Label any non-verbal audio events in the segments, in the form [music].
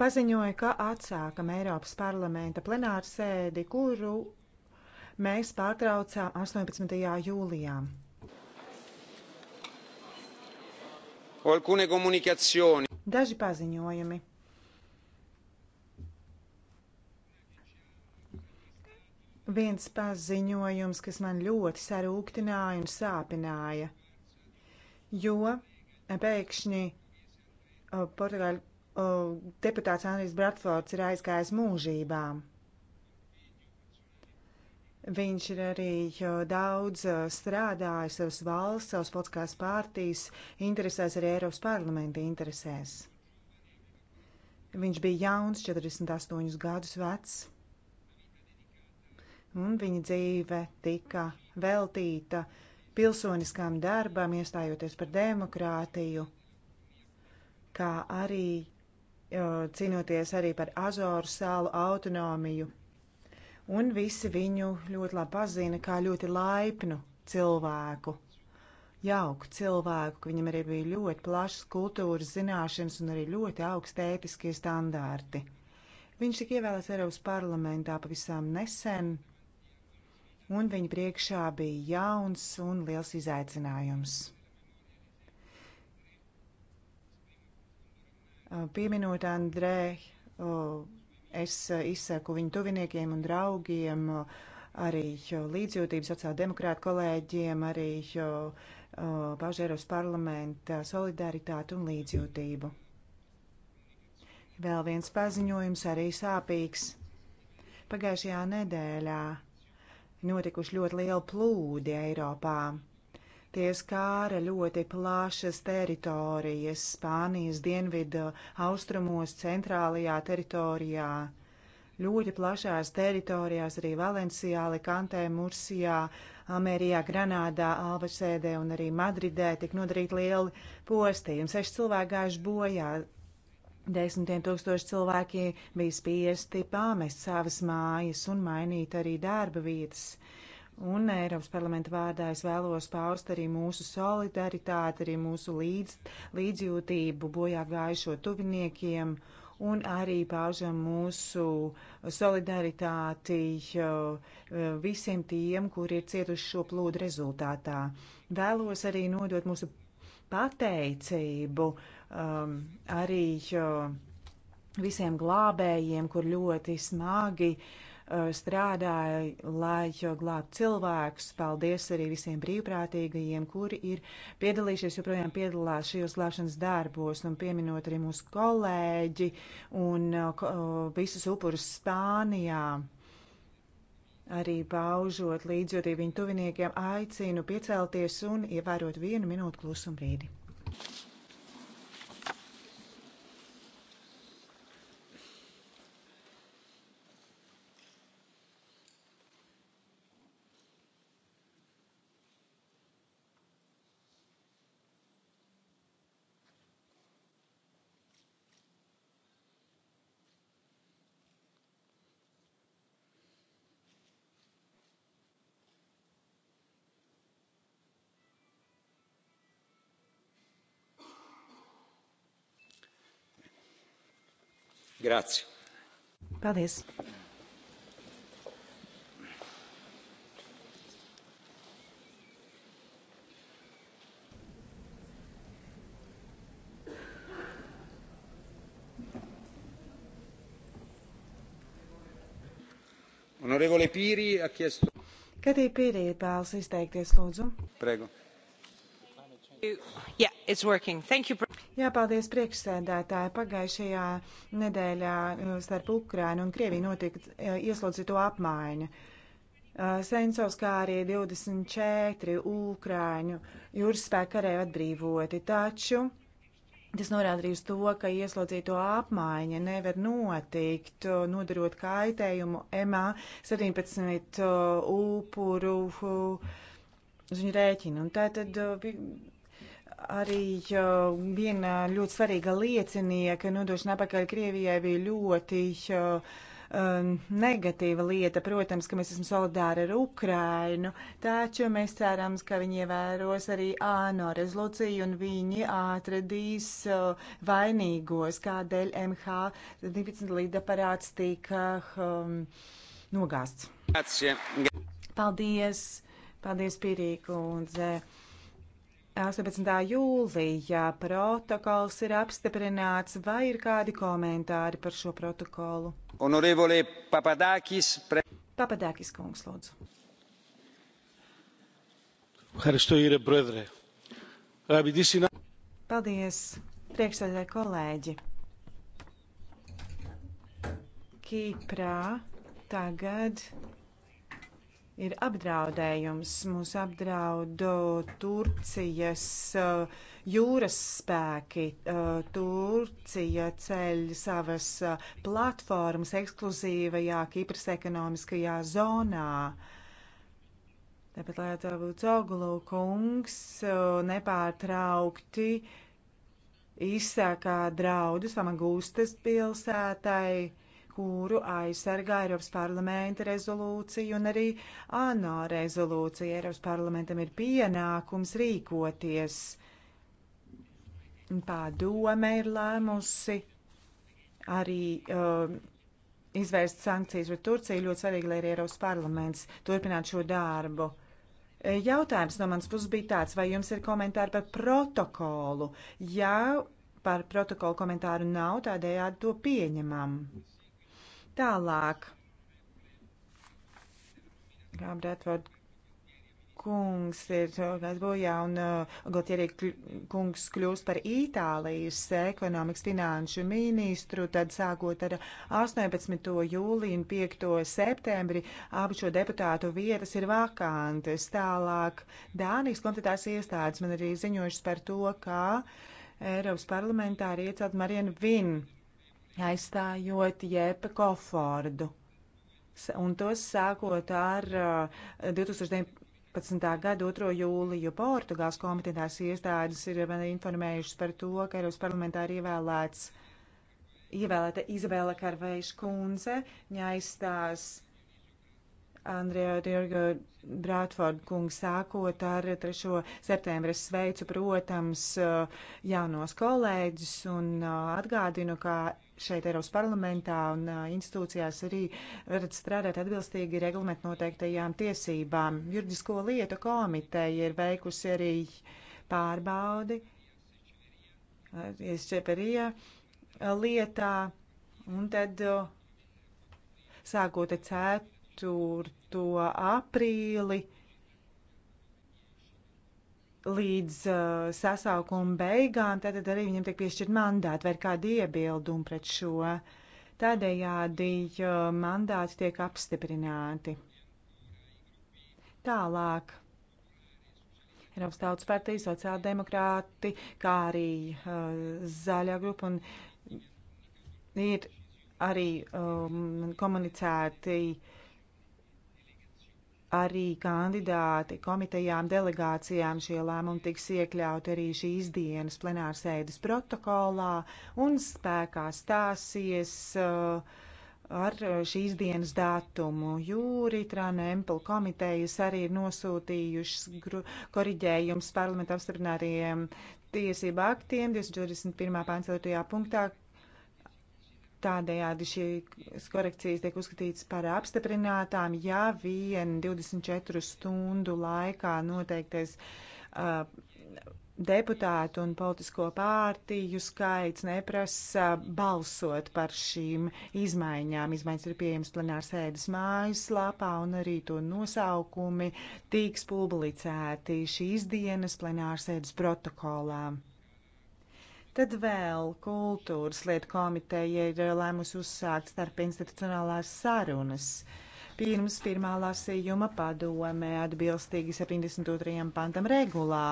paziņoja, ka atsākam Eiropas parlamenta plenāru sēdi, kuru mēs pārtraucām 18. jūlijā. Daži paziņojumi. Viens paziņojums, kas man ļoti sarūktināja un sāpināja, jo pēkšņi uh, Portugāļu deputāts Andrijs Bratfords ir aizgājis mūžībā. Viņš ir arī daudz strādājis savas valsts, savas politiskās pārtīs, interesēs arī Eiropas parlamenta interesēs. Viņš bija jauns, 48 gadus vecs, un viņa dzīve tika veltīta pilsoniskām darbām, iestājoties par demokrātiju, kā arī cīnoties arī par Azoru salu autonomiju. Un visi viņu ļoti labi pazina kā ļoti laipnu cilvēku, jauku cilvēku, ka viņam arī bija ļoti plašas kultūras zināšanas un arī ļoti augsti ētiskie standārti. Viņš tika ievēlēts Eiropas parlamentā pavisam nesen, un viņa priekšā bija jauns un liels izaicinājums. Eh, pieminot Andrē, eh, es izsaku viņu tuviniekiem un draugiem, eh, arī līdzjūtības sociāldemokrātu kolēģiem, arī pašu Eiropas parlamenta solidaritāti un līdzjūtību. Vēl viens paziņojums, arī sāpīgs. Pagājušajā nedēļā notikuši ļoti lieli plūdi Eiropā Tie skāra ļoti plašas teritorijas Spānijas dienvidu austrumos, centrālajā teritorijā. Ļoti plašās teritorijās arī Valencijā, Likantē, Mursijā, Amērijā, Granādā, Albasēdē un arī Madridē tika nodarīti lieli postījumi. Seši cilvēki gājuši bojā, Desmitiem tūkstoši cilvēki bija spiesti pamest savas mājas un mainīt arī darba vietas. Un Eiropas parlamenta vārdā es vēlos paust arī mūsu solidaritāti, arī mūsu līdz, līdzjūtību bojā gājušo tuviniekiem un arī paužam mūsu solidaritāti eh, visiem tiem, kuri ir cietuši šo plūdu rezultātā. Vēlos arī nodot mūsu pateicību um, arī visiem glābējiem, kur ļoti smagi uh, Eh, strādāja, lai glābtu cilvēkus. Paldies arī visiem brīvprātīgajiem, kuri ir piedalījušies, joprojām piedalās šajos glābšanas darbos, un pieminot arī mūsu kolēģi un eh, eh, visus upurus Spānijā. Arī paužot līdzjūtību viņu tuviniekiem, aicinu piecelties un ievērot vienu minūtu klusuma brīdi. Grāci. Paldies. Onorevole Piri ha chiesto. Kadī Piri vēlas izteikties, lūdzu. Prego. Yeah, it's working. Thank you, President. Jāpaldies priekšsēdētāji. Pagājušajā nedēļā uh, starp Ukrainu un Krieviju notika uh, ieslodzīto apmaiņa. Uh, Sencovs, kā arī 24 Ukrāņu jūras spēku karēju atbrīvoti, taču Tas norāda arī uz to, ka ieslodzīto apmaiņa nevar notikt, nodarot kaitējumu MA 17 upuru ziņu rēķinu. Un tā tad Arī viena ļoti svarīga liecinieka nodošana apakaļ Krievijai bija ļoti um, negatīva lieta. Protams, ka mēs esam solidāri ar Ukrainu, taču mēs cerams, ka viņi ievēros arī ANO rezolūciju un viņi atradīs uh, vainīgos, kādēļ MH12 līdaparāts tika um, nogāsts. Paldies! Paldies, Pirīkundze! 18. jūlijā protokols ir apstiprināts. Vai ir kādi komentāri par šo protokolu? Honorevole Papadakis. Pre... Papadakis kungs, lūdzu. Paldies, priekšsēdētāji kolēģi. Kiprā tagad ir apdraudējums. Mūs apdraud uh, Turcijas uh, jūras spēki. Uh, Turcija ceļ savas platformas ekskluzīvajā Kipras ekonomiskajā zonā. Tāpat, lai tā būtu Ogulu kungs, nepārtraukti izsākā draudus Famagūstas pilsētai kuru aizsargā Eiropas parlamenta rezolūcija un arī ANO rezolūcija. Eiropas parlamentam ir pienākums rīkoties. Pārdome ir lēmusi arī um, izvērst sankcijas pret Turciju. Ļoti svarīgi, lai arī Eiropas parlaments turpinātu šo darbu. Jautājums no manas puses bija tāds, vai jums ir komentāri par protokolu? Ja par protokolu komentāru nav, tādējādi to pieņemam. Yes. Tālāk. Kā Bretford kungs ir gājis bojā un uh, Galtieri kungs kļūst par Itālijas ekonomikas finanšu ministru, tad sākot ar 18. jūliju un 5. septembri abi šo deputātu vietas ir vakantes. Tālāk Dānijas kompetentās iestādes man arī ziņojušas par to, kā Eiropas parlamentā ir iecelt Marienu Vinu aizstājot Jēpe Kofordu. Un tos sākot ar 2019. Uh, gada 2. jūliju Portugāls komitētās iestādes ir informējušas par to, ka Eiropas parlamentā ir ievēlēts, ievēlēta Izabela Karveiša kundze, viņa aizstās Andrija Dirga Brātforda kungs sākot ar 3. septembra sveicu, protams, jaunos kolēģis un atgādinu, ka šeit Eiropas parlamentā un institūcijās arī varat strādāt atbilstīgi reglamentu noteiktajām tiesībām. Juridisko lietu komiteja ir veikusi arī pārbaudi. Es čeperīja lietā un tad sākot ar 4. 4. aprīli līdz uh, sasaukuma beigām, tad arī viņam tiek piešķirt mandāti vai ir kādi iebildumi pret šo. Tādējādi uh, mandāti tiek apstiprināti. Tālāk. Eiropas Tautas partija, sociāldemokrāti, kā arī uh, zaļā grupa un ir arī um, komunicēti uh, arī kandidāti komitejām, delegācijām šie lēmumi tiks iekļauti arī šīs dienas plenārsēdes protokolā un spēkā stāsies uh, ar šīs dienas datumu. Jūri Trāna Empel komitejas arī ir nosūtījušas koriģējums parlamentu apstiprinātajiem tiesību aktiem 241. pāns 4. punktā, Tādējādi šīs korekcijas tiek uzskatītas par apstiprinātām, ja vien 24 stundu laikā noteiktais uh, deputātu un politisko pārtīju skaits neprasa balsot par šīm izmaiņām. Izmaiņas ir pieejamas plenārs sēdes mājaslapā un arī to nosaukumi tiks publicēti šīs dienas plenārs sēdes protokolā. Tad vēl kultūras lietu komiteja ir lēmusi uzsākt starp institucionālās sarunas. Pirms pirmā lasījuma padome atbilstīgi 72. pantam regulā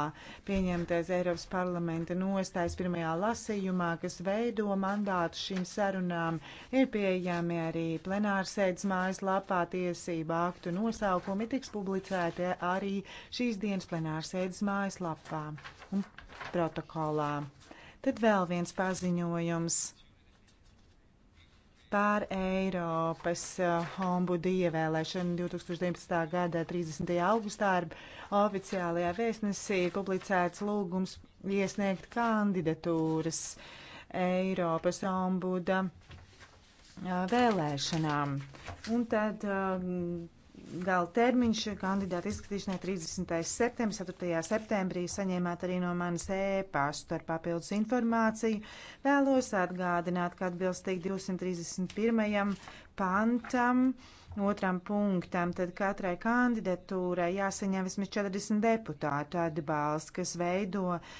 pieņemtais Eiropas parlamenta nostājas pirmajā lasījumā, kas veido mandātu šīm sarunām, ir pieejami arī plenārsēdes mājaslapā tiesība aktu nosaukumi tiks publicēti arī šīs dienas plenārsēdes mājaslapā un protokolā. Tad vēl viens paziņojums pār Eiropas ombudu ievēlēšanu 2019. gada 30. augustā ar oficiālajā vēstnesī publicēts lūgums iesniegt kandidatūras Eiropas ombuda eh, vēlēšanām. Un tad eh, gala termiņš kandidātu izskatīšanai 30. septembris, 4. septembrī saņēmāt arī no manas e-pastu ar papildus informāciju. Vēlos atgādināt, ka atbilstīgi 231. pantam, otram punktam, tad katrai kandidatūrai jāsaņem vismaz 40 deputātu atbalsts, kas veido uh,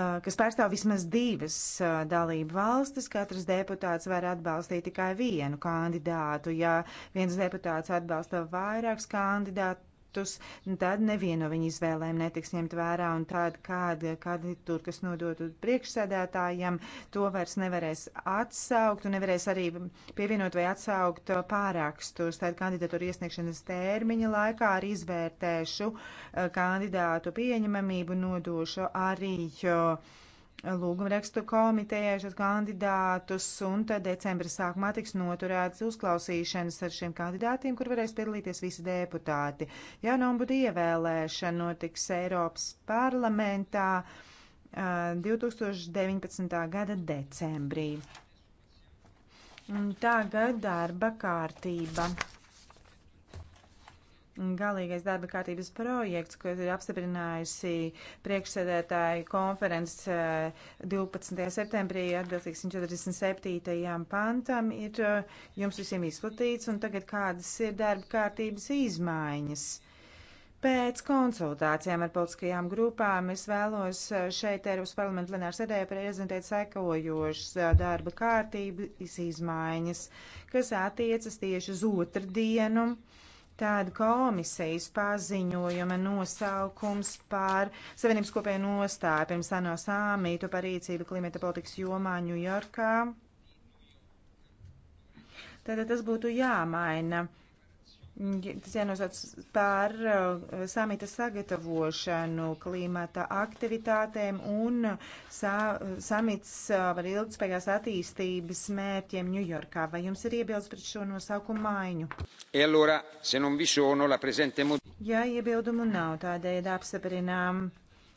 Eh, kas pārstāv vismaz divas eh, dalību valstis, katrs deputāts var atbalstīt tikai vienu kandidātu. Ja viens deputāts atbalsta vairākus kandidātus, produktus, tad neviena no viņu izvēlēm netiks ņemt vērā, un tāda kāda, kāda tur, kas nodotu priekšsēdētājiem, to vairs nevarēs atsaukt, un nevarēs arī pievienot vai atsaukt pārākstus. Tāda kandidatūra iesniegšanas termiņa laikā arī izvērtēšu eh, kandidātu pieņemamību, nodošu arī. Uh, lūgumrakstu komitejai šos kandidātus, un tad decembra sākumā tiks noturēts uzklausīšanas ar šiem kandidātiem, kur varēs piedalīties visi deputāti. Jauna nu ombuda ievēlēšana notiks Eiropas parlamentā uh, 2019. gada decembrī. Un tagad darba kārtība. Galīgais darba kārtības projekts, ko ir apstiprinājusi priekšsēdētāja konference 12. Eh, septembrī atbilstīgs 47. pantam, ir eh, jums visiem izplatīts, un tagad kādas ir darba kārtības izmaiņas. Pēc konsultācijām ar politiskajām grupām es vēlos eh, šeit Eiropas parlamenta plenāru sēdē prezentēt sekojošas darba kārtības izmaiņas, kas attiecas tieši uz otrdienu. dienu Tad komisijas paziņojuma nosaukums par Savienības kopēju nostāju pirms ANO samītu par rīcību klimata politikas jomā Ņujorkā. Tātad tas būtu jāmaina. Tas jānosauc par eh, samita sagatavošanu, klimata aktivitātēm un sa, samits eh, par ilgspējās attīstības mērķiem Ņujorkā. Vai jums ir iebildes pret šo nosaukumu maiņu? E allora, sono, presente... Ja iebildumu nav, tādēļ apstiprinām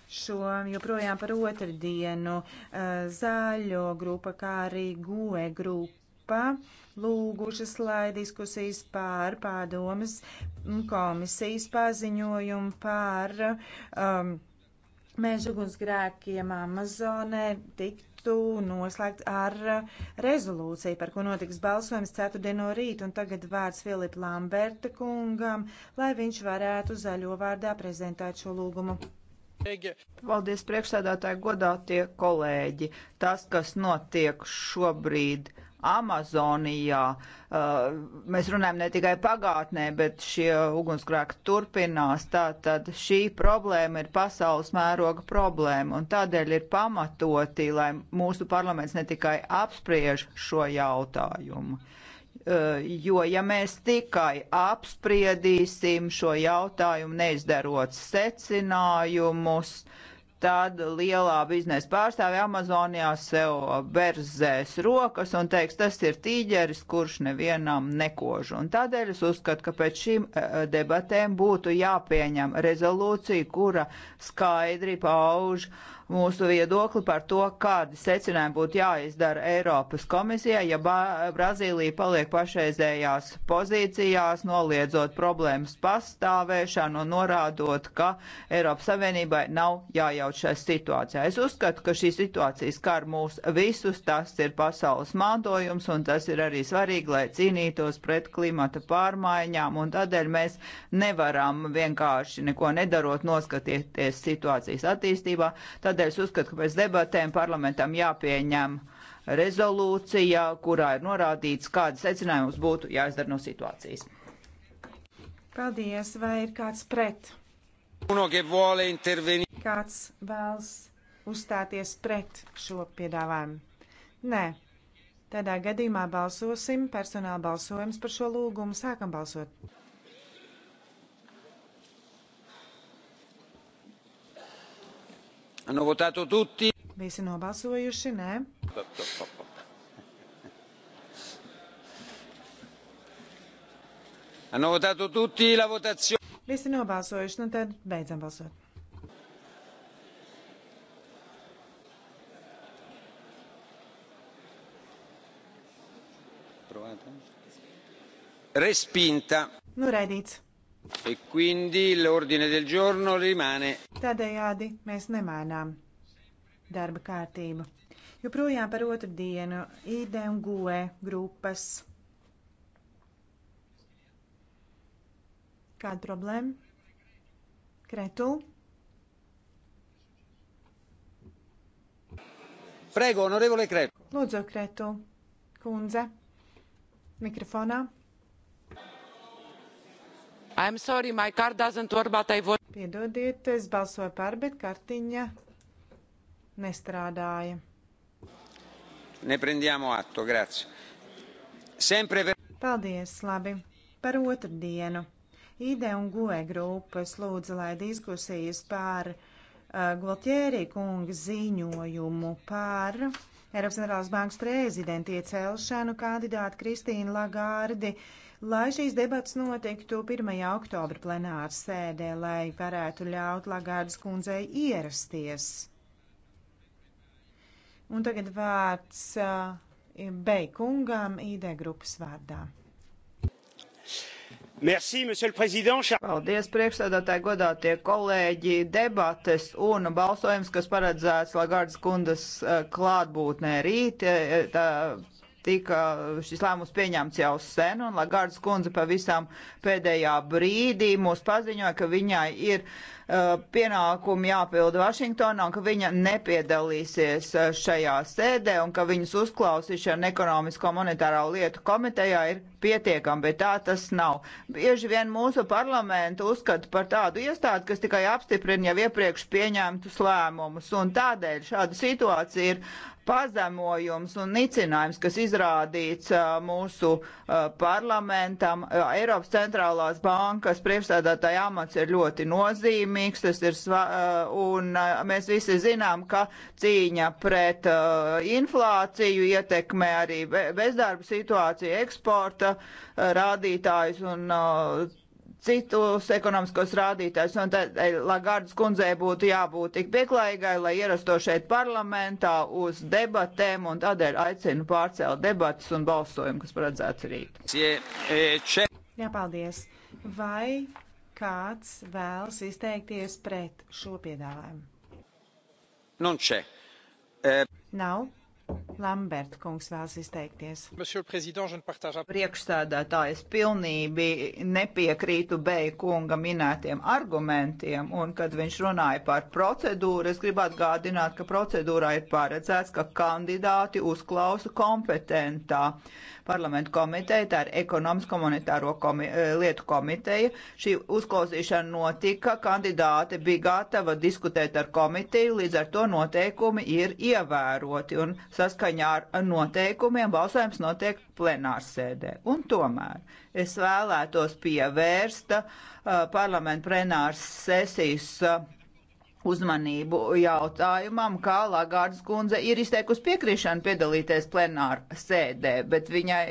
šo joprojām par otrdienu eh, zaļo grupa, kā arī goe grupa grupa lūgušas, lai diskusijas pār pārdomas komisijas paziņojumu pār um, mežugunsgrēkiem Amazonē tikt tiktu noslēgts ar rezolūciju, par ko notiks balsojums ceturtdien no rīta, un tagad vārds Filipa Lamberta kungam, lai viņš varētu zaļo vārdā prezentēt šo lūgumu. Paldies priekšsēdētāji, godātie kolēģi. Tas, kas notiek šobrīd Amazonijā. Uh, mēs runājam ne tikai pagātnē, bet šie ugunsgrēki turpinās. Tātad šī problēma ir pasaules mēroga problēma, un tādēļ ir pamatoti, lai mūsu parlaments ne tikai apspriež šo jautājumu. Uh, jo, ja mēs tikai apspriedīsim šo jautājumu, neizdarot secinājumus, uh, tad lielā biznesa pārstāve Amazonijā sev berzēs rokas un teiks, tas ir tīģeris, kurš nevienam nekož. Un tādēļ es uzskatu, ka pēc šīm e, e, debatēm būtu jāpieņem rezolūcija, kura skaidri pauž uh, mūsu viedokli par to, kādi secinājumi būtu jāizdara Eiropas komisijai, ja Brazīlija paliek pašreizējās pozīcijās, noliedzot problēmas pastāvēšanu un norādot, ka Eiropas Savienībai nav jājauc šajā situācijā. Es uzskatu, ka šī situācija skar mūs visus, tas ir pasaules mantojums un tas ir arī svarīgi, lai cīnītos pret klimata pārmaiņām un tādēļ mēs nevaram vienkārši neko nedarot, noskatīties situācijas attīstībā. Tad Tādēļ es uzskatu, ka pēc debatēm parlamentam jāpieņem rezolūcija, kurā ir norādīts, kādas secinājumus būtu jāizdara no situācijas. Paldies, vai ir kāds pret? Kāds vēlas uzstāties pret šo piedāvājumu? Nē. Tādā gadījumā balsosim personāla balsojums par šo lūgumu. Sākam balsot! Hanno votato tutti? Visi nobalsojuši, nē. Hanno votato tutti la votazione? Visi nobalsojuši, nu tad beidzam balsot. Respinta. Noraidīts. Nu, E quindi l'ordine del giorno rimane. Tādējādi mēs nemainām darba kārtību. Joprojām par otru dienu ID un GUE grupas. Kāda problēma? Kretu? Prego, onorevole Kretu. Lūdzu, Kretu. Kundze. Mikrofonā. I'm sorry, my card doesn't work, but I vote. Piedodiet, es balsoju par, bet kartiņa nestrādāja. Ne prendiamo atto, grazie. Sempre per... Paldies, labi. Par otru dienu. Ide un goe grupas lūdza, lai diskusijas par uh, Gualtieri kunga ziņojumu par Eiropas Centrālās bankas prezidentu iecelšanu kandidātu Kristīnu Lagārdi. Uh, lai šīs debats notiktu 1. oktobra plenāra sēdē, lai varētu ļaut Lagārdas kundzei ierasties. Un tagad vārds uh, Beikungam ID grupas vārdā. Merci, Paldies, priekšsēdētāji, godātie kolēģi. Debates un balsojums, kas paredzēts Lagardas kundas uh, klātbūtnē rīt, uh, tā tika šis lēmums pieņemts jau sen, un Lagardas kundze pavisam pēdējā brīdī mūs paziņoja, ka viņai ir uh, pienākumi jāpilda Vašingtonā, un ka viņa nepiedalīsies uh, šajā sēdē, un ka viņas uzklausīšana ekonomisko monetārā lietu komitejā ir pietiekama, bet tā tas nav. Bieži vien mūsu parlamentu uzskata par tādu iestādi, kas tikai apstiprina jau iepriekš pieņemtus lēmumus, un tādēļ šāda situācija ir pazemojums un nicinājums, kas izrādīts uh, mūsu uh, parlamentam. Uh, Eiropas centrālās bankas priekšstādātāja amats ir ļoti nozīmīgs, tas ir un mēs visi zinām, ka cīņa pret inflāciju ietekmē arī bezdarba situāciju, eksporta rādītājus un citus ekonomiskos rādītājus, un tad eh, Lagardas kundzei būtu jābūt tik pieklājīgai, lai ierasto šeit parlamentā uz debatēm, un tādēļ aicinu pārcelt debatas un balsojumu, kas paredzēts rīt. Eh, Jā, paldies. Vai kāds vēlas izteikties pret šo piedāvājumu? Non c'è. E... Nav. Lambert kungs vēlas izteikties. Priekšsēdētājs pilnībā nepiekrītu Beja kunga minētiem argumentiem, un kad viņš runāja par procedūru, es gribu atgādināt, ka procedūrā ir paredzēts, ka kandidāti uzklausa kompetentā uh, parlamentu komiteja, tā ir ekonomisko monetāro komi eh, lietu komiteja. Šī uzklausīšana notika, kandidāte bija gatava diskutēt ar komiteju, līdz ar to noteikumi ir ievēroti un saskaņā ar noteikumiem balsojums notiek plenārsēdē. Un tomēr es vēlētos pievērst uh, parlamentu plenārs sesijas uh, uzmanību jautājumam, kā Lagārdas kundze ir izteikusi piekrišanu piedalīties plenāru sēdē, bet viņai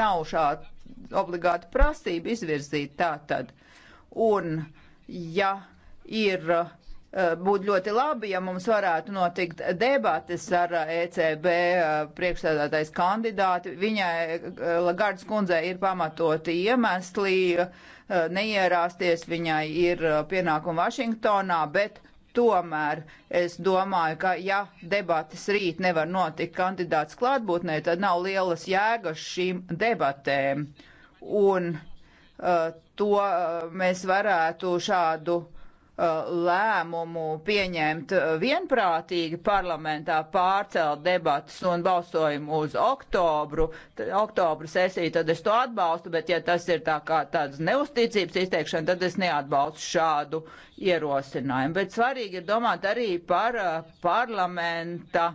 nav šāda obligāta prasība izvirzīt tā tad. Un, ja ir eh, būtu ļoti labi, ja mums varētu notikt debates ar ECB eh, e eh, priekšstādātais kandidāti. Viņai, Lagardas kundzei, ir pamatoti iemesli neierāsties, viņai ir pienākumi Vašingtonā, bet Tomēr es domāju, ka ja debatas rīt nevar notikt kandidāts klātbūtnē, tad nav lielas jēgas šīm debatēm. Un uh, to uh, mēs varētu šādu Uh, lēmumu pieņemt uh, vienprātīgi parlamentā, pārcelt debatas un balsojumu uz oktobru, oktobru sesiju, tad es to atbalstu, bet ja tas ir tā kā tāds neusticības izteikšana, tad es neatbalstu šādu ierosinājumu. Bet svarīgi ir domāt arī par uh, parlamenta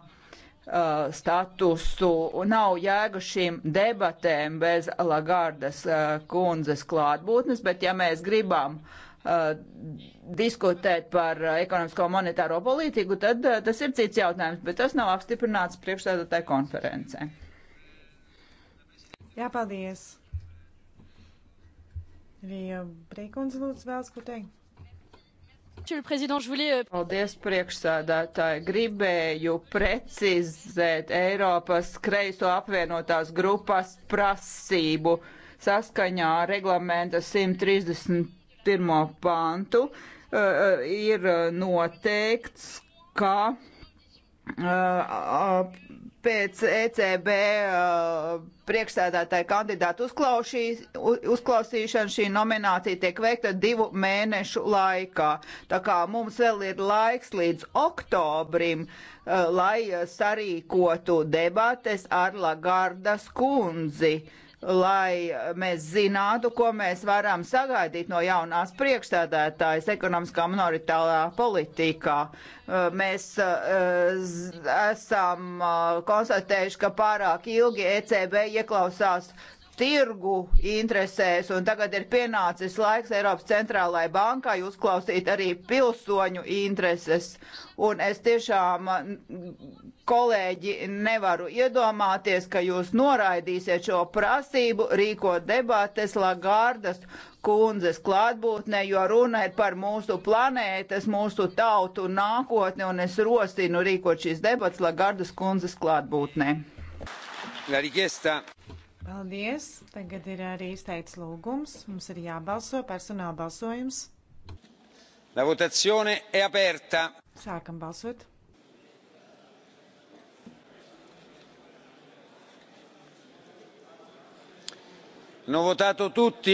statusu. Nav jēga šīm debatēm bez Lagardas kundzes klātbūtnes, bet ja mēs gribam uh, Uh, diskutēt par uh, ekonomisko monetāro politiku, tad uh, tas ir cits jautājums, bet tas nav apstiprināts priekšstādātāju konferencē. Jā, paldies. Rija Breikundze lūdzu vēlas ko teikt. Euh, paldies, priekšsādātāji. Gribēju precizēt Eiropas kreiso apvienotās grupas prasību saskaņā ar reglamenta 130 pirmo pantu uh, uh, ir noteikts, ka uh, uh pēc ECB uh, priekšsēdētāja kandidātu uzklausīšana šī nominācija tiek veikta divu mēnešu laikā. Tā kā mums vēl ir laiks līdz oktobrim, uh, lai sarīkotu debates ar Lagardas kundzi lai mēs zinātu, ko mēs varam sagaidīt no jaunās priekšstādētājas ekonomiskā minoritārā politikā. Uh, mēs uh, esam uh, konstatējuši, ka pārāk ilgi ECB ieklausās tirgu interesēs, un tagad ir pienācis laiks Eiropas centrālajai bankai uzklausīt arī pilsoņu intereses. Un es tiešām, kolēģi, nevaru iedomāties, ka jūs noraidīsiet šo prasību rīkot debates Lagardas kundzes klātbūtnē, jo runa ir par mūsu planētas, mūsu tautu nākotni, un es rosinu rīkot šīs debats Lagardas kundzes klātbūtnē. La richiesta Paldies. Tagad ir arī izteikts lūgums. Mums ir jābalso personāla balsojums. La votazione è aperta. Sākam balsot. Hanno votato tutti?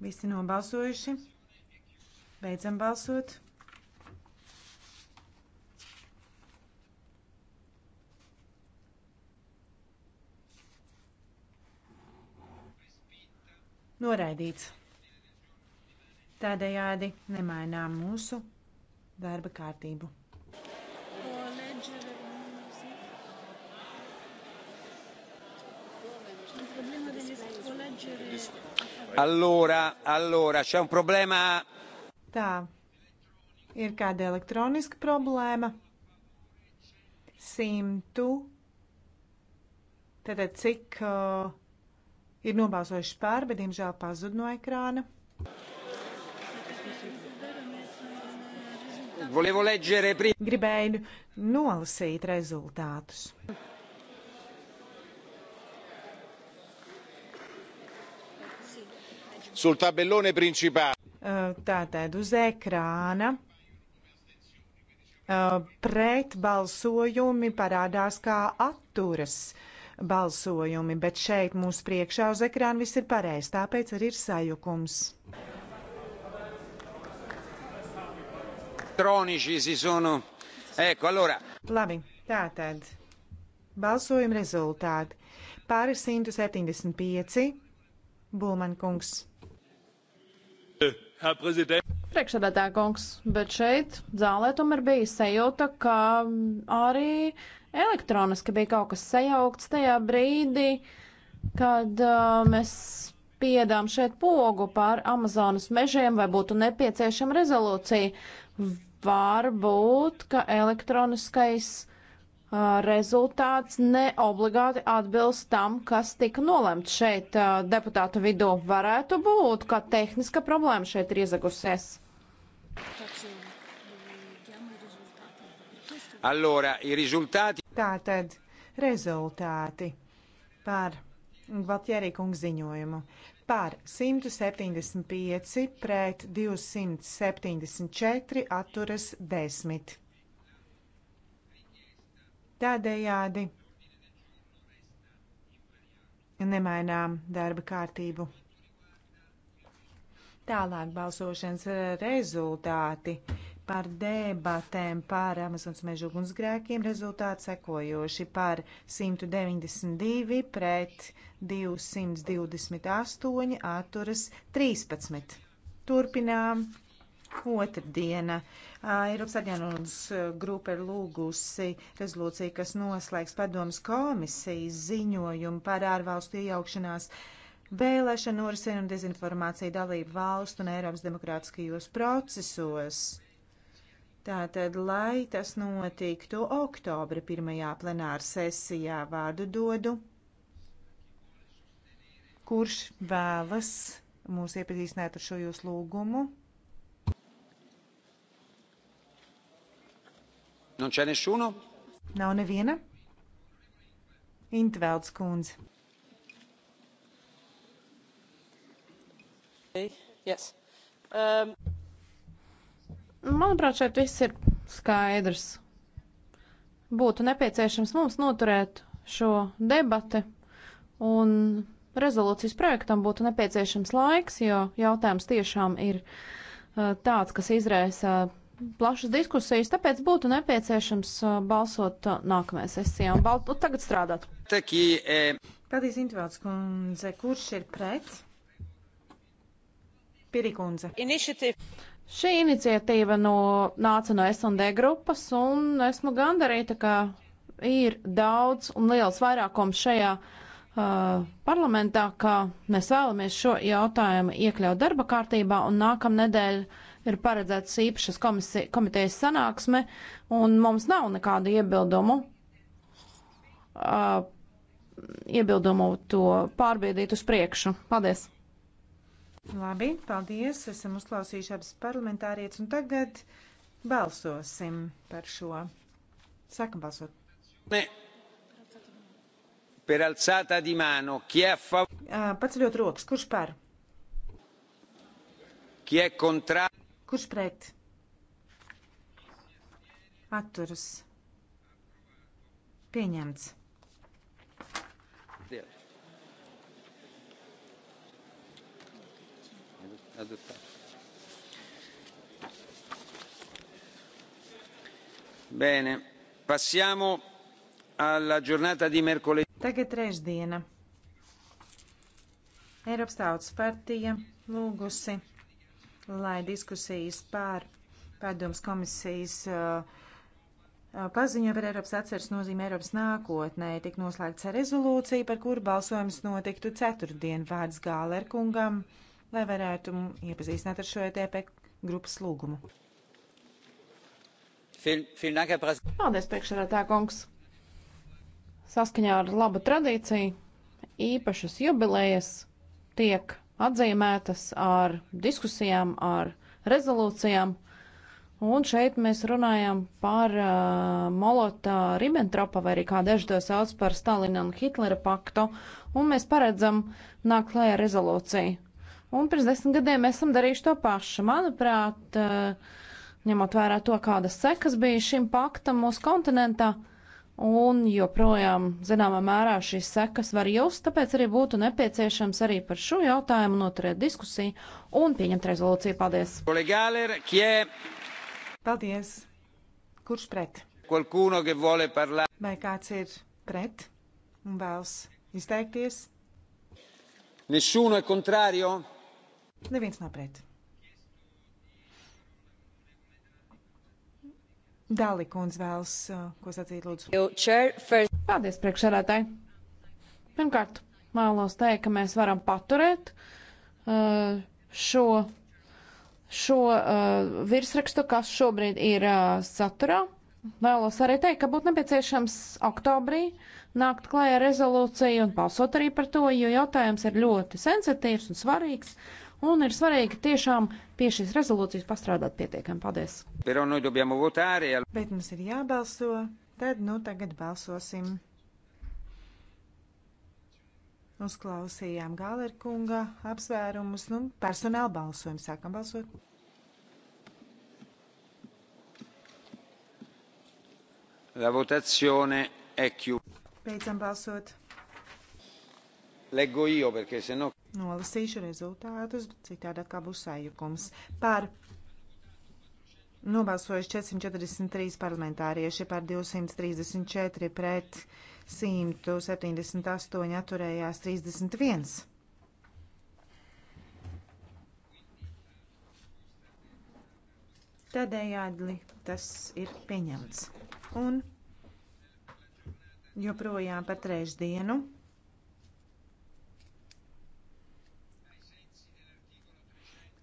Visi nobalsojuši. Beidzam balsot. Noraidīts. Tādējādi nemainām mūsu darba kārtību. Allora, allora, c'è un problema. Tā, ir kāda elektroniska problēma. Simtu. Tātad cik uh, ir nobalsojuši pār, bet diemžēl pazud no ekrāna. Gribēju nolasīt rezultātus. Sul tabellone principale. Tātad uz ekrāna pretbalsojumi parādās kā atturas balsojumi, bet šeit mūsu priekšā uz ekrāna viss ir pareizi, tāpēc arī ir sajukums. Eko, allora. Labi, tātad balsojuma rezultāti. Pāri 175. Bulman kungs. Priekšsēdētā kungs, bet šeit zālē tomēr bija sajūta, ka arī uh, elektroniski bija kaut kas sajaukts tajā brīdī, kad uh, mēs spiedām šeit pogu pār Amazonas mežiem, vai būtu nepieciešama rezolūcija. Varbūt, ka elektroniskais uh, rezultāts neobligāti atbilst tam, kas tika nolemts šeit uh, deputātu vidū. Varētu būt, ka tehniska problēma šeit ir iezagusies. Taču. Allora, i risultati. Tātad rezultāti par Gvaltjeri kungu ziņojumu. Par 175 pret 274 atturas 10. Tādējādi nemainām darba kārtību. Tālāk balsošanas rezultāti par debatēm par Amazonas meža ugunsgrēkiem rezultāti sekojoši par 192 pret 228 atturas 13. Turpinām. Otrdiena. Eiropas Savienības grupa ir lūgusi rezolūciju, kas noslēgs padomas komisijas ziņojumu par ārvalstu iejaukšanās vēlēšanu norisinu un dezinformāciju dalību valstu un Eiropas demokrātiskajos procesos. Tātad, lai tas notiktu oktobra pirmajā plenāra sesijā, vārdu dodu, kurš vēlas mūs iepazīstināt ar šo jūsu lūgumu. Non c'è nessuno? Nav neviena? Intvelds kundze. Okay. Yes. Um... Manuprāt, šeit viss ir skaidrs. Būtu nepieciešams mums noturēt šo debati, un rezolūcijas projektam būtu nepieciešams laiks, jo jautājums tiešām ir uh, tāds, kas izraisa plašas diskusijas, tāpēc būtu nepieciešams uh, balsot uh, nākamajā sesijā un bal tagad strādāt. Eh. Paldies, Intvēlts kundze. Kurš ir pret? Pirikundze. Initiative. Šī iniciatīva no, nāca no SD grupas, un esmu gandarīta, ka ir daudz un liels vairākums šajā uh, parlamentā, ka mēs vēlamies šo jautājumu iekļaut darba kārtībā, un nākamnedēļ ir paredzēts īpašas komisi, komitejas sanāksme, un mums nav nekādu iebildumu. Uh, iebildumu to pārbiedīt uz priekšu. Paldies! Labi, paldies. Esam uzklausījuši abas parlamentārietas un tagad balsosim par šo. Sākam balsot. Ne. Per alzata di mano, chi è a favore? Paceļot rokas, kurš par? Chi è contrario? Kurš pret? Atturas. Pieņemts. adoptat. Bene, passiamo alla giornata di mercoledì. Tagad trešdiena. Eiropas Tautas partija lūgusi, lai diskusijas pār padoms komisijas uh, uh Paziņo par Eiropas atceres nozīmi Eiropas nākotnē tik noslēgts ar rezolūciju, par kuru balsojums notiktu ceturtdien vārds Gālerkungam. kungam lai varētu iepazīstināt ar šo ETP grupas lūgumu. Paldies, priekšsēdētā kungs! Saskaņā ar labu tradīciju īpašas jubilejas tiek atzīmētas ar diskusijām, ar rezolūcijām. Un šeit mēs runājam par uh, Molota Ribbentropa vai arī kā daži to sauc par Stalina un Hitlera paktu, un mēs paredzam nākt klējā rezolūciju. Un pirms desmit gadiem mēs esam darījuši to pašu. Manuprāt, eh, ņemot vērā to, kādas sekas bija šim paktam mūsu kontinentā, un joprojām, zināmā mērā, šīs sekas var just, tāpēc arī būtu nepieciešams arī par šo jautājumu noturēt diskusiju un pieņemt rezolūciju. Paldies! Paldies! Kurš pret? Vai kāds ir pret un vēlas izteikties? Nessuno è contrario? Neviens nav pret. Dāli kundz vēlas, uh, ko sacīt lūdzu. Paldies, priekšsēdētāji. Pirmkārt, vēlos teikt, ka mēs varam paturēt uh, šo, šo uh, virsrakstu, kas šobrīd ir uh, saturā. Vēlos arī teikt, ka būtu nepieciešams oktobrī nākt klājā rezolūciju un balsot arī par to, jo jautājums ir ļoti sensitīvs un svarīgs. Uh, un ir svarīgi tiešām pie šīs rezolūcijas pastrādāt pietiekami. Paldies! E Bet mums ir jābalso, tad nu tagad balsosim. Uzklausījām Gālerkunga apsvērumus, nu personāla balsojumu sākam balsot. La votazione è chiusa. Beidzam balsot. Leggo io perché sennò. No... Nolasīšu rezultātus, citādi atkal būs sajukums. Par nobalsojuši 443 parlamentārieši, par 234 pret 178 atturējās 31. Tādējādi tas ir pieņemts. Un joprojām par trešdienu.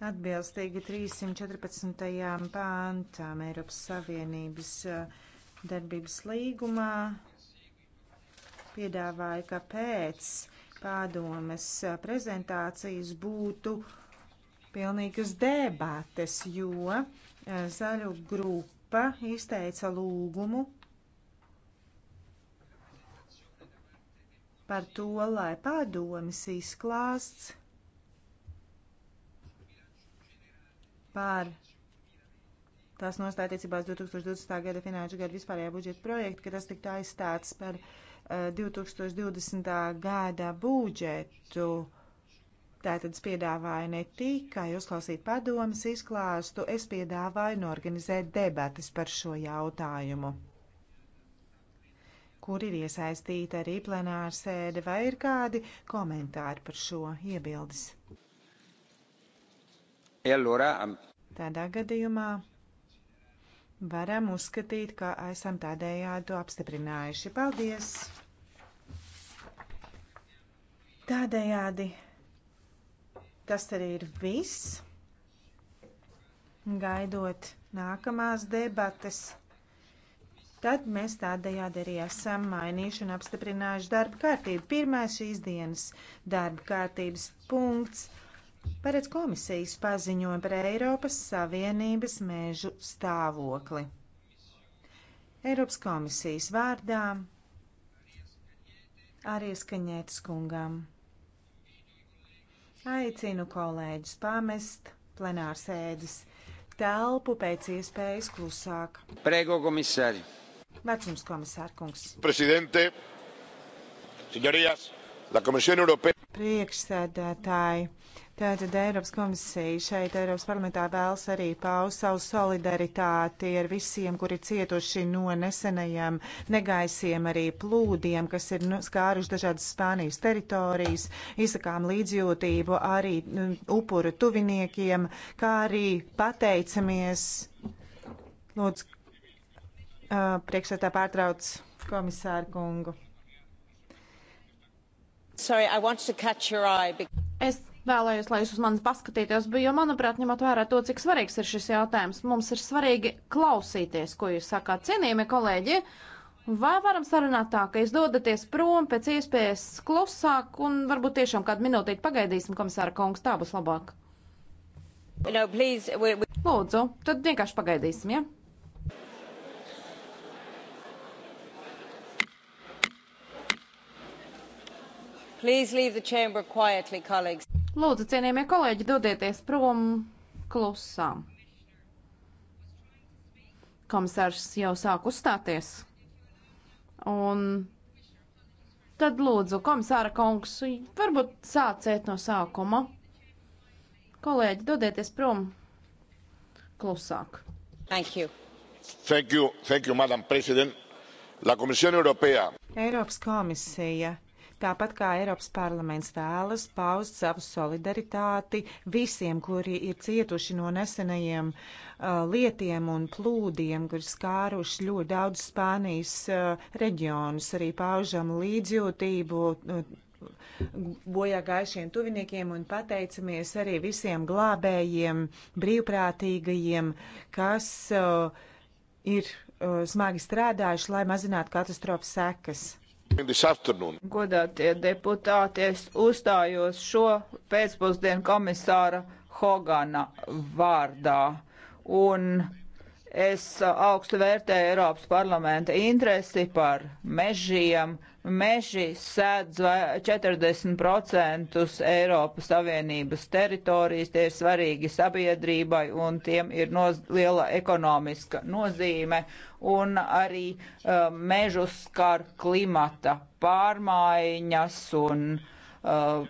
Atbilstīgi 314. pāntām Eiropas Savienības eh, darbības līgumā piedāvāja, ka pēc pārdomas eh, prezentācijas būtu pilnīgas debates, jo eh, zaļu grupa izteica lūgumu par to, lai pārdomas izklāsts par tās nostāja attiecībās 2020. gada finanšu gada vispārējā budžeta projekta, ka tas tiktu aizstāts par uh, eh, 2020. gada budžetu. Tātad es piedāvāju ne tikai uzklausīt padomas izklāstu, es piedāvāju norganizēt debatas par šo jautājumu, kur ir iesaistīta arī plenārsēde vai ir kādi komentāri par šo iebildes. E Tādā gadījumā varam uzskatīt, ka esam tādējādi to apstiprinājuši. Paldies! Tādējādi tas arī ir viss. Gaidot nākamās debates, tad mēs tādējādi arī esam mainījuši un apstiprinājuši darba kārtību. Pirmais šīs dienas darba kārtības punkts paredz komisijas paziņojumu par Eiropas Savienības mēžu stāvokli. Eiropas komisijas vārdā arī skaņētas kungām. Aicinu kolēģus pamest plenārsēdes telpu pēc iespējas klusāk. Prego, komisāri. Vecums komisārkungs. Prezidente, señorías, la Comisión Europea. Priekšsēdētāji. Tātad Eiropas komisija šeit Eiropas parlamentā vēlas arī paust savu solidaritāti ar visiem, kuri cietuši no nesenajiem negaisiem, arī plūdiem, kas ir nu, skāruši dažādas Spānijas teritorijas, izsakām līdzjūtību arī mm, upuru tuviniekiem, kā arī pateicamies. Lūdzu, uh, priekšsētā pārtrauc komisāru kungu. Sorry, I wanted to catch your eye. Because... Es vēlējos, lai jūs uz mani paskatītos, jo, manuprāt, ņemot vērā to, cik svarīgs ir šis jautājums, mums ir svarīgi klausīties, ko jūs sakāt. Cienījamie kolēģi, vai varam sarunāt tā, ka jūs dodaties prom pēc iespējas klusāk un varbūt tiešām kādu minūtīti pagaidīsim, komisāra kungs, tā būs labāk. No, please, we, we... Lūdzu, tad vienkārši pagaidīsim, ja? please leave the chamber quietly colleagues. Lūdzu, cienījamie kolēģi, dodieties prom klusām. Komisārs jau sāk uzstāties. Un tad lūdzu, komisāra kungs, varbūt sāciet no sākuma. Kolēģi, dodieties prom klusāk. Thank you. Thank you, thank you, Madam President. La Comisión Europea. Eiropas komisija Tāpat kā Eiropas parlaments vēlas paust savu solidaritāti visiem, kuri ir cietuši no nesenajiem uh, lietiem un plūdiem, kur skāruši ļoti daudz Spānijas uh, reģionus, arī paužam līdzjūtību. Uh, bojā gaišiem tuviniekiem un pateicamies arī visiem glābējiem, brīvprātīgajiem, kas uh, ir uh, smagi strādājuši, lai mazinātu katastrofas sekas. Godātie deputāti, es uzstājos šo pēcpusdienu komisāra Hogana vārdā. Un Es augstu vērtēju Eiropas parlamenta interesi par mežiem. Meži sēdz 40% Eiropas Savienības teritorijas, tie ir svarīgi sabiedrībai un tiem ir noz liela ekonomiska nozīme un arī uh, mežu skar klimata pārmaiņas un uh,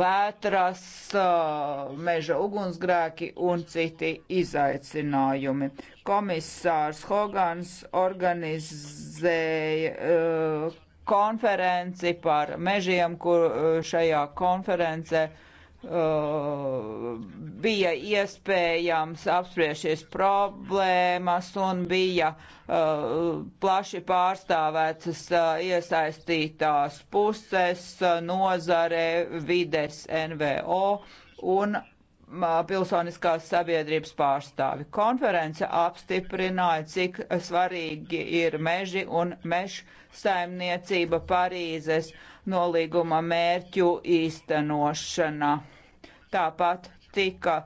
vētras, uh, meža ugunsgrēki un citi izaicinājumi. Komisārs Hogans organizēja uh, konferenci par mežiem, kur uh, šajā konferencē uh, Uh, bija iespējams apspriest šīs problēmas un bija uh, plaši pārstāvētas uh, iesaistītās puses, uh, nozare, vides, NVO un pilsoniskās sabiedrības pārstāvi. Konference apstiprināja, cik svarīgi ir meži un meža saimniecība Parīzes nolīguma mērķu īstenošana. Tāpat tika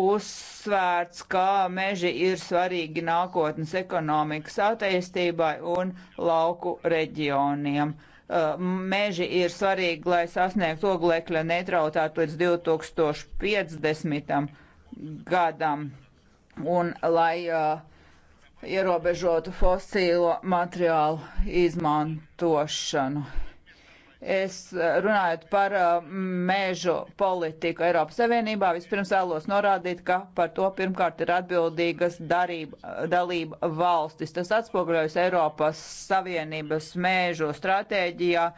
uzsvērts, kā meži ir svarīgi nākotnes ekonomikas attīstībai un lauku reģioniem. Uh, meži ir svarīgi, lai sasniegtu oglekļa neutralitāti līdz 2050. gadam un lai uh, ierobežotu fosīlo materiālu izmantošanu. Es eh, runājot par eh, mēžu politiku Eiropas Savienībā, vispirms vēlos norādīt, ka par to pirmkārt ir atbildīgas darība, dalība valstis. Tas atspoguļojas Eiropas Savienības mēžu stratēģijā,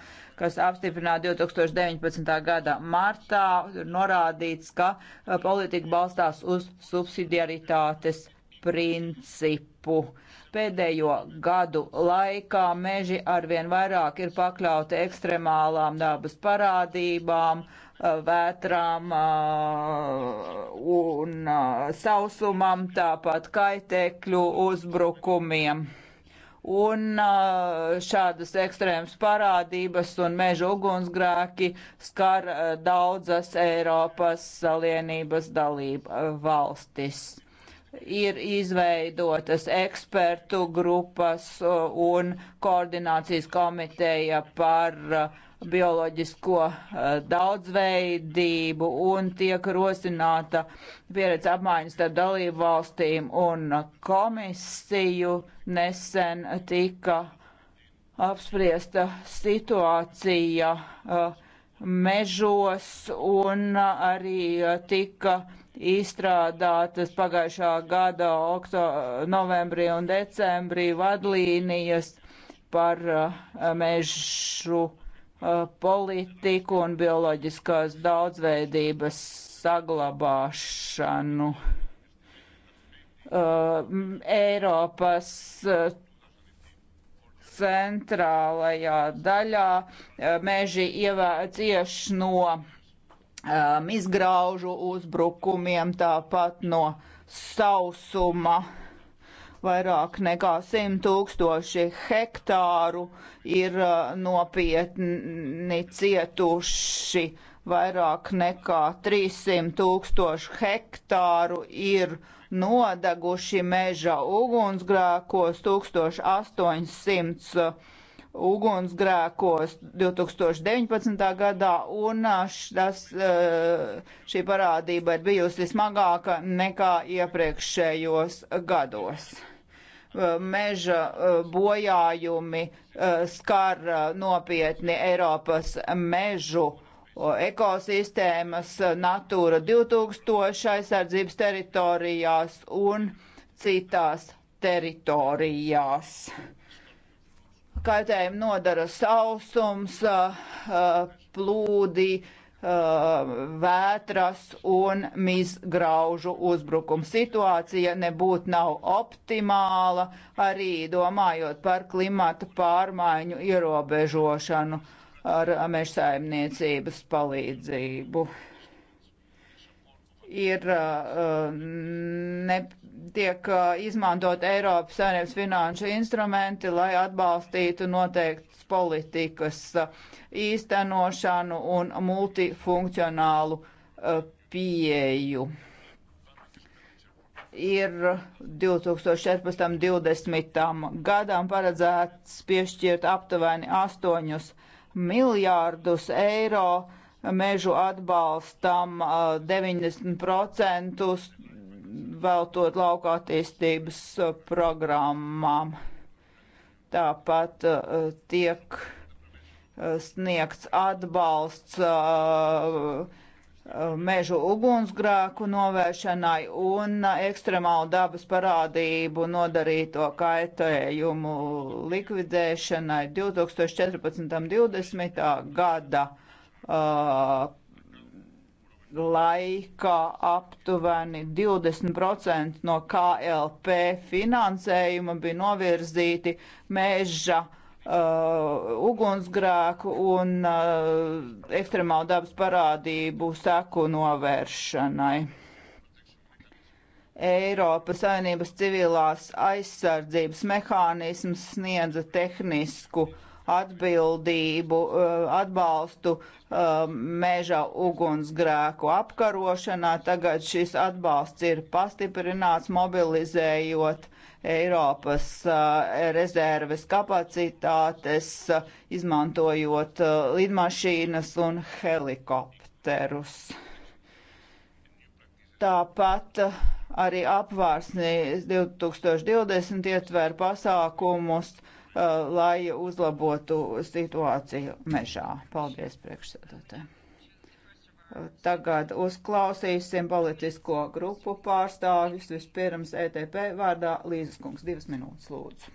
kas apstiprināta 2019. gada martā. Ir norādīts, ka eh, politika balstās uz subsidiaritātes principu. Uh, Pēdējo gadu laikā meži arvien vairāk ir pakļauti ekstremālām dabas parādībām, uh, vētrām uh, un uh, sausumam, tāpat kaitēkļu uzbrukumiem. Un šādas ekstrēmas parādības un meža ugunsgrēki skar daudzas Eiropas Savienības dalību valstis ir izveidotas ekspertu grupas uh, un koordinācijas komiteja par uh, bioloģisko uh, daudzveidību un tiek rosināta pieredze apmaiņas starp dalību valstīm un komisiju. Nesen tika apspriesta situācija mežos un arī tika uh, izstrādātas pagājušā gada okto, novembrī un decembrī vadlīnijas par uh, mežu uh, politiku un bioloģiskās daudzveidības saglabāšanu. Uh, Eiropas uh, centrālajā daļā uh, meži ievā, cieš no um, izgraužu uzbrukumiem, tāpat no sausuma. Vairāk nekā 100 tūkstoši hektāru ir uh, nopietni cietuši, vairāk nekā 300 tūkstoši hektāru ir nodeguši meža ugunsgrēkos, 1800 hektāru ugunsgrēkos 2019. gadā, un tas, šī parādība ir bijusi smagāka nekā iepriekšējos gados. Meža bojājumi skar nopietni Eiropas mežu ekosistēmas, Natūra 2000 aizsardzības teritorijās un citās teritorijās. Uh, kaitējumu nodara sausums, eh, eh, plūdi, eh, vētras un mizgraužu uzbrukums. Situācija nebūtu nav optimāla, arī domājot par klimata pārmaiņu ierobežošanu ar mežsaimniecības palīdzību. Ir uh, ne, tiek uh, izmantot Eiropas saimnības finanšu instrumenti, lai atbalstītu noteiktas politikas uh, īstenošanu un multifunkcionālu uh, pieeju. Ir 2014.20. gadam paredzēts piešķirt aptuveni 8 miljārdus eiro mežu atbalstam 90% veltot lauka attīstības uh, programmām. Tāpat uh, tiek uh, sniegts atbalsts mežu ugunsgrēku novēršanai un ekstremālu dabas parādību nodarīto kaitējumu likvidēšanai 2014. un 2020. gada laikā aptuveni 20% no KLP finansējuma bija novirzīti meža uh, ugunsgrēku un uh, ekstremālu dabas parādību seku novēršanai. Eiropas Savienības civilās aizsardzības mehānisms sniedza tehnisku uh, atbildību, eh, atbalstu eh, meža ugunsgrēku apkarošanā. Tagad šis atbalsts ir pastiprināts, mobilizējot Eiropas eh, rezerves kapacitātes, izmantojot lidmašīnas un helikopterus. Tāpat arī apvārsnī 2020 ietver pasākumus, uh, Uh, lai uzlabotu situāciju mežā. Paldies, priekšsēdētāji. Uh, tagad uzklausīsim politisko grupu pārstāvjus. Vispirms ETP vārdā Līzes kungs, divas minūtes lūdzu.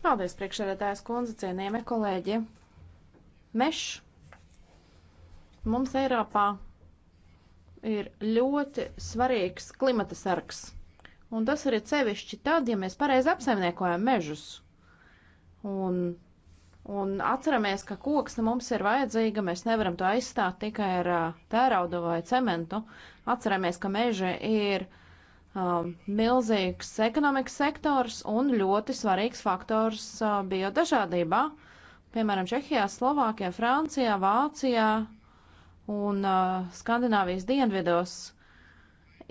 Paldies, priekšsēdētājas kundze, cienījamie kolēģi. Mešs mums Eiropā ir ļoti svarīgs klimata sargs. Un tas ir sevišķi tad, ja mēs pareizi apsaimniekojam mežus. Un, un atceramies, ka koksne mums ir vajadzīga, mēs nevaram to aizstāt tikai ar tēraudu vai cementu. Atceramies, ka meži ir um, milzīgs ekonomikas sektors un ļoti svarīgs faktors uh, biodažādībā. Piemēram, Čehijā, Slovākijā, Francijā, Vācijā, un uh, Skandināvijas dienvidos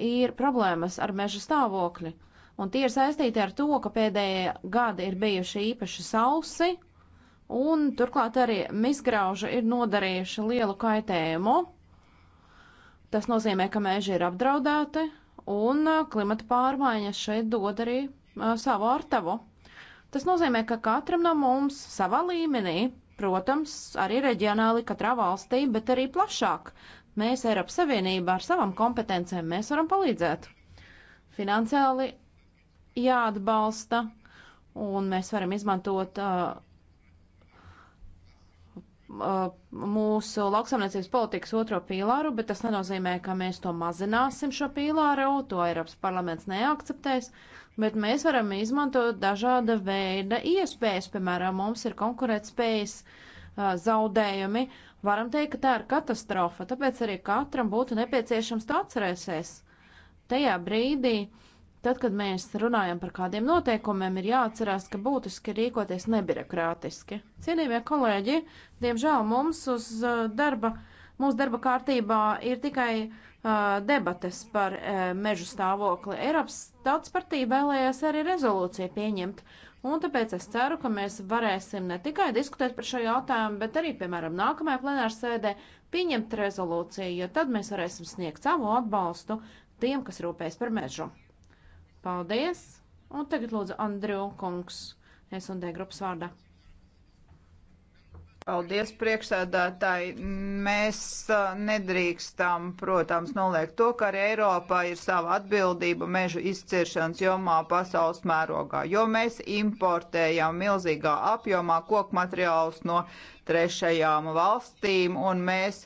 ir problēmas ar meža stāvokli. Un tie ir saistīti ar to, ka pēdējie gadi ir bijuši īpaši sausi, un turklāt arī misgrauži ir nodarījuši lielu kaitējumu. Tas nozīmē, ka meži ir apdraudēti, un uh, klimata pārmaiņas šeit dod arī uh, savu artavu. Tas nozīmē, ka katram no mums savā līmenī protams, arī reģionāli katrā valstī, bet arī plašāk. Mēs Eiropas Savienībā ar savām kompetencēm mēs varam palīdzēt. Finansiāli jāatbalsta, un mēs varam izmantot uh, uh mūsu lauksamniecības politikas otro pīlāru, bet tas nenozīmē, ka mēs to mazināsim šo pīlāru, to Eiropas parlaments neakceptēs. Uh, bet mēs varam izmantot dažāda veida iespējas. Piemēram, mums ir konkurētspējas uh, zaudējumi. Varam teikt, ka tā ir katastrofa, tāpēc arī katram būtu nepieciešams to atcerēsies. Tajā brīdī, tad, kad mēs runājam par kādiem noteikumiem, ir jāatcerās, ka būtiski rīkoties nebirokrātiski. Cienījamie kolēģi, diemžēl mums uz darba, mūsu darba kārtībā ir tikai debates par e, mežu stāvokli. Eiropas Tautas partija vēlējās arī rezolūciju pieņemt. Un tāpēc es ceru, ka mēs varēsim ne tikai diskutēt par šo jautājumu, bet arī, piemēram, nākamajā plenārsēdē pieņemt rezolūciju, jo tad mēs varēsim sniegt savu atbalstu tiem, kas rūpējas par mežu. Paldies! Un tagad lūdzu Andriu Kungs, S&D grupas vārdā. Paldies, priekšsēdētāji. Mēs nedrīkstam, protams, noliegt to, ka arī Eiropā ir sava atbildība mežu izciršanas jomā pasaules mērogā, jo mēs importējam milzīgā apjomā koku materiālus no trešajām valstīm, un mēs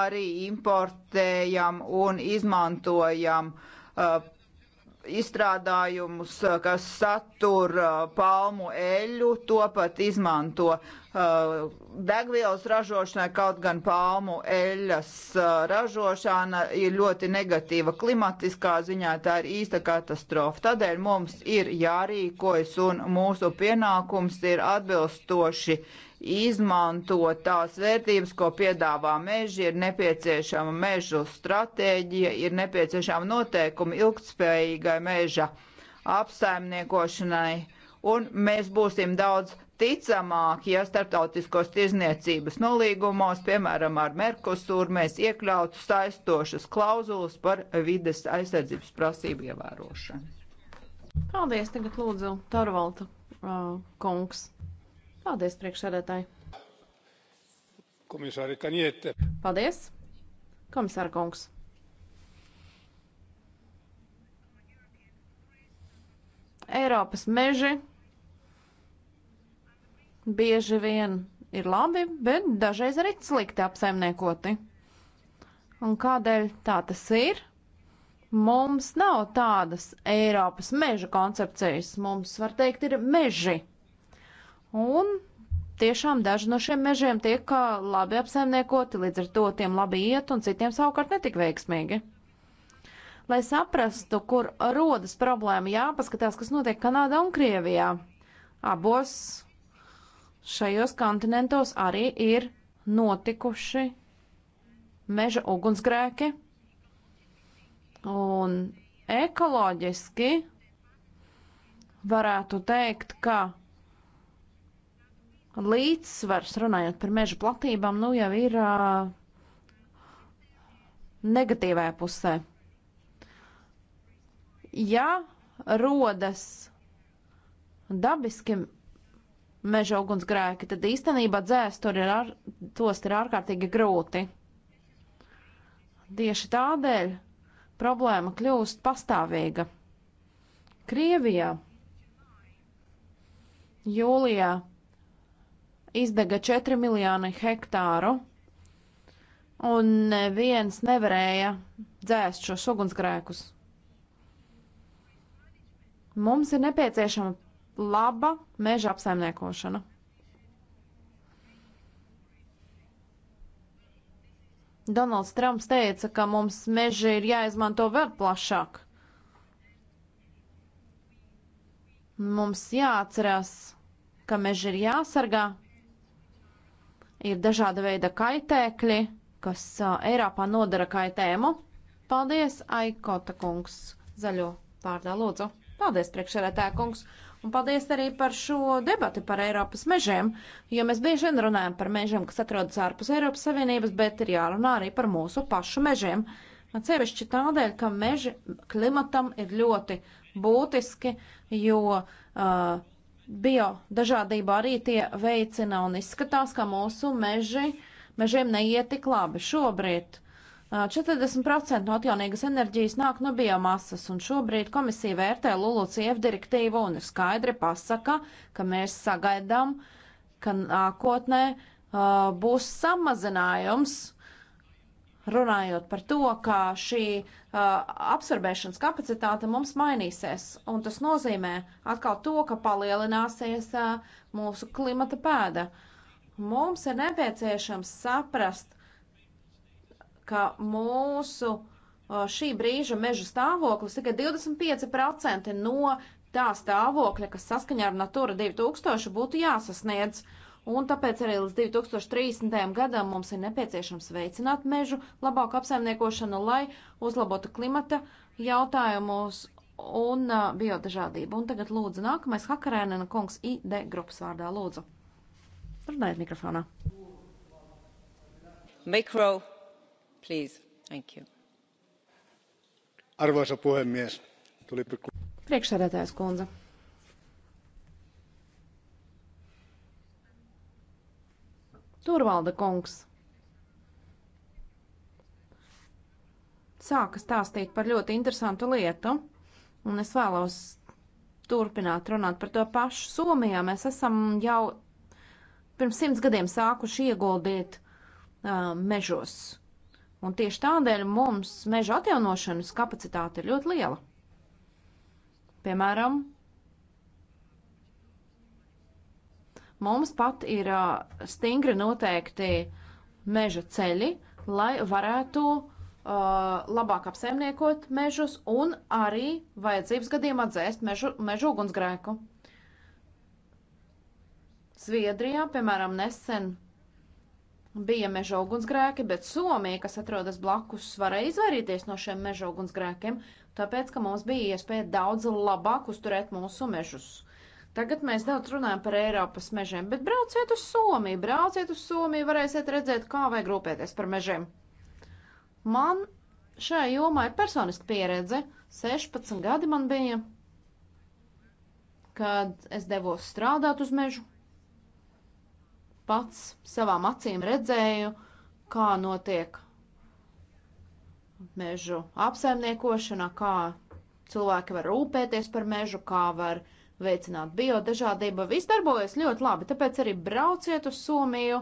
arī importējam un izmantojam uh, izstrādājumus, kas satur palmu eļu, to pat izmanto Uh, degvielas ražošanai, kaut gan palmu eļas uh, ražošana ir ļoti negatīva klimatiskā ziņā, tā ir īsta katastrofa. Tādēļ mums ir jārīkojas un mūsu pienākums ir atbilstoši izmantot tās vērtības, ko piedāvā meži, ir nepieciešama mežu stratēģija, ir nepieciešama noteikumi ilgtspējīgai meža apsaimniekošanai, un mēs būsim daudz ticamāk, ja starptautiskos tirzniecības nolīgumos, piemēram, ar Merkosūru, mēs iekļautu saistošas klauzulas par vides aizsardzības prasību ievērošanu. Paldies, tagad lūdzu, Torvalta uh, kungs. Paldies, priekšsēdētāji. Komisāri Kaniete. Paldies, komisāra kungs. Eiropas meži bieži vien ir labi, bet dažreiz arī slikti apsaimniekoti. Un kādēļ tā tas ir? Mums nav tādas Eiropas meža koncepcijas, mums, var teikt, ir meži. Un tiešām daži no šiem mežiem tiek labi apsaimniekoti, līdz ar to tiem labi iet un citiem savukārt netik veiksmīgi. Lai saprastu, kur rodas problēma, jāpaskatās, kas notiek Kanādā un Krievijā. Abos šajos kontinentos arī ir notikuši meža ugunsgrēki, un ekoloģiski varētu teikt, ka līdzsvars, runājot par meža platībām, nu jau ir uh, negatīvajā pusē. Ja rodas dabiski meža ugunsgrēki, tad īstenībā dzēst tur ir ar, tos ir ārkārtīgi grūti. Tieši tādēļ problēma kļūst pastāvīga. Krievijā jūlijā izdega 4 miljoni hektāru, un neviens nevarēja dzēst šos ugunsgrēkus. Mums ir nepieciešama laba meža apsaimniekošana. Donalds Trumps teica, ka mums meži ir jāizmanto vēl plašāk. Mums jāatcerās, ka meži ir jāsargā. Ir dažāda veida kaitēkļi, kas uh, Eiropā nodara kaitējumu. Paldies, Aikota kungs, zaļo vārdā lūdzu. Paldies, priekšsēdētāja kungs. Un paldies arī par šo debati par Eiropas mežiem, jo mēs bieži vien runājam par mežiem, kas atrodas ārpus Eiropas Savienības, bet ir jārunā arī par mūsu pašu mežiem. Cevišķi tādēļ, ka meži klimatam ir ļoti būtiski, jo uh, biodažādībā arī tie veicina un izskatās, ka mūsu meži, mežiem neiet tik labi šobrīd. 40% no atjaunīgas enerģijas nāk no biomasas, un šobrīd komisija vērtē LULUCF direktīvu un skaidri pasaka, ka mēs sagaidām, ka nākotnē uh, būs samazinājums, runājot par to, ka šī uh, absorbēšanas kapacitāte mums mainīsies, un tas nozīmē atkal to, ka palielināsies uh, mūsu klimata pēda. Mums ir nepieciešams saprast, ka mūsu uh, šī brīža meža stāvoklis tikai 25% no tā stāvokļa, kas saskaņā ar Natūra 2000 būtu jāsasniedz. Un tāpēc arī līdz 2030. gadam mums ir nepieciešams veicināt mežu labāku apsaimniekošanu, lai uzlabotu klimata jautājumus un uh, biodažādību. Un tagad lūdzu nākamais Hakarēnena kungs ID grupas vārdā lūdzu. Runājiet mikrofonā. Mikro arvoisa puhemies tuli pikku. priekšsēdētājas kundze Turvalda kungs sāka stāstīt par ļoti interesantu lietu, un es vēlos turpināt runāt par to pašu. Somijā mēs esam jau pirms simts gadiem sākuši ieguldīt uh, mežos Un tieši tādēļ mums meža atjaunošanas kapacitāte ir ļoti liela. Piemēram, mums pat ir stingri noteikti meža ceļi, lai varētu uh, labāk apsaimniekot mežus un arī vajadzības gadījumā dzēst mežu, mežu ugunsgrēku. Zviedrijā, piemēram, nesen bija meža ugunsgrēki, bet Somija, kas atrodas blakus, varēja izvairīties no šiem meža ugunsgrēkiem, tāpēc, ka mums bija iespēja daudz labāk uzturēt mūsu mežus. Tagad mēs daudz runājam par Eiropas mežiem, bet brauciet uz Somiju, brauciet uz Somiju, varēsiet redzēt, kā vajag rūpēties par mežiem. Man šajā jomā ir personiska pieredze. 16 gadi man bija, kad es devos strādāt uz mežu pats savām acīm redzēju, kā notiek mežu apsaimniekošana, kā cilvēki var rūpēties par mežu, kā var veicināt biodažādību. Viss darbojas ļoti labi, tāpēc arī brauciet uz Somiju.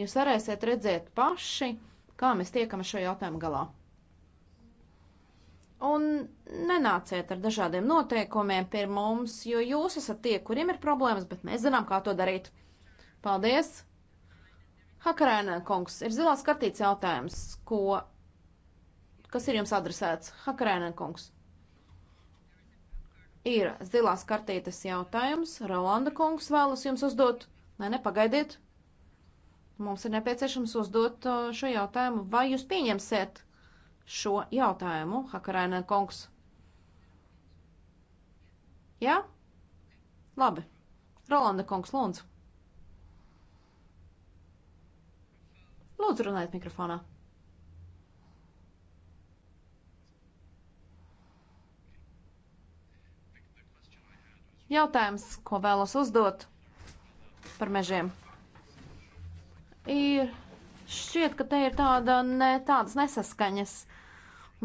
Jūs varēsiet redzēt paši, kā mēs tiekam ar šo jautājumu galā. Un nenāciet ar dažādiem noteikumiem pie mums, jo jūs esat tie, kuriem ir problēmas, bet mēs zinām, kā to darīt. Paldies! Hakarēna kungs, ir zilās kartītes jautājums, ko, kas ir jums adresēts? Hakarēna kungs. Ir zilās kartītes jautājums, Rolanda kungs vēlas jums uzdot. Nē, nepagaidiet. Mums ir nepieciešams uzdot uh, šo jautājumu, vai jūs pieņemsiet šo jautājumu, Hakarēna kungs. Jā? Labi. Rolanda kungs, lūdzu. Lūdzu, runājiet mikrofonā. Jautājums, ko vēlos uzdot par mežiem, ir šķiet, ka te ir tāda ne, tādas nesaskaņas.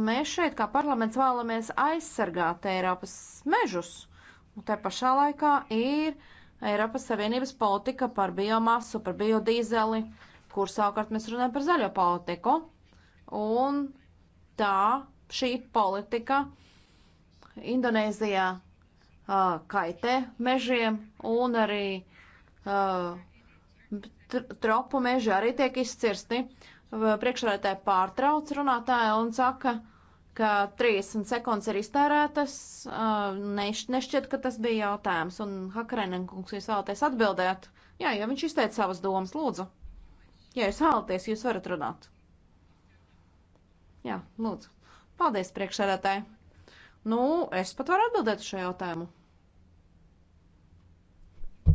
Mēs šeit, kā parlaments, vēlamies aizsargāt Eiropas mežus, un te pašā laikā ir Eiropas Savienības politika par biomasu, par biodīzeli. Uh, kur savukārt mēs runājam par zaļo politiku. Un tā šī politika Indonēzijā uh, kaitē mežiem un arī uh, tropu meži arī tiek izcirsti. Priekšrētāji pārtrauc runātāju un saka, ka 30 sekundes ir iztērētas. Uh, Neš, nešķiet, ka tas bija jautājums. Un Hakarēnenkungs, jūs vēlaties atbildēt? Jā, jo viņš izteica savas domas, lūdzu. Ja jūs vēlaties, jūs varat runāt. Jā, lūdzu. Paldies, priekšsēdētāji. Nu, es pat varu atbildēt uz šo jautājumu.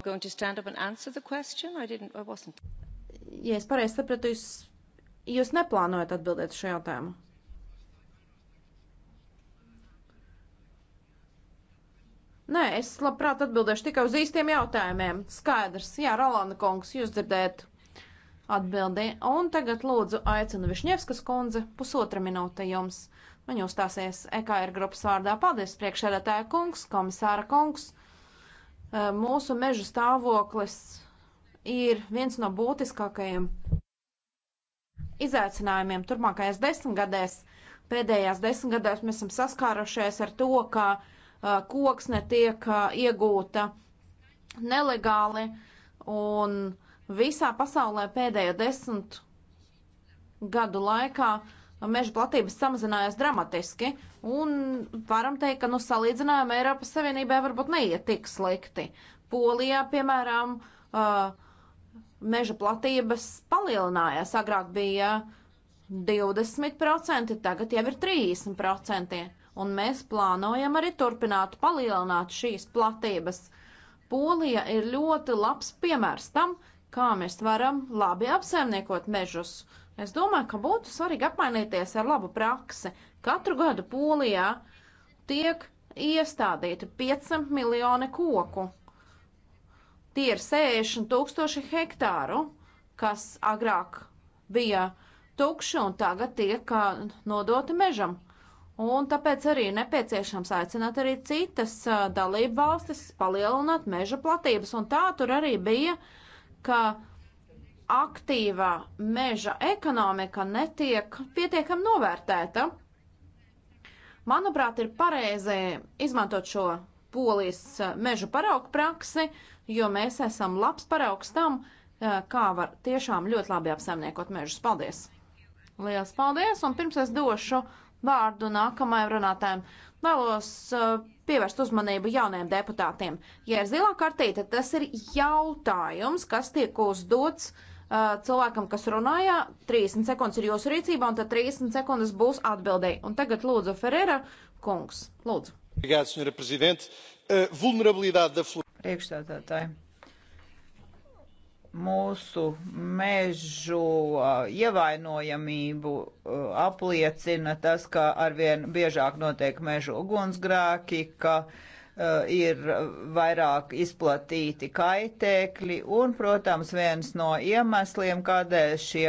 Going to stand up and answer the question? I didn't, I wasn't. Ja es pareizi sapratu, jūs, jūs neplānojat atbildēt uz šo jautājumu. Nē, es labprāt atbildēšu tikai uz īstiem jautājumiem. Skaidrs, jā, Rolanda kungs, jūs dzirdējat atbildi. Un tagad lūdzu aicinu Višņevskas kundze pusotra minūte jums. Viņa uzstāsies EKR grupas vārdā. Paldies, priekšsēdētāja kungs, komisāra kungs. Mūsu mežu stāvoklis ir viens no būtiskākajiem izaicinājumiem turpmākajās desmitgadēs. Pēdējās desmitgadēs mēs esam saskārušies ar to, ka uh, koksne tiek uh, iegūta nelegāli un uh, Visā pasaulē pēdējo desmit gadu laikā meža platības samazinājās dramatiski, un varam teikt, ka nu, salīdzinājumā Eiropas Savienībai varbūt neiet tik slikti. Polijā, piemēram, meža platības palielinājās. Agrāk bija 20%, tagad jau ir 30%, un mēs plānojam arī turpināt palielināt šīs platības. Polija ir ļoti labs piemērs tam, kā mēs varam labi apsaimniekot mežus. Es domāju, ka būtu svarīgi apmainīties ar labu praksi. Katru gadu Polijā tiek iestādīti 500 miljoni koku. Tie ir 60 tūkstoši hektāru, kas agrāk bija tukši un tagad tiek nodoti mežam. Un tāpēc arī nepieciešams aicināt arī citas dalību valstis palielināt meža platības, un tā tur arī bija uh, ka aktīvā meža ekonomika netiek pietiekami novērtēta. Manuprāt, ir pareizi izmantot šo polijas eh, meža paraugu praksi, jo mēs esam labs paraugs tam, eh, kā var tiešām ļoti labi apsaimniekot mežus. Paldies! Lielas paldies! Un pirms es došu vārdu nākamajam runātājam, vēlos eh, pievērst uzmanību jauniem deputātiem. Ja ir zilā kartīte, tas ir jautājums, kas tiek uzdots uh, cilvēkam, kas runājā. 30 sekundes ir jūsu rīcībā, un tad 30 sekundes būs atbildēji. Un tagad lūdzu Ferrera kungs. Lūdzu. Uh, Priekšstādātāji, mūsu mežu ievainojamību apliecina tas, ka arvien biežāk notiek mežu ugunsgrāki, ka ir vairāk izplatīti kaitēkļi, un, protams, viens no iemesliem, kādēļ šie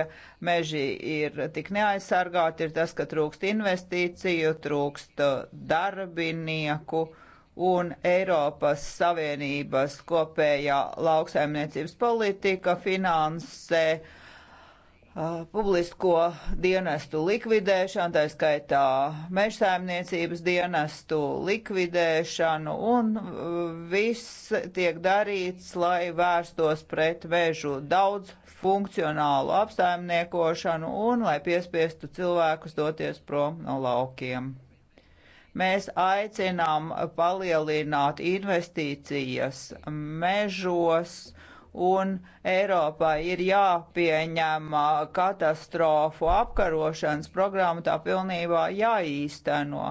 meži ir tik neaizsargāti, ir tas, ka trūkst investīciju, trūkst darbinieku, un Eiropas Savienības kopējā lauksaimniecības politika finansē uh, publisko dienestu likvidēšanu, tā skaitā mežsaimniecības dienestu likvidēšanu, un uh, viss tiek darīts, lai vērstos pret vēžu daudz funkcionālu apsaimniekošanu un lai piespiestu cilvēkus doties prom no laukiem. Mēs aicinām palielināt investīcijas mežos un Eiropā ir jāpieņem uh, katastrofu apkarošanas programma, tā pilnībā jāīsteno.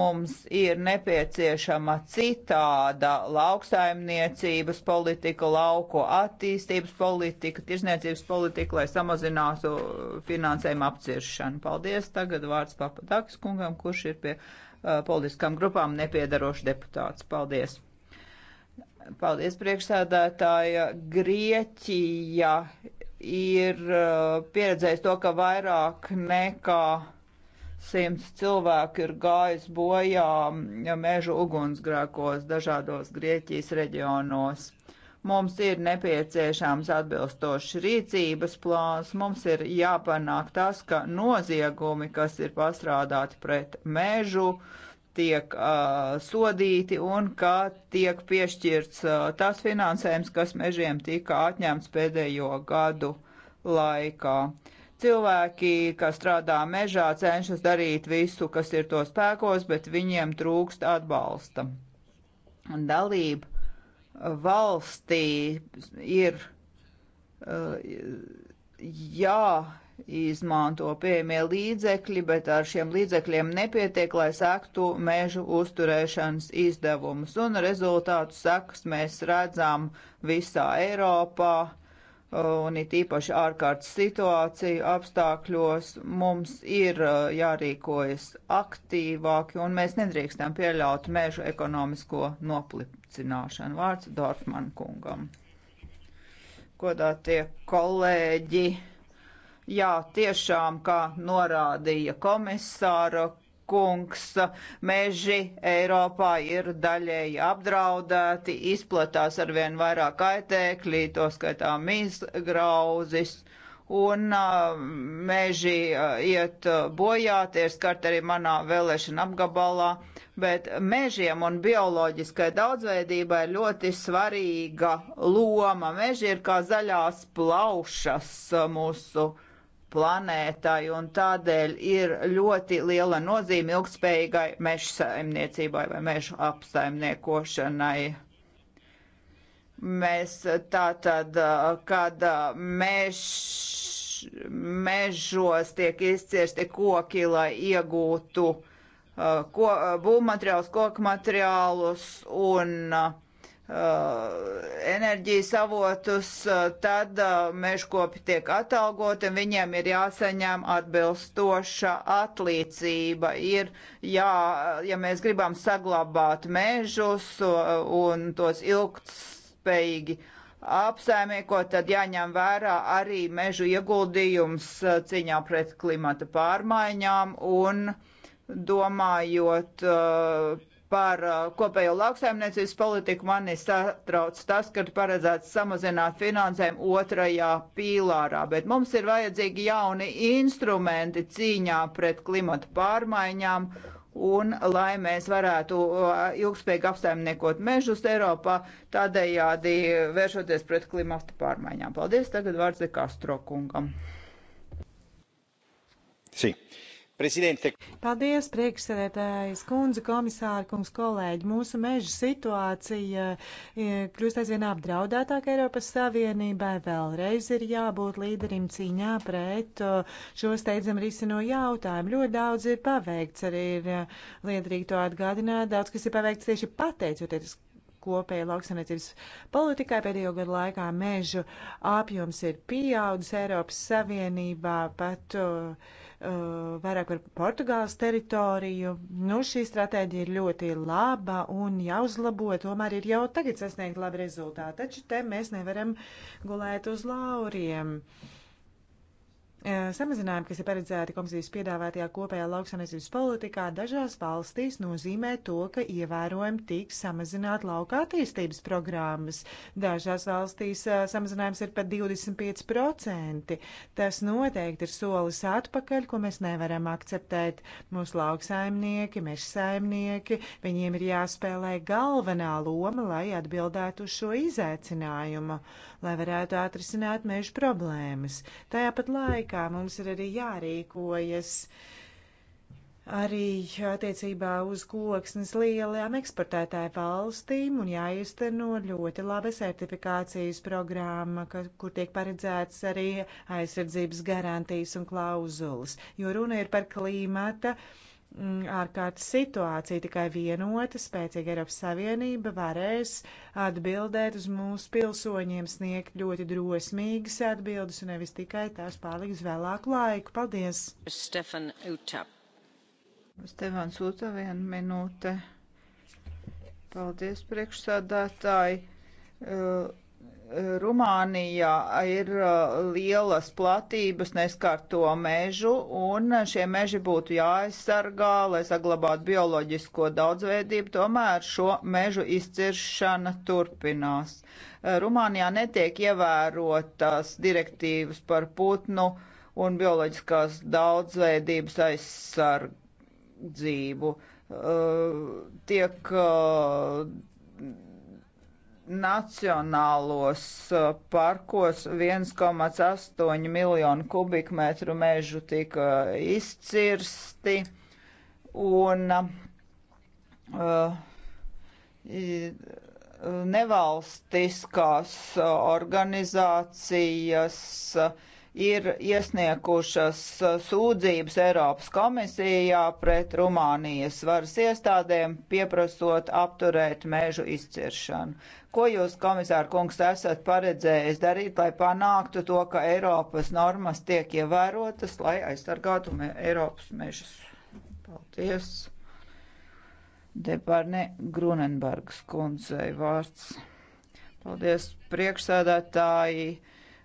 Mums ir nepieciešama citāda lauksaimniecības politika, lauko attīstības politika, tirzniecības politika, lai samazinātu finansējumu apciršanu. Paldies. Tagad vārds papadaks kungam, kurš ir pie Uh, politiskām grupām nepiedarošu deputāts. Paldies! Paldies, priekšsēdētāja. Grieķija ir uh, pieredzējis to, ka vairāk nekā simts cilvēku ir gājis bojā mm, mežu ugunsgrēkos dažādos Grieķijas reģionos. Mums ir nepieciešams atbilstošs rīcības plāns, mums ir jāpanāk tas, ka noziegumi, kas ir pastrādāti pret mežu, tiek uh, sodīti un ka tiek piešķirts uh, tas finansējums, kas mežiem tika atņemts pēdējo gadu laikā. Cilvēki, kas strādā mežā, cenšas darīt visu, kas ir to spēkos, bet viņiem trūkst atbalsta. Dalība valstī ir uh, jāizmanto pieejamie līdzekļi, bet ar šiem līdzekļiem nepietiek, lai sektu mežu uzturēšanas izdevumus. Un rezultātu sekas mēs redzam visā Eiropā un it īpaši ārkārtas situāciju apstākļos mums ir uh, jārīkojas aktīvāki, un mēs nedrīkstam pieļaut mēžu ekonomisko noplicināšanu. Vārds Dorfman kungam. Godātie kolēģi! Jā, tiešām, kā norādīja komisāra kungs. Meži Eiropā ir daļēji apdraudēti, izplatās arvien vairāk kaitēkļi, to skaitā mizgrauzis. Un uh, meži uh, iet bojā, tie ir skart arī manā vēlēšana apgabalā, bet mežiem un bioloģiskai daudzveidībai ļoti svarīga loma. Meži ir kā zaļās plaušas mūsu uh, planētai, un tādēļ ir ļoti liela nozīme ilgspējīgai meža saimniecībai vai meža apsaimniekošanai. Mēs tātad, kad mež, mežos tiek izcirsti koki, lai iegūtu ko, būvmateriālus, koku materiālus un uh, Uh, enerģijas avotus, uh, tad uh, mežkopi tiek atalgoti un viņiem ir jāsaņem atbilstoša atlīdzība. Ir jā, ja mēs gribam saglabāt mežus un tos ilgtspējīgi apsaimniekot, tad jāņem vērā arī mežu ieguldījums cīņā pret klimata pārmaiņām un domājot uh, par uh, kopējo lauksaimniecības politiku mani satrauc tas, ka paredzēts samazināt finansējumu otrajā pīlārā, bet mums ir vajadzīgi jauni instrumenti cīņā pret klimatu pārmaiņām un lai mēs varētu uh, ilgspējīgi apsaimniekot mežus Eiropā, tādējādi vēršoties pret klimata pārmaiņām. Paldies, tagad vārds de Castro kungam. Sí. Si. Prezidente. Paldies, priekšsēdētājs, kundze, komisāri, kungs, kolēģi. Mūsu meža situācija eh, kļūst aizvien apdraudētāka Eiropas Savienībai. Vēlreiz ir jābūt līderim cīņā pret eh, šo steidzam risino jautājumu. Ļoti daudz ir paveikts, arī ir eh, liederīgi to atgādināt. Daudz, kas ir paveikts tieši pateicoties kopēja lauksaimniecības politikai pēdējo gadu laikā mežu apjoms ir pieaudzis Eiropas Savienībā pat. Uh, Uh, vairāk par Portugāles teritoriju. Nu, šī stratēģija ir ļoti laba un jāuzlabo, tomēr ir jau tagad sasniegt labi rezultāti, taču te mēs nevaram gulēt uz lauriem. Uh, Eh, samazinājumi, kas ir paredzēti komisijas piedāvātajā kopējā lauksaimniecības politikā, dažās valstīs nozīmē to, ka ievērojami tiks samazināt lauka attīstības programmas. Dažās valstīs eh, samazinājums ir pat 25%. Tas noteikti ir solis atpakaļ, ko mēs nevaram akceptēt. Mūsu lauksaimnieki, mežsaimnieki, viņiem ir jāspēlē galvenā loma, lai atbildētu uz šo izaicinājumu, lai varētu atrisināt mežu problēmas. Tajāpat laikā laikā mums ir arī jārīkojas. Arī attiecībā uz koksnes lielajām eksportētāju valstīm un jāizteno ļoti laba certifikācijas programma, ka, kur tiek paredzēts arī aizsardzības garantijas un klauzulas, jo runa ir par klīmata uh, Mm, ārkārtas situācija. Tikai vienota, spēcīga Eiropas Savienība varēs atbildēt uz mūsu pilsoņiem, sniegt ļoti drosmīgas atbildes un nevis tikai tās pārliks vēlāku laiku. Paldies! Stefan Uta. Stefans Uta, viena minūte. Paldies, priekšsādātāji. Uh, Rumānijā ir uh, lielas platības neskarto mežu, un šie meži būtu jāaizsargā, lai saglabātu bioloģisko daudzveidību, tomēr šo mežu izciršana turpinās. Uh, Rumānijā netiek ievērotas direktīvas par putnu un bioloģiskās daudzveidības aizsardzību. Uh, tiek uh, nacionālos uh, parkos 1,8 miljonu kubikmetru mežu tika uh, izcirsti un uh, uh nevalstiskās organizācijas uh, ir iesniegušas uh, sūdzības Eiropas komisijā pret Rumānijas varas iestādēm, pieprasot apturēt mēžu izciršanu. Ko jūs, komisāra kungs, esat paredzējis darīt, lai panāktu to, ka Eiropas normas tiek ievērotas, lai aizsargātu mē Eiropas mežus? Paldies! Deparne Grunenbergs kundzei vārds. Paldies, priekšsēdētāji!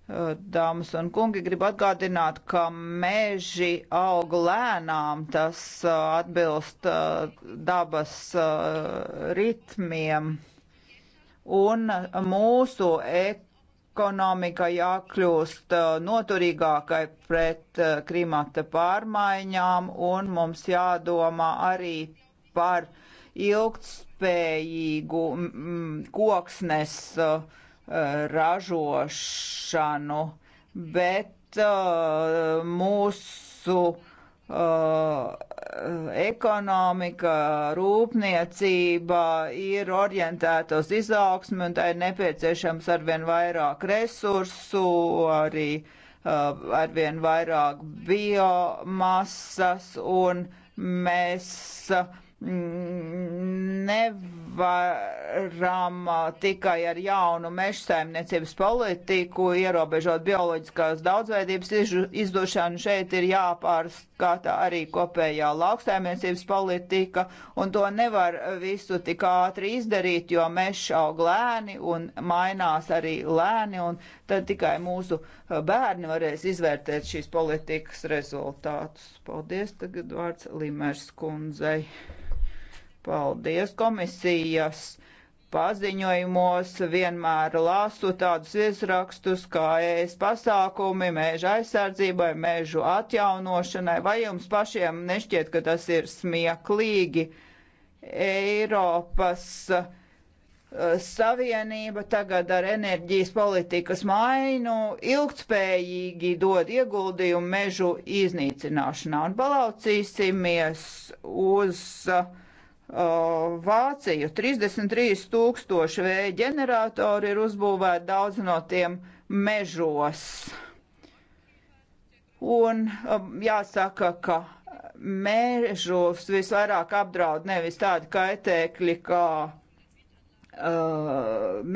Dāmas un kungi, gribu atgādināt, ka meži aug lēnām, tas uh, atbilst uh, dabas uh, ritmiem, un mūsu ekonomika jākļūst noturīgākai pret klimata pārmaiņām, un mums jādomā arī par ilgtspējīgu koksnes uh, ražošanu, bet eh, mūsu eh, ekonomika, rūpniecība ir orientēta uz izaugsmi un tai ir nepieciešams arvien vairāk resursu, arī eh, arvien vairāk biomasas un mēs mm, nevaram varam tikai ar jaunu meža saimniecības politiku ierobežot bioloģiskās daudzveidības izdošanu. Šeit ir jāpārskata arī kopējā lauksaimniecības politika, un to nevar visu tik ātri izdarīt, jo mežs aug lēni un mainās arī lēni, un tad tikai mūsu bērni varēs izvērtēt šīs politikas rezultātus. Paldies, tagad vārds Limers kundzei. Paldies komisijas paziņojumos vienmēr lasu tādus izrakstus, kā ēs pasākumi mēža aizsardzībai, mēžu atjaunošanai, vai jums pašiem nešķiet, ka tas ir smieklīgi Eiropas uh, Savienība tagad ar enerģijas politikas mainu ilgtspējīgi dod ieguldījumu mežu iznīcināšanā un balaucīsimies uz uh, Vāciju. 33 tūkstoši vēja ģeneratori ir uzbūvēti, daudz no tiem mežos. Un jāsaka, ka mežos visvairāk apdraud nevis tādi kaitēkļi kā uh,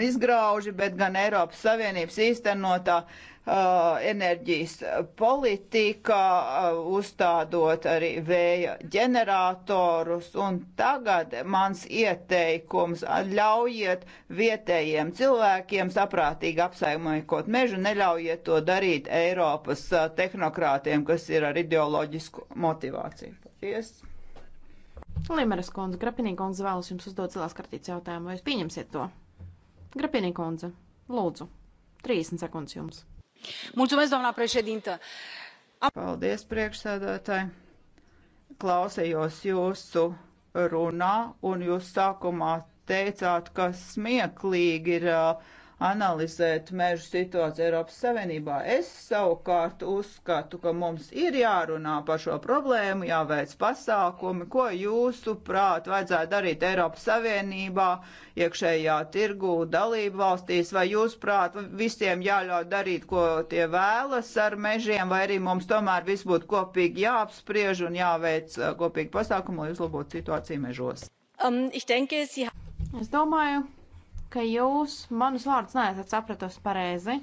mizgrauži, bet gan Eiropas Savienības īstenotā uh, Uh, enerģijas politikā, uh, uzstādot arī vēja ģeneratorus. Un tagad mans ieteikums - ļaujiet vietējiem cilvēkiem saprātīgi apsaimniekot mežu, neļaujiet to darīt Eiropas uh, tehnokrātiem, kas ir ar ideoloģisku motivāciju. Paldies! Limeras kundze, Grapinī kundze vēlas jums uzdot zilās kartītes jautājumu, vai jūs pieņemsiet to? Grapinī kundze, lūdzu, 30 sekundes jums doamnă președintă. Paldies, priekšsēdētāji. Klausījos jūsu runā, un jūs sākumā teicāt, ka smieklīgi ir uh, analizēt mežu situāciju Eiropas Savienībā. Es savukārt uzskatu, ka mums ir jārunā par šo problēmu, jāveic pasākumi, ko jūsu prāt vajadzētu darīt Eiropas Savienībā, iekšējā tirgu, dalību valstīs, vai jūs prāt visiem jāļauj darīt, ko tie vēlas ar mežiem, vai arī mums tomēr viss būtu kopīgi jāapspriež un jāveic uh, kopīgi pasākumi, lai uzlabotu situāciju mežos. Um, ich denke, Sie... Es domāju, ka jūs manus vārdus neesat sapratusi pareizi.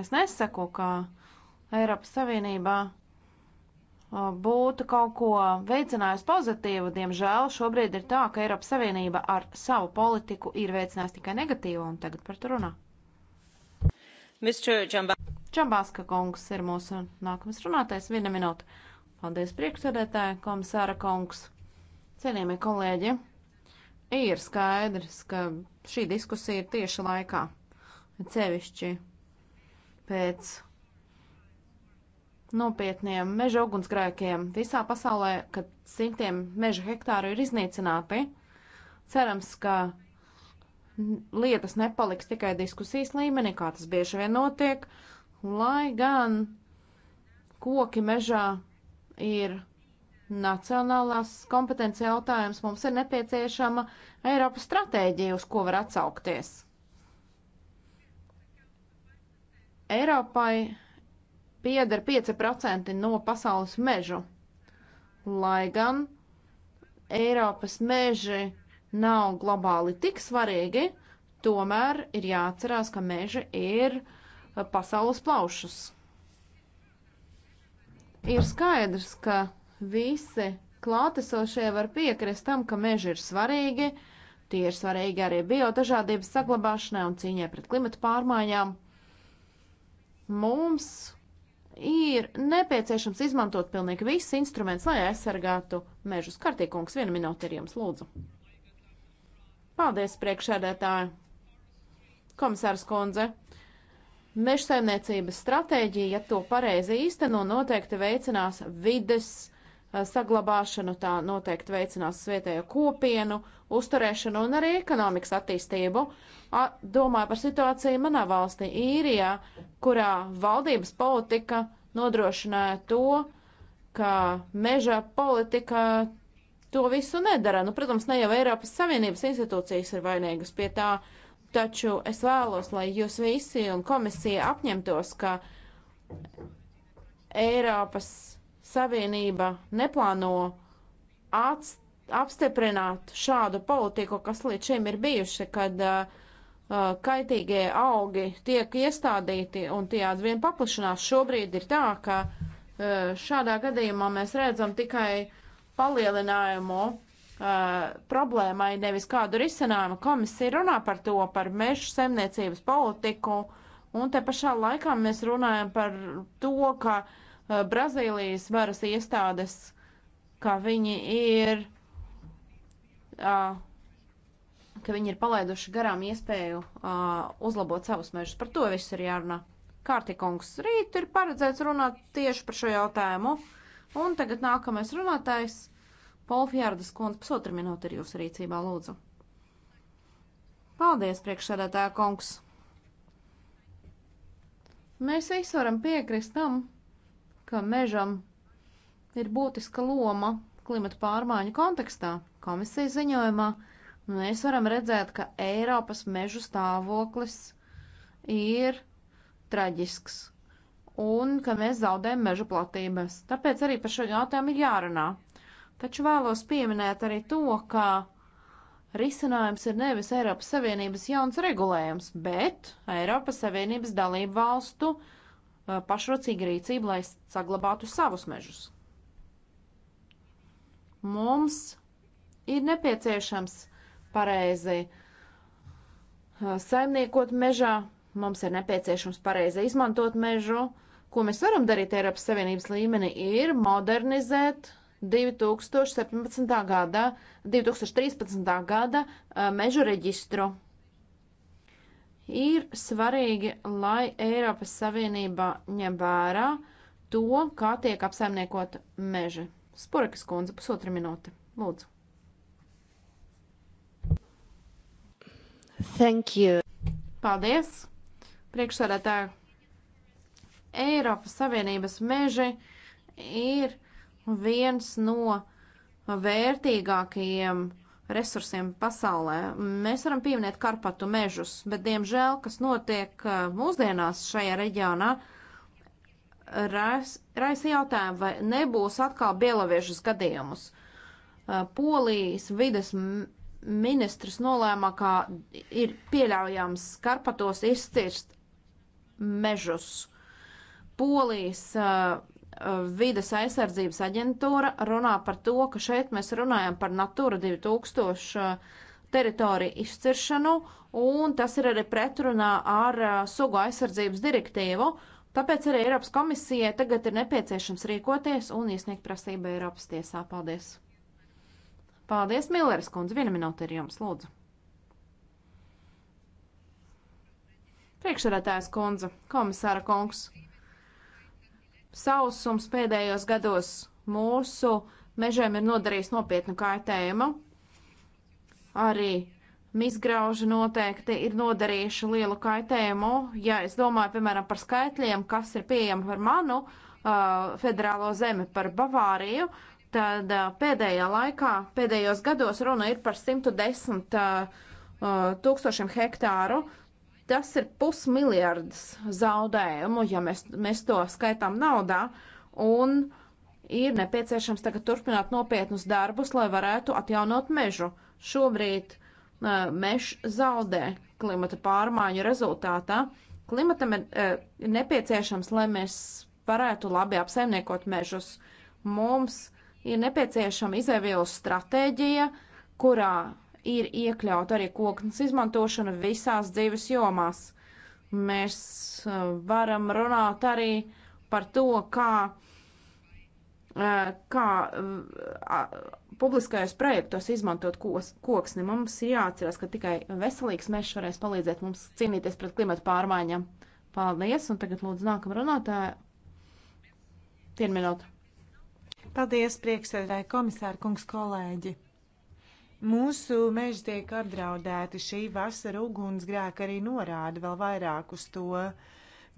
Es nesaku, ka Eiropas Savienībā būtu kaut ko veicinājusi pozitīvu. Diemžēl šobrīd ir tā, ka Eiropas Savienība ar savu politiku ir veicinājusi tikai negatīvu, un tagad par to runā. Čambāska kungs ir mūsu nākamais runātais. Viena minūte. Paldies priekšsēdētāji, komisāra kungs, cienījamie kolēģi. Ir skaidrs, ka šī diskusija ir tieši laikā, cevišķi pēc nopietniem meža ugunsgrēkiem visā pasaulē, kad simtiem meža hektāru ir iznīcināti. Cerams, ka lietas nepaliks tikai diskusijas līmenī, kā tas bieži vien notiek, lai gan koki mežā ir nacionālās kompetences jautājums, mums ir nepieciešama Eiropas stratēģija, uz ko var atsaukties. Eiropai pieder 5% no pasaules mežu, lai gan Eiropas meži nav globāli tik svarīgi, tomēr ir jāatcerās, ka meži ir pasaules plaušas. Ir skaidrs, ka visi klātesošie var piekrist tam, ka meži ir svarīgi, tie ir svarīgi arī biodažādības saglabāšanai un cīņai pret klimatu pārmaiņām. Mums ir nepieciešams izmantot pilnīgi visus instrumentus, lai aizsargātu mežus. Kartīkungs, viena minūte ir jums, lūdzu. Paldies, priekšēdētāji. Komisārs Kundze, mežsaimniecības stratēģija, ja to pareizi īsteno, noteikti veicinās vides Eh, saglabāšanu, tā noteikti veicinās vietējo kopienu, uzturēšanu un arī ekonomikas attīstību. A, domāju par situāciju manā valstī, Īrijā, kurā valdības politika nodrošināja to, ka meža politika to visu nedara. Nu, protams, ne jau Eiropas Savienības institūcijas ir vainīgas pie tā, taču es vēlos, lai jūs visi un komisija apņemtos, ka Eiropas Savienība neplāno atstāt apstiprināt šādu politiku, kas līdz šim ir bijuši, kad uh, uh kaitīgie augi tiek iestādīti un tie atvien paplašinās. Šobrīd ir tā, ka uh, šādā gadījumā mēs redzam tikai palielinājumu uh, problēmai, nevis kādu risinājumu. Komisija runā par to, par mežu saimniecības politiku, un te pašā laikā mēs runājam par to, ka uh, Eh, Brazīlijas varas iestādes, ka viņi ir, eh, ka viņi ir palaiduši garām iespēju eh, uzlabot savus mežus. Par to viss ir jārunā. Kārtikungs, rīt ir paredzēts runāt tieši par šo jautājumu. Un tagad nākamais runātājs - Polfjārdas kundze, pusotra minūte ir jūsu rīcībā, lūdzu. Paldies, priekšsēdētāja kungs! Mēs visi varam piekrist tam, ka mežam ir būtiska loma klimata pārmaiņu kontekstā. Komisijas ziņojumā nu, mēs varam redzēt, ka Eiropas mežu stāvoklis ir traģisks un ka mēs zaudējam meža platības. Tāpēc arī par šo jautājumu ir jārunā. Taču vēlos pieminēt arī to, ka risinājums ir nevis Eiropas Savienības jauns regulējums, bet Eiropas Savienības dalību valstu uh, Uh, pašrocīga rīcība, lai saglabātu savus mežus. Mums ir nepieciešams pareizi uh, saimniekot mežā, mums ir nepieciešams pareizi izmantot mežu. Ko mēs varam darīt Eiropas Savienības līmenī, ir modernizēt 2017. gada, 2013. gada uh, mežu reģistru. Ir svarīgi, lai Eiropas Savienība ņem vērā to, kā tiek apsaimniekot meži. Spurekas kundze, pusotra minūte. Lūdzu. Thank you. Paldies, priekšsādātāji. Eiropas Savienības meži ir viens no vērtīgākajiem resursiem pasaulē. Mēs varam pieminēt Karpatu mežus, bet, diemžēl, kas notiek uh, mūsdienās šajā reģionā, raisa jautājumu, vai nebūs atkal bielaviešas gadījumus. Uh, Polijas vides ministrs nolēma, ka ir pieļaujams Karpatos izcirst mežus. Polijas uh, Uh, vides aizsardzības aģentūra runā par to, ka šeit mēs runājam par Natura 2000 uh, teritoriju izciršanu, un tas ir arī pretrunā ar uh, sugu aizsardzības direktīvu. Tāpēc arī Eiropas komisijai tagad ir nepieciešams rīkoties un iesniegt prasību Eiropas tiesā. Paldies! Paldies, Milleris kundze! Viena minūte ir jums, lūdzu! Priekšsēdētājas kundze, komisāra kungs! sausums pēdējos gados mūsu mežiem ir nodarījis nopietnu kaitējumu. Arī Mizgrauži noteikti ir nodarījuši lielu kaitējumu. Ja es domāju, piemēram, par skaitļiem, kas ir pieejami par manu uh, federālo zemi, par Bavāriju, tad uh, pēdējā laikā, pēdējos gados runa ir par 110 uh, uh, tūkstošiem hektāru. Uh, Tas ir pusmiljards zaudējumu, ja mēs, mēs to skaitām naudā, un ir nepieciešams tagad turpināt nopietnus darbus, lai varētu atjaunot mežu. Šobrīd uh, mežs zaudē klimata pārmaiņu rezultātā. Klimatam ir, uh, ir nepieciešams, lai mēs varētu labi apsaimniekot mežus. Mums ir nepieciešama izēvielas stratēģija, kurā ir iekļaut arī koknes izmantošana visās dzīves jomās. Mēs uh, varam runāt arī par to, kā, uh, kā uh, publiskajos projektos izmantot kos, koksni. Mums ir jāatcerās, ka tikai veselīgs mežs varēs palīdzēt mums cīnīties pret klimatu pārmaiņām. Paldies, un tagad lūdzu nākam runātāju. Tien minūte. Paldies, priekšsēdētāji, komisāri, kungs, kolēģi. Mūsu meži tiek apdraudēti. Šī vasara ugunsgrēka arī norāda vēl vairāk uz to.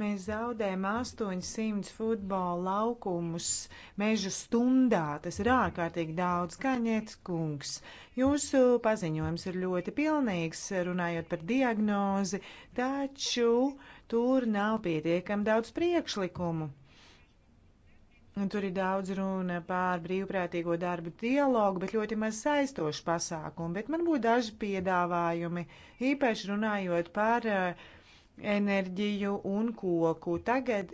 Mēs zaudējam 800 futbola laukumus mežu stundā. Tas ir ārkārtīgi daudz, kā ņēts kungs. Jūsu paziņojums ir ļoti pilnīgs, runājot par diagnozi, taču tur nav pietiekam daudz priekšlikumu. Un tur ir daudz runa pār brīvprātīgo darbu dialogu, bet ļoti maz saistošu pasākumu, bet man būtu daži piedāvājumi, īpaši runājot par uh, enerģiju un koku. Tagad,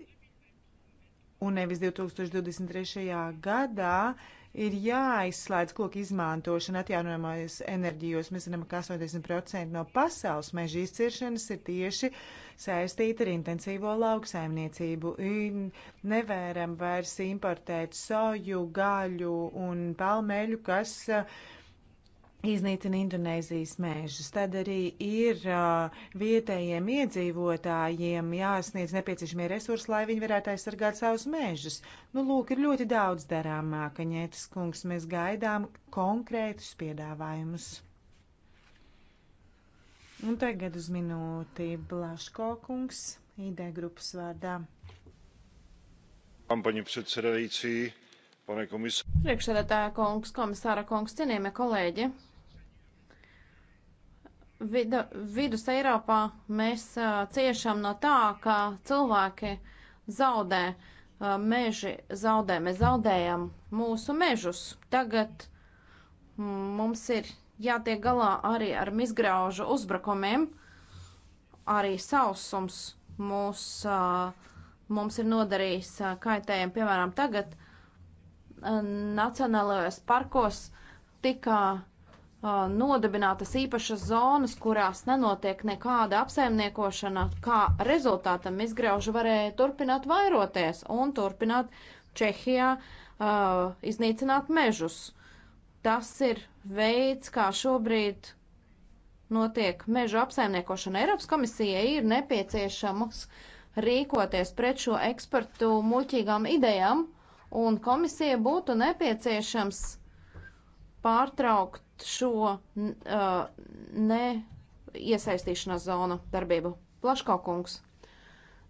un nevis 2023. gadā, uh, ir jāizslēdz koku izmantošana atjaunojamās enerģijos. Mēs zinām, ka 80% no pasaules meža izciršanas ir tieši saistīta ar intensīvo lauksaimniecību. Nevēram vairs importēt soju, gaļu un palmeļu, kas uh, iznīcina Indonēzijas mēžus. Tad arī ir uh, vietējiem iedzīvotājiem jāsniedz nepieciešamie resursi, lai viņi varētu aizsargāt savus mēžus. Nu, lūk, ir ļoti daudz darāmā, ka ņētas kungs mēs gaidām konkrētus piedāvājumus. Un tagad uz minūti Blaško kungs, ID grupas vārdā. Kampaņu priekšsēdētāja kungs, komisāra kungs, cienījamie kolēģi! vidu, vidus Eiropā mēs uh, ciešam no tā, ka cilvēki zaudē uh, meži, zaudē, mēs zaudējam mūsu mežus. Tagad mums ir jātiek galā arī ar mizgraužu uzbrukumiem, arī sausums mūs, uh, mums ir nodarījis uh, kaitējumu, piemēram, tagad uh, nacionālajos parkos tika nodibinātas īpašas zonas, kurās nenotiek nekāda apsaimniekošana, kā rezultātam izgrauži varēja turpināt vairoties un turpināt Čehijā uh, iznīcināt mežus. Tas ir veids, kā šobrīd notiek mežu apsaimniekošana. Eiropas komisijai ir nepieciešams rīkoties pret šo ekspertu muļķīgām idejām, un komisija būtu nepieciešams pārtraukt šo ne iesaistīšanās zonu darbību. Plaškaukungs,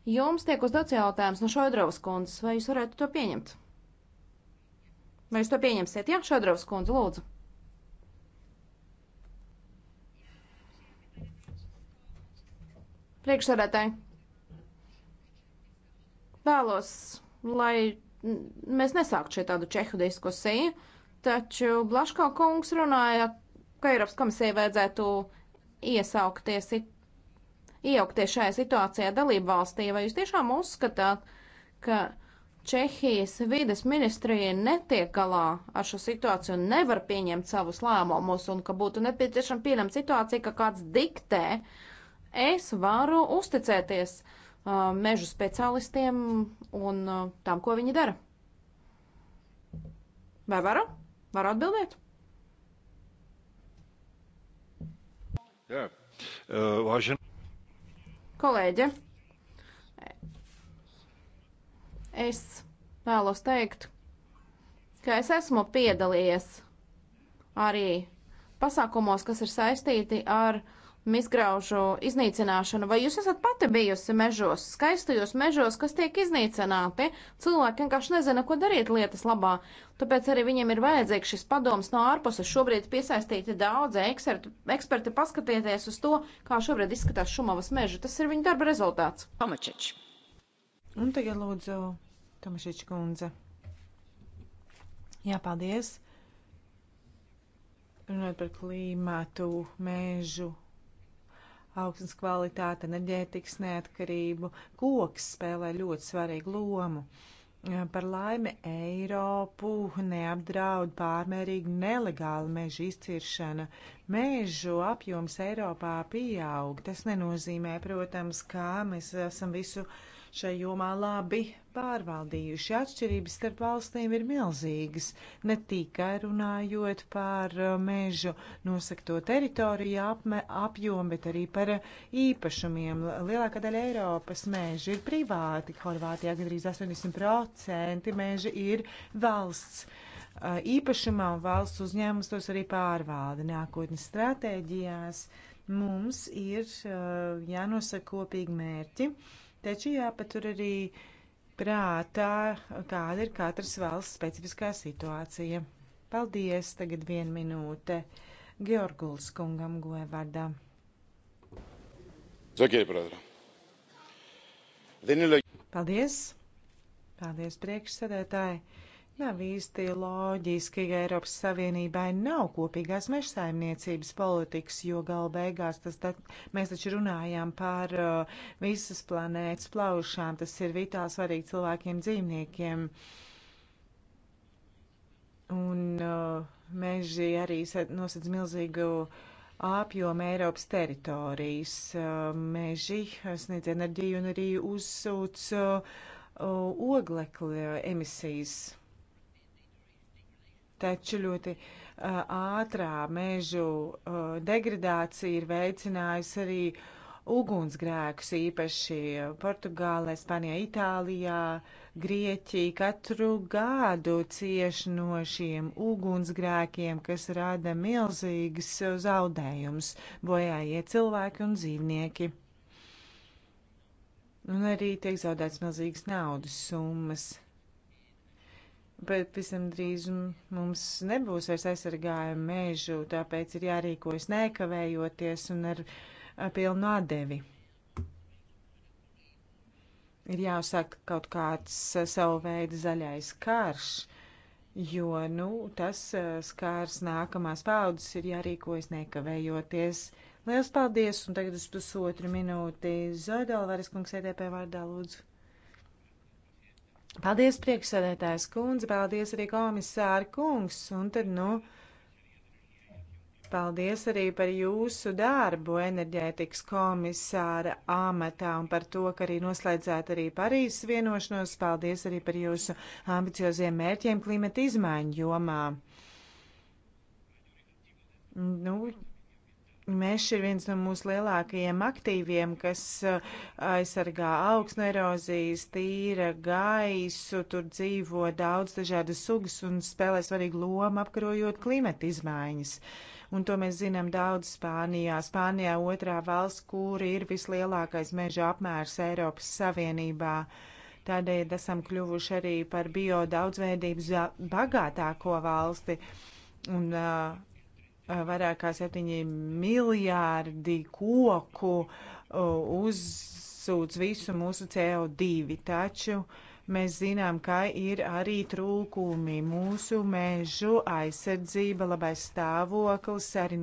jums tiek uzdots jautājums no Šodrovas kundzes, vai jūs varētu to pieņemt? Vai jūs to pieņemsiet? Jā, Šodrovas kundze, lūdzu. Priekšsēdētāji, vēlos, lai mēs nesāktu šeit tādu čehu diskusiju. Uh, Taču Blaško kungs runāja, ka Eiropas komisija vajadzētu iesaukties, iejaukties šajā situācijā dalību valstī. Vai jūs tiešām uzskatāt, ka Čehijas vides ministrija netiek galā ar šo situāciju un nevar pieņemt savus lēmumus un ka būtu nepieciešama pieņemt situāciju, ka kāds diktē, es varu uzticēties uh, mežu speciālistiem un uh, tam, ko viņi dara? Vai varu? Var atbildēt? Jā, eh, vāžina. Kolēģe, es vēlos teikt, ka es esmu piedalījies arī pasākumos, kas ir saistīti ar uh, Misgraužu iznīcināšanu, vai jūs esat pati bijusi mežos, skaistajos mežos, kas tiek iznīcināti? Cilvēki vienkārši nezina, ko darīt lietas labā, tāpēc arī viņiem ir vajadzīgs šis padoms no ārpuses. Šobrīd piesaistīti daudzi eksperti, eksperti paskatieties uz to, kā šobrīd izskatās Šumavas meža. Tas ir viņa darba rezultāts. Tomačič. Un tagad lūdzu Tomašič kundze. Jā, paldies. Runājot par klīmātu, mēžu augsnes kvalitāti, enerģētikas neatkarību. Koks spēlē ļoti svarīgu lomu. Par laimi Eiropu neapdraud pārmērīgi nelegāla meža izciršana. Mežu apjoms Eiropā pieaug. Tas nenozīmē, protams, kā mēs esam visu uh, šai jomā labi pārvaldījuši. Atšķirības starp valstīm ir milzīgas, ne tikai runājot par uh, mežu nosakto teritoriju apme, apjomu, bet arī par uh, īpašumiem. Lielākā daļa Eiropas meža ir privāti. Horvātijā gandrīz 80% meža ir valsts uh, īpašumā un valsts uzņēmums tos arī pārvalda. Nākotnes stratēģijās mums ir jānosaka kopīgi mērķi Taču jāpatur arī prātā, kāda ir katras valsts specifiskā situācija. Paldies, tagad viena minūte Georguls kungam Goevardā. Paldies! Paldies, priekšsēdētāji! nav īsti loģiski, ja Eiropas Savienībai nav kopīgās mežsaimniecības politikas, jo gala beigās tas, tad, mēs taču runājām par uh, visas planētas plaušām, tas ir vitāli svarīgi cilvēkiem, dzīvniekiem. Un uh, meži arī nosedz milzīgu apjomu Eiropas teritorijas. Uh, meži sniedz enerģiju un arī uzsūc uh, oglekļa emisijas taču ļoti uh, ātrā mežu uh, degradācija ir veicinājusi arī ugunsgrēkus, īpaši Portugālē, Spanijā, Itālijā, Grieķija katru gadu cieši no šiem ugunsgrēkiem, kas rada milzīgas zaudējumus, bojājie cilvēki un dzīvnieki. Un arī tiek zaudēts milzīgas naudas summas bet visam drīz mums nebūs vairs aizsargājumu mežu, tāpēc ir jārīkojas nekavējoties un ar pilnu atdevi. Ir jāuzsāk kaut kāds savu veidu zaļais karš, jo, nu, tas skārs nākamās paudzes ir jārīkojas nekavējoties. Liels paldies, un tagad uz pusotru minūti Zoidola Variskungs EDP vārdā lūdzu. Paldies, priekšsēdētājs kundze, paldies arī komisāra kungs, un tad, nu, paldies arī par jūsu darbu enerģētikas komisāra amatā un par to, ka arī noslēdzāt arī Parīzes vienošanos, paldies arī par jūsu ambicioziem mērķiem klimata izmaiņu jomā. Nu, Mežs ir viens no mūsu lielākajiem aktīviem, kas uh, aizsargā augsne erozijas, tīra gaisu, tur dzīvo daudz dažādas sugas un spēlē svarīgu lomu apkarojot klimata izmaiņas. Un to mēs zinām daudz Spānijā. Spānijā otrā valsts, kur ir vislielākais meža apmērs Eiropas Savienībā. Tādēļ esam kļuvuši arī par bio daudzveidības bagātāko valsti. Un, uh, Eh, vairāk kā 7 miljārdi koku eh, uzsūc visu mūsu CO2, taču mēs zinām, ka ir arī trūkumi mūsu mežu aizsardzība, labais stāvoklis, arī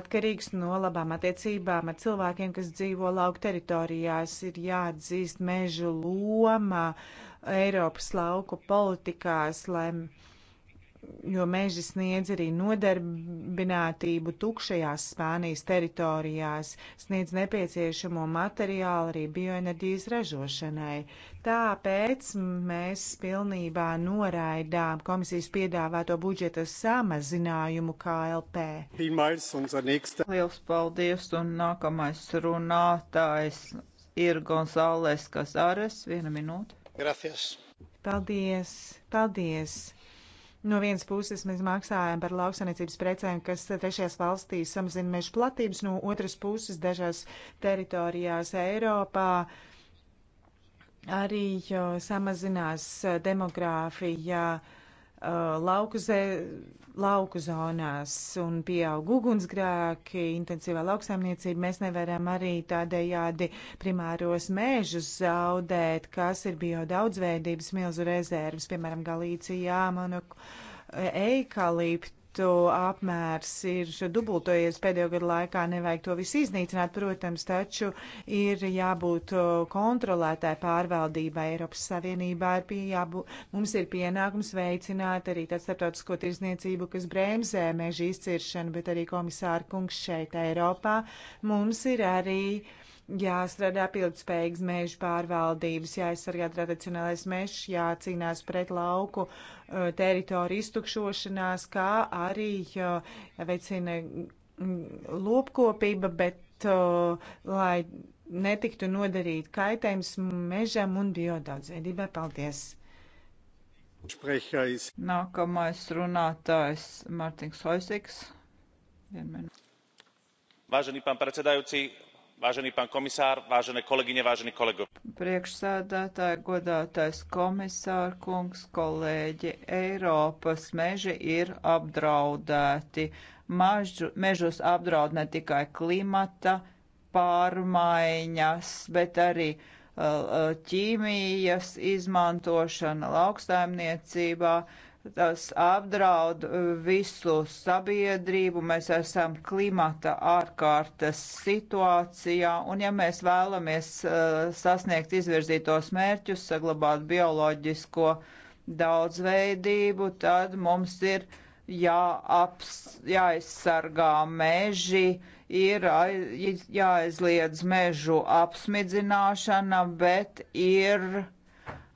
atkarīgs no labām attiecībām ar cilvēkiem, kas dzīvo lauku teritorijās. Ir jāatzīst mežu loma Eiropas lauku politikās, lai jo meži sniedz arī nodarbinātību tukšajās Spānijas teritorijās, sniedz nepieciešamo materiālu arī bioenerģijas ražošanai. Tāpēc mēs pilnībā noraidām komisijas piedāvāto budžeta samazinājumu KLP. Liels paldies un nākamais runātājs ir Gonzāles Kazares. Viena minūte. Gracias. Paldies, paldies. No vienas puses mēs maksājam par lauksaimniecības precēm, kas trešajās valstīs samazina meža platības, no otras puses dažās teritorijās Eiropā arī samazinās demogrāfija. Uh, Uh, lauku, zē, lauku zonās un pieaug ugunsgrēki, intensīvā lauksaimniecība, mēs nevaram arī tādējādi primāros mēžus zaudēt, kas ir bio daudzveidības milzu rezervas, piemēram, Galīcijā, Monaku, eikalipti budžetu apmērs ir dubultojies pēdējo gadu laikā. Nevajag to visu iznīcināt, protams, taču ir jābūt uh, kontrolētai pārvaldībai. Eiropas Savienībā ir pie, jābū, mums ir pienākums veicināt arī tādu starptautisko tirzniecību, kas bremzē meža izciršanu, bet arī komisāra kungs šeit Eiropā. Mums ir arī jāstrādā pilnspējīgs mēžu pārvaldības, jāaizsargā tradicionālais mežs, jācīnās pret lauku uh, teritoriju iztukšošanās, kā arī uh, jāveicina mm, lopkopība, bet uh, lai netiktu nodarīt kaitējums mežam un biodaudzveidībai. Paldies! Nākamais runātājs Mārtiņš Hoisiks. Vážený pán predsedajúci, vážený pán komisār, vážené kolegyne, vážení kolego. Priekšsēdētāji, godātais komisār, kungs, kolēģi, Eiropas meži ir apdraudēti. Mažu, mežus apdraud ne tikai klimata pārmaiņas, bet arī uh, uh, ķīmijas izmantošana lauksaimniecībā Tas apdraud uh, visu sabiedrību, mēs esam klimata ārkārtas situācijā, un ja mēs vēlamies uh, sasniegt izvirzītos mērķus, saglabāt bioloģisko daudzveidību, tad mums ir jāaps, jāaizsargā meži, ir jāaizliedz mežu apsmidzināšana, bet ir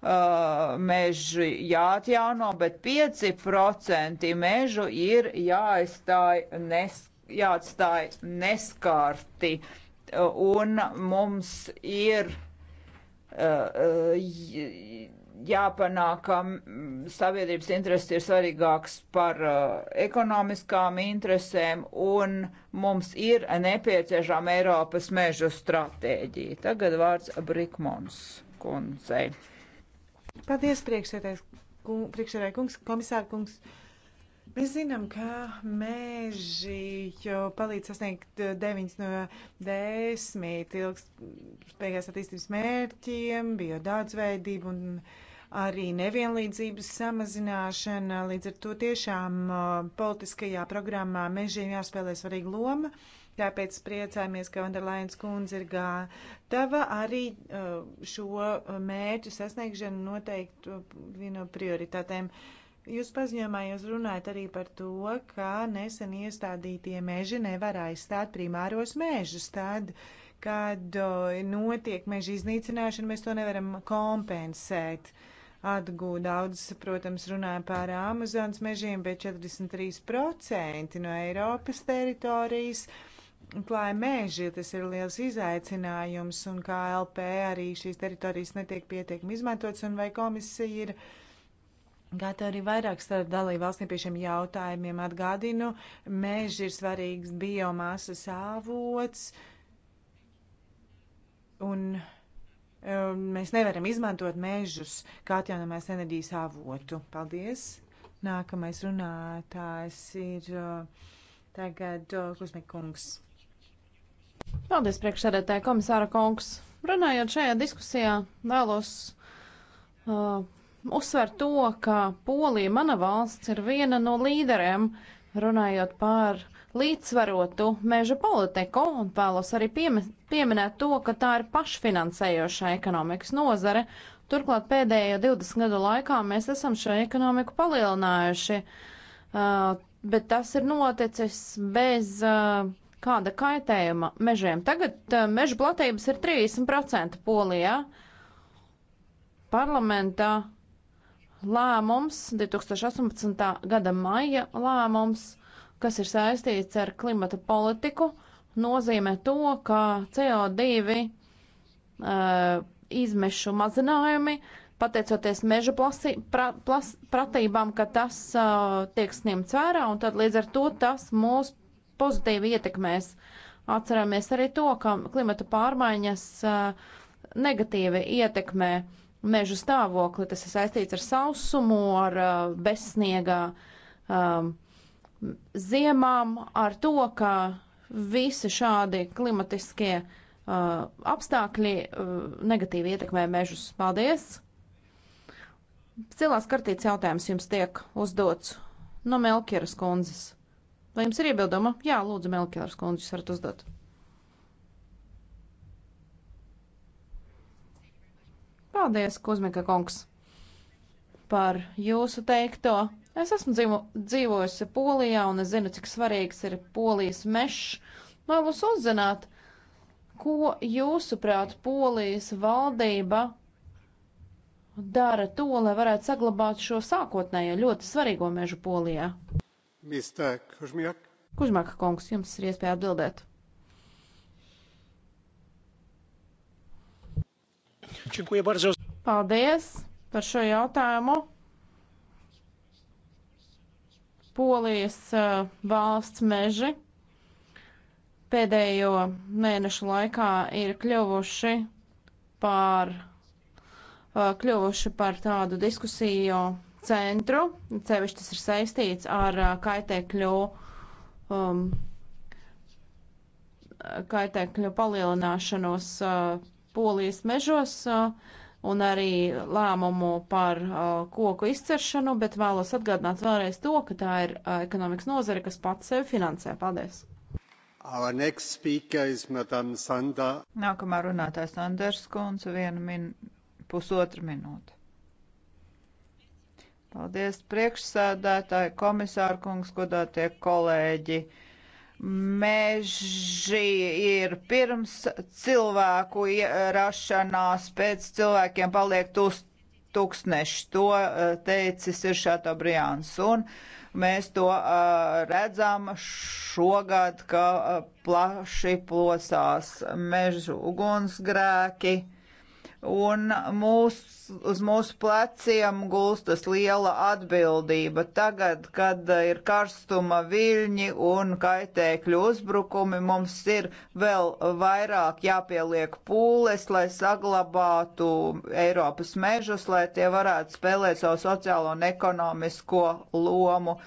Eh, meži jāatjauno, bet 5% mežu ir jāaizstāj, nes, jāatstāj neskārti. Eh, un mums ir eh, jāpanāk, ka mm, sabiedrības intereses ir svarīgāks par ekonomiskām interesēm, un mums ir nepieciešama Eiropas mežu stratēģija. Tagad vārds Brikmons kundzei. Paldies, priekšsēdētāj, kungs, komisāra kungs. Mēs zinām, ka meži palīdz sasniegt 9 no 10 ilgspējīgās attīstības mērķiem, biodaudzveidību un arī nevienlīdzības samazināšana. Līdz ar to tiešām uh, politiskajā programmā mežiem jāspēlē svarīga loma. Uh, Tāpēc priecājamies, ka Vanderlainas kundze ir gatava arī uh, šo uh, mērķu sasniegšanu noteikti uh, vieno prioritātēm. Jūs paziņojumā jūs runājat arī par to, ka nesen iestādītie meži nevar aizstāt primāros mežus. Tad, kad notiek meža iznīcināšana, mēs to nevaram kompensēt. Uh, atgūda. Daudz, protams, runāja par Amazonas mežiem, bet 43% no Eiropas teritorijas klāja mēži, tas ir liels izaicinājums, un kā LP arī šīs teritorijas netiek pietiekami izmantotas, un vai komisija ir gatava arī vairāk starp dalību valstīm pie šiem jautājumiem atgādinu, mēži ir svarīgs biomasas avots, un um, mēs nevaram izmantot mēžus kā atjaunamās enerģijas avotu. Paldies! Nākamais runātājs ir uh, tagad uh, Klusmekungs. Paldies, priekšsēdētāji, komisāra kungs. Runājot šajā diskusijā, vēlos uh, uzsvērt to, ka Polija, mana valsts, ir viena no līderiem runājot par līdzsvarotu meža politiku, un vēlos arī pieminēt to, ka tā ir pašfinansējoša ekonomikas nozare. Turklāt pēdējo 20 gadu laikā mēs esam šo ekonomiku palielinājuši, uh, bet tas ir noticis bez. Uh, kāda kaitējuma mežiem. Tagad eh, meža platības ir 30% polijā. Parlamentā lēmums, 2018. gada maija lēmums, kas ir saistīts ar klimata politiku, nozīmē to, ka CO2 uh, eh, izmešu mazinājumi, pateicoties meža plasī, pra, plas, pratībām, ka tas uh, tiek sniegts vērā, un tad līdz ar to tas mūs pozitīvi ietekmēs. Atceramies arī to, ka klimata pārmaiņas eh, negatīvi ietekmē mežu stāvokli. Tas ir saistīts ar sausumu, ar eh, bezsniegā um, eh, ziemām, ar to, ka visi šādi klimatiskie uh, apstākļi uh, negatīvi ietekmē mežus. Paldies! Cilās kartīts jautājums jums tiek uzdots no Melkieras kundzes. Vai jums ir iebilduma? Jā, lūdzu, Melkjārs kundze, jūs varat uzdot. Paldies, Kuzmika kungs, par jūsu teikto. Es esmu dzīvo, dzīvojusi Polijā un es zinu, cik svarīgs ir polijas mešs. Vēlos uzzināt, ko jūsuprāt polijas valdība dara to, lai varētu saglabāt šo sākotnējo ļoti svarīgo mežu polijā. Kužmiak. Kužmaka kungs, jums ir iespēja atbildēt. Paldies par šo jautājumu. Polijas eh, valsts meži pēdējo mēnešu laikā ir kļuvuši par, eh, kļuvuši par tādu diskusiju centru, cevišķi tas ir saistīts ar kaitēkļu, um, kaitēkļu palielināšanos uh, polijas mežos uh, un arī lēmumu par uh, koku izceršanu, bet vēlos atgādināt vēlreiz to, ka tā ir uh, ekonomikas nozare, kas pats sevi finansē. Paldies! Nākamā runātāja Sanders Kunze, viena min, pusotra minūte. Paldies, priekšsēdētāji, komisāra kungs, godātie kolēģi. Meži ir pirms cilvēku rašanās, pēc cilvēkiem paliek tūst tūkstneši. To eh, teicis ir Šāta Briāns. Un mēs to uh, redzam šogad, ka eh, plaši plosās mežu ugunsgrēki un mūs, uz mūsu pleciem gulstas liela atbildība. Tagad, kad ir karstuma viļņi un kaitēkļu uzbrukumi, mums ir vēl vairāk jāpieliek pūles, lai saglabātu Eiropas mežus, lai tie varētu spēlēt savu sociālo un ekonomisko lomu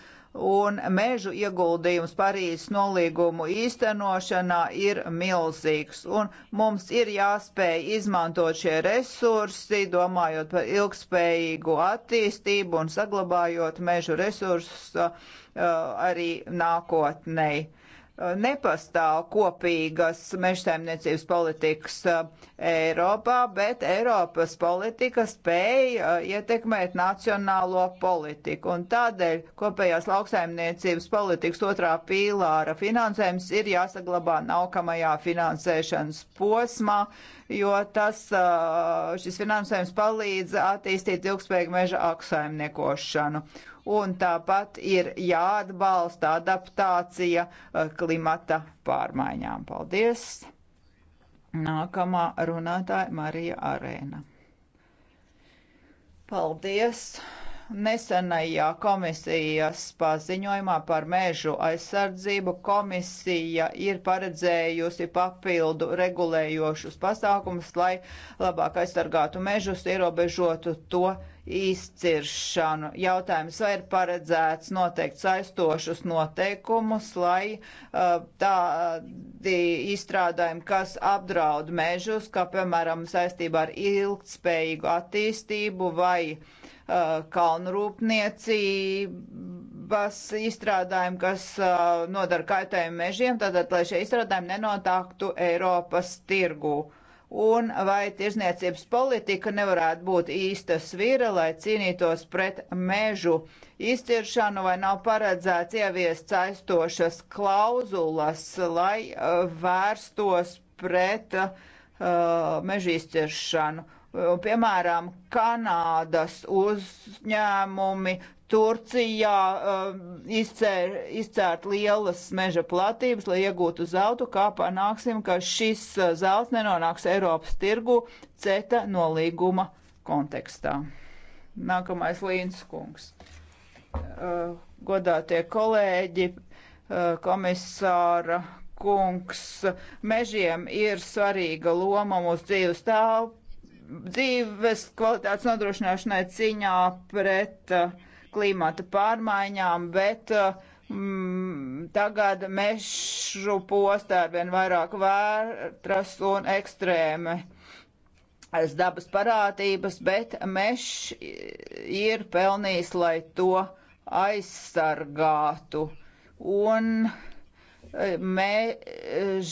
un mežu ieguldījums Parīzes nolīgumu īstenošanā ir milzīgs. Un mums ir jāspēj izmantot šie resursi, domājot par ilgspējīgu attīstību un saglabājot mežu resursus uh, arī nākotnēji nepastāv kopīgas mežsaimniecības politikas uh, Eiropā, bet Eiropas politika spēja uh, ietekmēt nacionālo politiku. Un tādēļ kopējās lauksaimniecības politikas otrā pīlāra finansējums ir jāsaglabā nākamajā finansēšanas posmā, jo tas, uh, šis finansējums palīdz attīstīt ilgspējīgu meža aksaimniekošanu un tāpat ir jāatbalsta adaptācija eh, klimata pārmaiņām. Paldies! Nākamā runātāja Marija Arēna. Paldies! nesenajā komisijas paziņojumā par mēžu aizsardzību komisija ir paredzējusi papildu regulējošus pasākumus, lai labāk aizsargātu mežus, ierobežotu to izciršanu. Jautājums, vai ir paredzēts noteikt saistošus noteikumus, lai uh, tādi izstrādājumi, kas apdraud mežus, kā piemēram saistībā ar ilgtspējīgu attīstību vai uh, kalnrūpniecības izstrādājumi, kas uh, nodara kaitējumu mežiem, tātad, lai šie izstrādājumi nenotāktu Eiropas tirgū. Uh, un vai tirzniecības politika nevarētu būt īsta svira, lai cīnītos pret mežu izciršanu, vai nav paredzēts ieviest saistošas klauzulas, lai uh, vērstos pret uh, mežu izciršanu. Piemēram, Kanādas uzņēmumi Turcijā um, izcēr, izcērt lielas meža platības, lai iegūtu zeltu, kā panāksim, ka šis uh, zelts nenonāks Eiropas tirgu CETA nolīguma kontekstā. Nākamais Līnskungs. Uh, godātie kolēģi, uh, komisāra kungs, mežiem ir svarīga loma mūsu dzīves tālpā dzīves kvalitātes nodrošināšanai ciņā pret uh, klimata pārmaiņām, bet uh, mm, tagad mežu postā arvien vairāk vētras un ekstrēmi dabas parādības, bet mežs ir pelnījis, lai to aizsargātu. Un e, mež,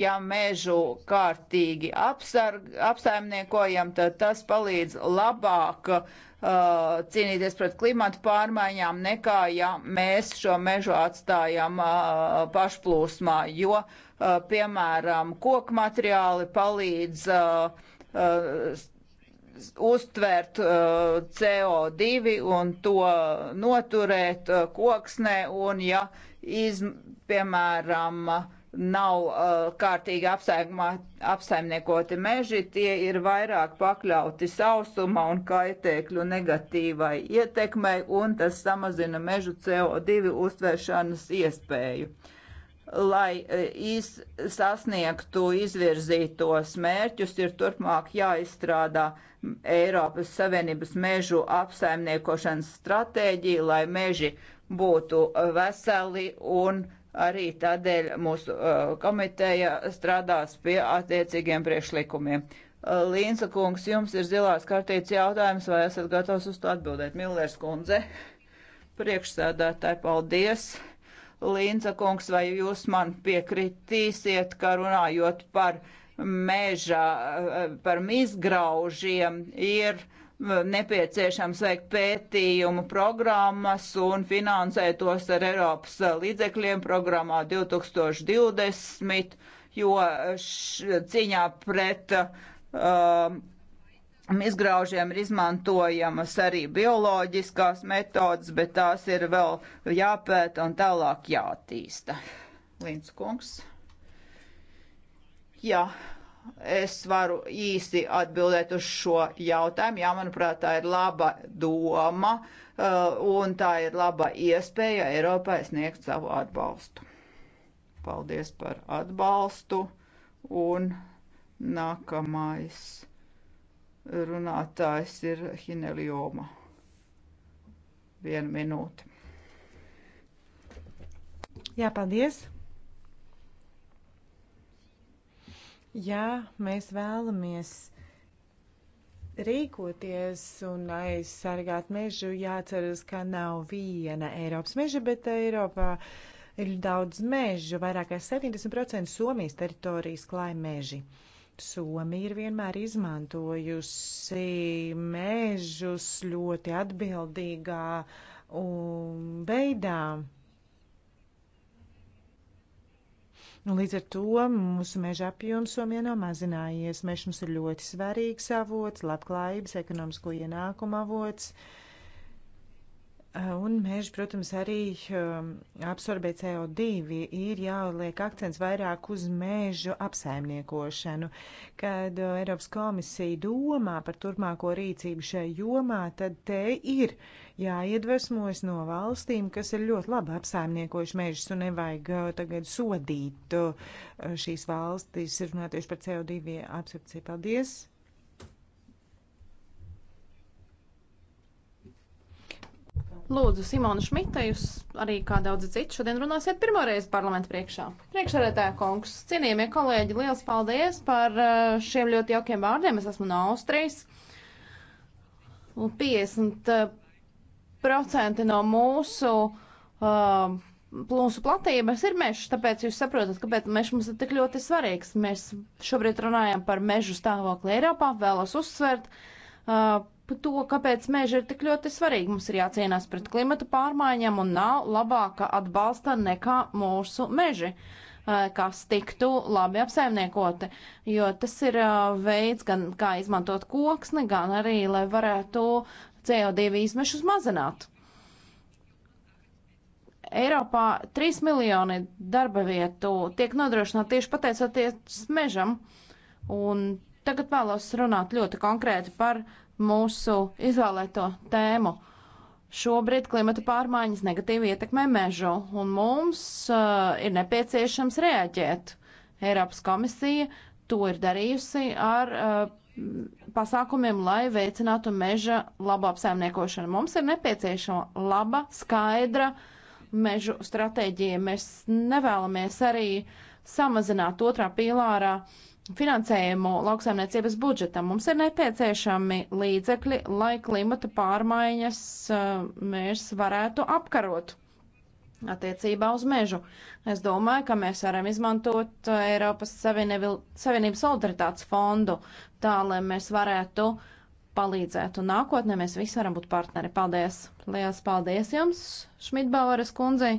ja mežu kārtīgi apsarg, apsaimniekojam, tad tas palīdz labāk uh, cīnīties pret klimatu pārmaiņām, nekā ja mēs šo mežu atstājam uh, pašplūsmā, jo, uh, piemēram, koku materiāli palīdz uh, uh, uztvērt uh, CO2 un to noturēt koksnē, un ja, iz, piemēram, uh, nav uh, kārtīgi apsaimniekoti meži, tie ir vairāk pakļauti sausuma un kaitēkļu negatīvai ietekmei, un tas samazina mežu CO2 uztvēršanas iespēju. Lai uh, iz, sasniegtu izvirzītos mērķus, ir turpmāk jāizstrādā Eiropas Savienības mežu apsaimniekošanas stratēģija, lai meži būtu veseli un uh, Arī tādēļ mūsu uh, komiteja strādās pie attiecīgiem priekšlikumiem. Uh, Līnsa kungs, jums ir zilās kartītes jautājums, vai esat gatavs uz to atbildēt? Millers kundze, [laughs] priekšsēdētāji, paldies. Līnsa kungs, vai jūs man piekritīsiet, ka runājot par meža, uh, par mizgraužiem ir nepieciešams veikt pētījumu programmas un finansēt tos ar Eiropas līdzekļiem programmā 2020, jo š, cīņā pret um, izgraužiem ir izmantojamas arī bioloģiskās metodas, bet tās ir vēl jāpēta un tālāk jātīsta. Līdz kungs. Jā, es varu īsi atbildēt uz šo jautājumu. Jā, manuprāt, tā ir laba doma uh, un tā ir laba iespēja Eiropai sniegt savu atbalstu. Paldies par atbalstu un nākamais runātājs ir Hinelioma. Vienu minūti. Jā, paldies! Ja mēs vēlamies rīkoties un aizsargāt mežu, jāceras, ka nav viena Eiropas meža, bet Eiropā ir daudz mežu. Vairāk kā 70% Somijas teritorijas klāja meži. Somija ir vienmēr izmantojusi mežus ļoti atbildīgā um, veidā. Um, Un līdz ar to mūsu meža apjoms Somijā nav mazinājies. Mežs mums ir ļoti svarīgs avots, labklājības, ekonomisko ienākumu avots. Uh, Uh, un meži, protams, arī um, absorbē CO2. Ir jāliek akcents vairāk uz mēžu apsaimniekošanu. Kad uh, Eiropas komisija domā par turpmāko rīcību šai jomā, tad te ir jāiedvesmojas no valstīm, kas ir ļoti labi apsaimniekojuši mežus un nevajag uh, tagad sodīt šīs valstis, runāt tieši par CO2 apsardzību. Paldies! Lūdzu, Simona Šmita, jūs arī kā daudzi citi šodien runāsiet pirmoreiz parlamentu priekšā. Priekšsēdētāja kungs, cienījamie kolēģi, liels paldies par uh, šiem ļoti jaukiem vārdiem. Es esmu no Austrijas. Un 50% no mūsu uh, plūsu platības ir mežs, tāpēc jūs saprotat, kāpēc mežs mums ir tik ļoti svarīgs. Mēs šobrīd runājam par mežu stāvokli Eiropā, vēlos uzsvert. Uh, par to, kāpēc meža ir tik ļoti svarīga. Mums ir jācīnās pret klimata pārmaiņām un nav labāka atbalsta nekā mūsu meži, eh, kas tiktu labi apsaimniekoti, jo tas ir eh, veids gan kā izmantot koksni, gan arī, lai varētu CO2 izmešus mazināt. Eiropā 3 miljoni darba vietu tiek nodrošināti tieši pateicoties mežam, un tagad vēlos runāt ļoti konkrēti par uh, mūsu izvēlēto tēmu. Šobrīd klimata pārmaiņas negatīvi ietekmē mežu, un mums uh, ir nepieciešams reaģēt. Eiropas komisija to ir darījusi ar uh, pasākumiem, lai veicinātu meža labu apsaimniekošanu. Mums ir nepieciešama laba, skaidra mežu stratēģija. Mēs nevēlamies arī samazināt otrā pīlārā uh, finansējumu lauksaimniecības budžetam. Mums ir nepieciešami līdzekļi, lai klimata pārmaiņas uh, mēs varētu apkarot attiecībā uz mežu. Es domāju, ka mēs varam izmantot uh, Eiropas Savienības solidaritātes fondu tā, lai mēs varētu palīdzēt. Un nākotnē mēs visi varam būt partneri. Paldies! Lielas paldies jums, Šmitbaueres kundzei!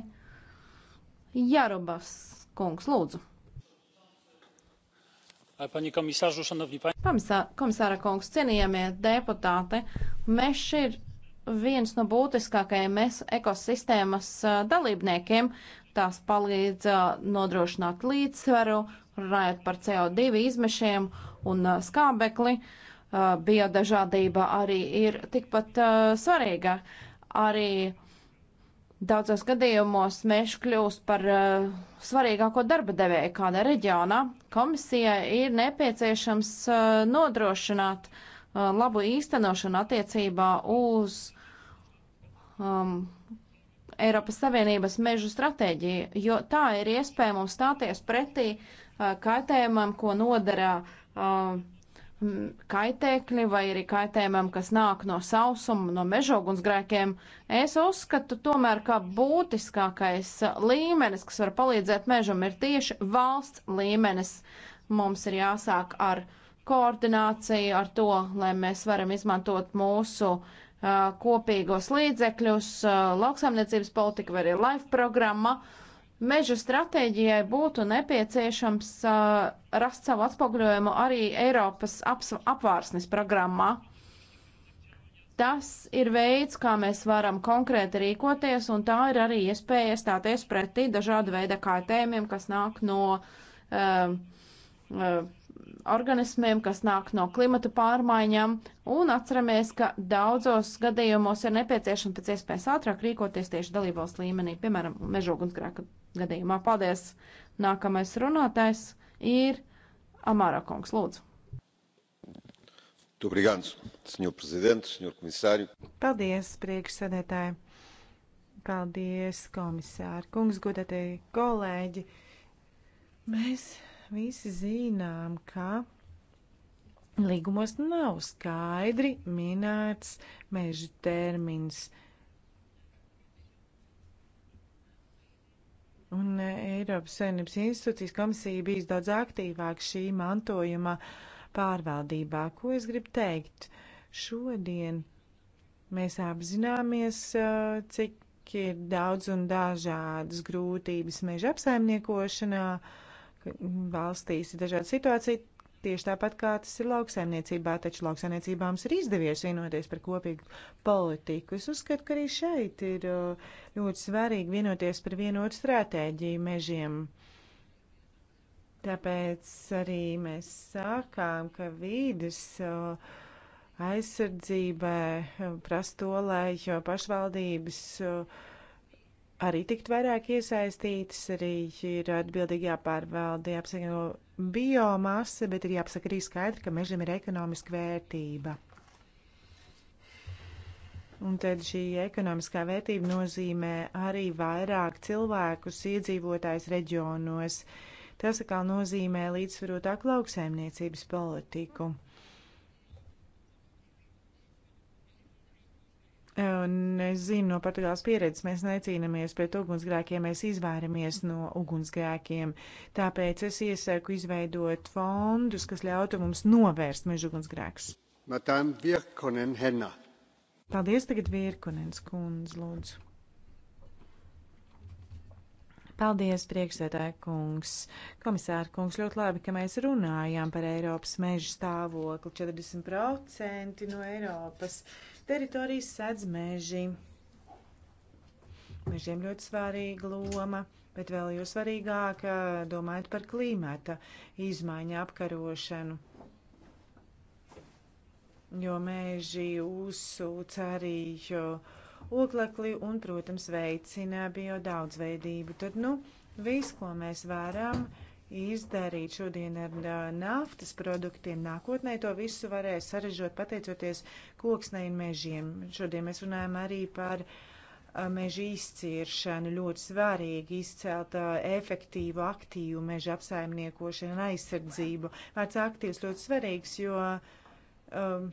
Jarubas kungs, lūdzu! Pani komisāžu, šanovni paņi. Komisāra kungs, cienījamie deputāti, mešs ir viens no būtiskākajiem ekosistēmas dalībniekiem. Tās palīdz nodrošināt līdzsvaru, runājot par CO2 izmešiem un skābekli. Biodažādība arī ir tikpat svarīga. Arī uh, Daudzos gadījumos mežs kļūst par uh, svarīgāko darba devēju kādā reģionā. Komisijai ir nepieciešams uh, nodrošināt uh, labu īstenošanu attiecībā uz um, Eiropas Savienības mežu stratēģiju, jo tā ir iespēja mums stāties pretī uh, kaitējumam, ko nodara uh, kaitēkļi vai arī kaitējumam, kas nāk no sausuma, no mežogunsgrēkiem, es uzskatu tomēr, ka būtiskākais līmenis, kas var palīdzēt mežam, ir tieši valsts līmenis. Mums ir jāsāk ar koordināciju, ar to, lai mēs varam izmantot mūsu uh, kopīgos līdzekļus, uh, lauksaimniecības politika vai arī life programma. Uh, Meža stratēģijai būtu nepieciešams uh, rast savu atspoguļojumu arī Eiropas apvārsnes programmā. Tas ir veids, kā mēs varam konkrēti rīkoties, un tā ir arī iespēja iestāties pretī dažāda veida kaitējumiem, kas nāk no uh, uh, organismiem, kas nāk no klimata pārmaiņām, un atceramies, ka daudzos gadījumos ir nepieciešams pēc iespējas ātrāk rīkoties tieši dalībvalsts līmenī, piemēram, mežogunsgrēka gadījumā. Paldies! Nākamais runātais ir Amāra kungs, lūdzu. Obrigado, senhor presidente, senhor comissário. Paldies, priekšsēdētāji. Paldies, komisāri, kungs, godātie kolēģi. Mēs visi zinām, ka līgumos nav skaidri minēts meža termins. Uh, Un e, Eiropas Savienības institūcijas komisija bijis daudz aktīvāk šī mantojuma pārvaldībā. Ko es gribu teikt? Šodien mēs apzināmies, e, cik ir daudz un dažādas grūtības meža apsaimniekošanā valstīs ir dažāda situācija, Tieši tāpat kā tas ir lauksaimniecībā, taču lauksaimniecībā mums ir izdevies vienoties par kopīgu politiku. Es uzskatu, ka arī šeit ir uh, ļoti svarīgi vienoties par vienotu stratēģiju mežiem. Tāpēc arī mēs sākām, ka vīdes uh, aizsardzībai uh, prasto, lai pašvaldības arī tikt vairāk iesaistītas, arī ir atbildīgi jāpārvalda, jāapsaņo biomasa, bet ir jāpasaka arī skaidri, ka mežiem ir ekonomiska vērtība. Un tad šī ekonomiskā vērtība nozīmē arī vairāk cilvēkus iedzīvotājs reģionos. Tas atkal nozīmē līdzsvarotāku lauksaimniecības politiku. Un es zinu no patīkās pieredzes, mēs necīnāmies pret ugunsgrēkiem, mēs izvairamies no ugunsgrēkiem. Tāpēc es iesaku izveidot fondus, kas ļautu mums novērst mežu ugunsgrēkus. Matām Virkonen Henna. Paldies tagad Virkonens kundz, lūdzu. Paldies, priekšsēdētāji kungs. Komisāra kungs, ļoti labi, ka mēs runājām par Eiropas mežu stāvokli. 40% no Eiropas teritorijas sedz meži. Mežiem ļoti svarīga loma, bet vēl jau svarīgāk domājot par klimata izmaiņu apkarošanu, jo meži uzsūc arī oglekli un, protams, veicina biodaudzveidību. Tad, nu, viss, ko mēs varam, uh, izdarīt šodien ar naftas produktiem. Nākotnē to visu varēs sarežot pateicoties koksnei un mežiem. Šodien mēs runājam arī par meža izciršanu. Ļoti svarīgi izcelt efektīvu, aktīvu meža apsaimniekošanu un aizsardzību. Vārds aktīvs ļoti svarīgs, jo um,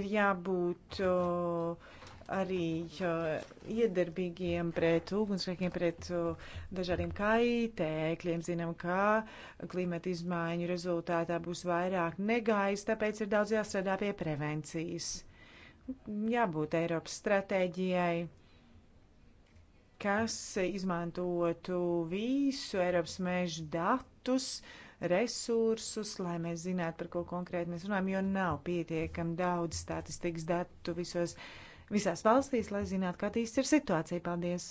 ir jābūt. Uh, arī iedarbīgiem pret ugunsgrēkiem, pret uh, dažādiem kaitēkļiem. Zinām, ka klimata izmaiņu rezultātā būs vairāk negaiss, tāpēc ir daudz jāstrādā pie prevencijas. Jābūt Eiropas stratēģijai, kas izmantotu visu Eiropas mežu datus, resursus, lai mēs zinātu, par ko konkrēti mēs runājam, jo nav pietiekami daudz statistikas datu visos uh, visās valstīs, lai zinātu, kā attīstās ir situācija. Paldies!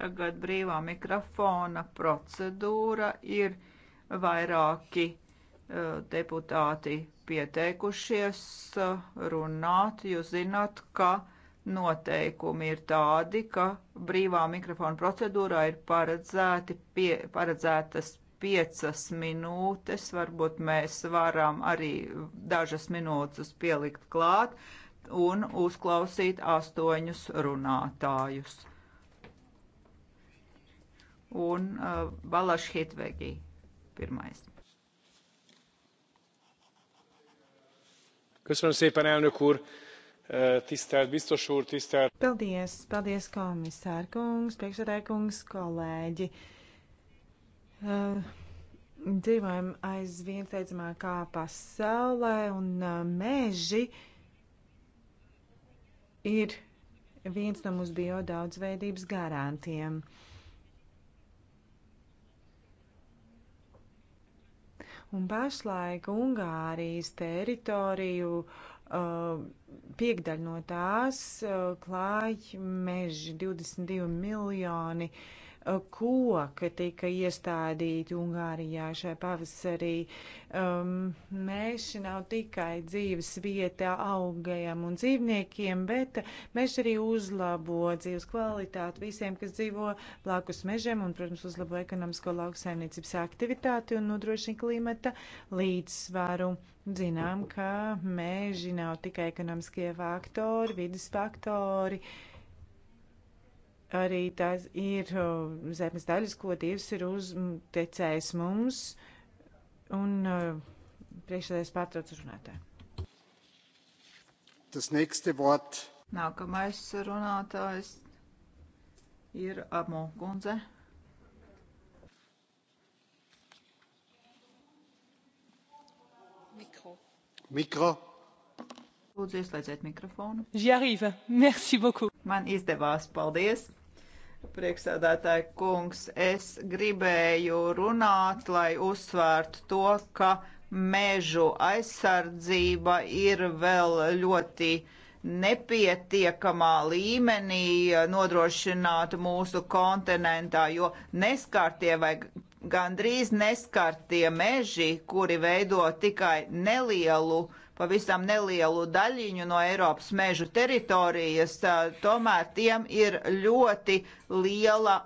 Tagad brīvā mikrofona procedūra ir vairāki uh, deputāti pieteikušies uh, runāt. Jūs zināt, ka noteikumi ir tādi, ka brīvā mikrofona procedūrā ir paredzēti pie, paredzētas piecas minūtes, varbūt mēs varam arī dažas minūtes pielikt klāt, un uzklausīt astoņus runātājus. Un uh, Balaš Hitvegi pirmais. Köszönöm szépen, elnök úr! Uh, tisztelt biztos úr, tisztelt... Paldies, paldies komisār kungs, priekšsēdē kungs, kolēģi. Uh, dzīvojam aizvien teicamākā pasaulē un uh, meži. Uh, ir viens no mūsu biodaudzveidības garantiem. Un pašlaik Ungārijas teritoriju uh, piekdaļ no tās uh, klāj meži 22 miljoni uh, koka tika iestādīti Ungārijā šai pavasarī. Um, meža nav tikai dzīves vieta augajam un dzīvniekiem, bet meža arī uzlabo dzīves kvalitāti visiem, kas dzīvo blakus mežiem un, protams, uzlabo ekonomisko lauksaimniecības aktivitāti un nodrošina klimata līdzsvaru. Zinām, ka meži nav tikai ekonomiskie faktori, vidas faktori. Uh, Arī tās ir zemes daļas, ko Dievs ir uzticējis mums, un priekšsēdēs pārtrauc runātāju. Tas nächste Wort. Nākamais runātājs ir Amo Gunze. Mikro. Lūdzu, ieslēdziet mikrofonu. J'arrive. Merci beaucoup. Man izdevās. Paldies. Priekšsēdētāji kungs, es gribēju runāt, lai uzsvērtu to, ka mežu aizsardzība ir vēl ļoti nepietiekamā līmenī eh, nodrošināt mūsu kontinentā, jo neskartie vai gandrīz neskartie meži, kuri veido tikai nelielu pavisam nelielu daļiņu no Eiropas mežu teritorijas, tomēr tiem ir ļoti liela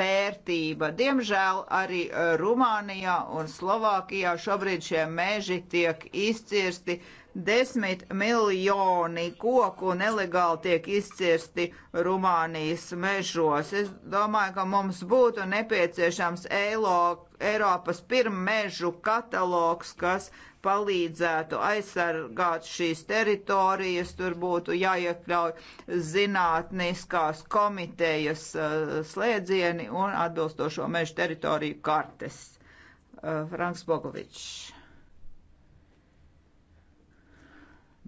vērtība. Diemžēl arī Rumānijā un Slovākijā šobrīd šie meži tiek izcirsti Desmit miljoni koku nelegāli tiek izcirsti Rumānijas mežos. Es domāju, ka mums būtu nepieciešams Eilo, Eiropas pirmmežu katalogs, kas palīdzētu aizsargāt šīs teritorijas, tur būtu jāiekļauj zinātniskās komitejas uh, slēdzieni un atbilstošo mežu teritoriju kartes. Uh, Franks Bogovičs.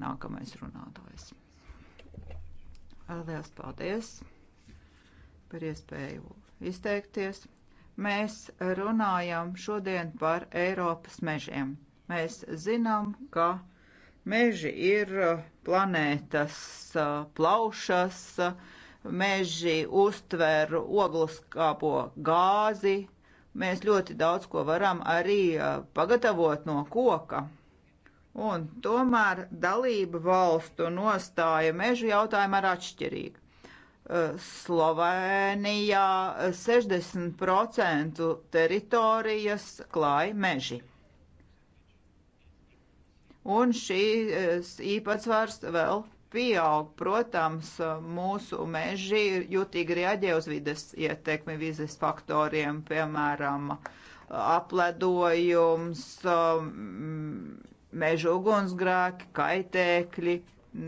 Nākamais runātājs. Lielas paldies par iespēju izteikties. Mēs runājam šodien par Eiropas mežiem. Mēs zinām, ka meži ir uh, planētas uh, plaušas, meži uztver ogliskāpo gāzi. Mēs ļoti daudz ko varam arī uh, pagatavot no koka un tomēr dalība valstu nostāja mežu jautājumā ir atšķirīga. Uh, Slovenijā 60% teritorijas klāja meži. Un šīs īpatsvars vēl pieaug. Protams, mūsu meži jutīgi reaģē uz vides ietekmi, vides faktoriem, piemēram, apledojums, um, meža ugunsgrāki, kaitēkļi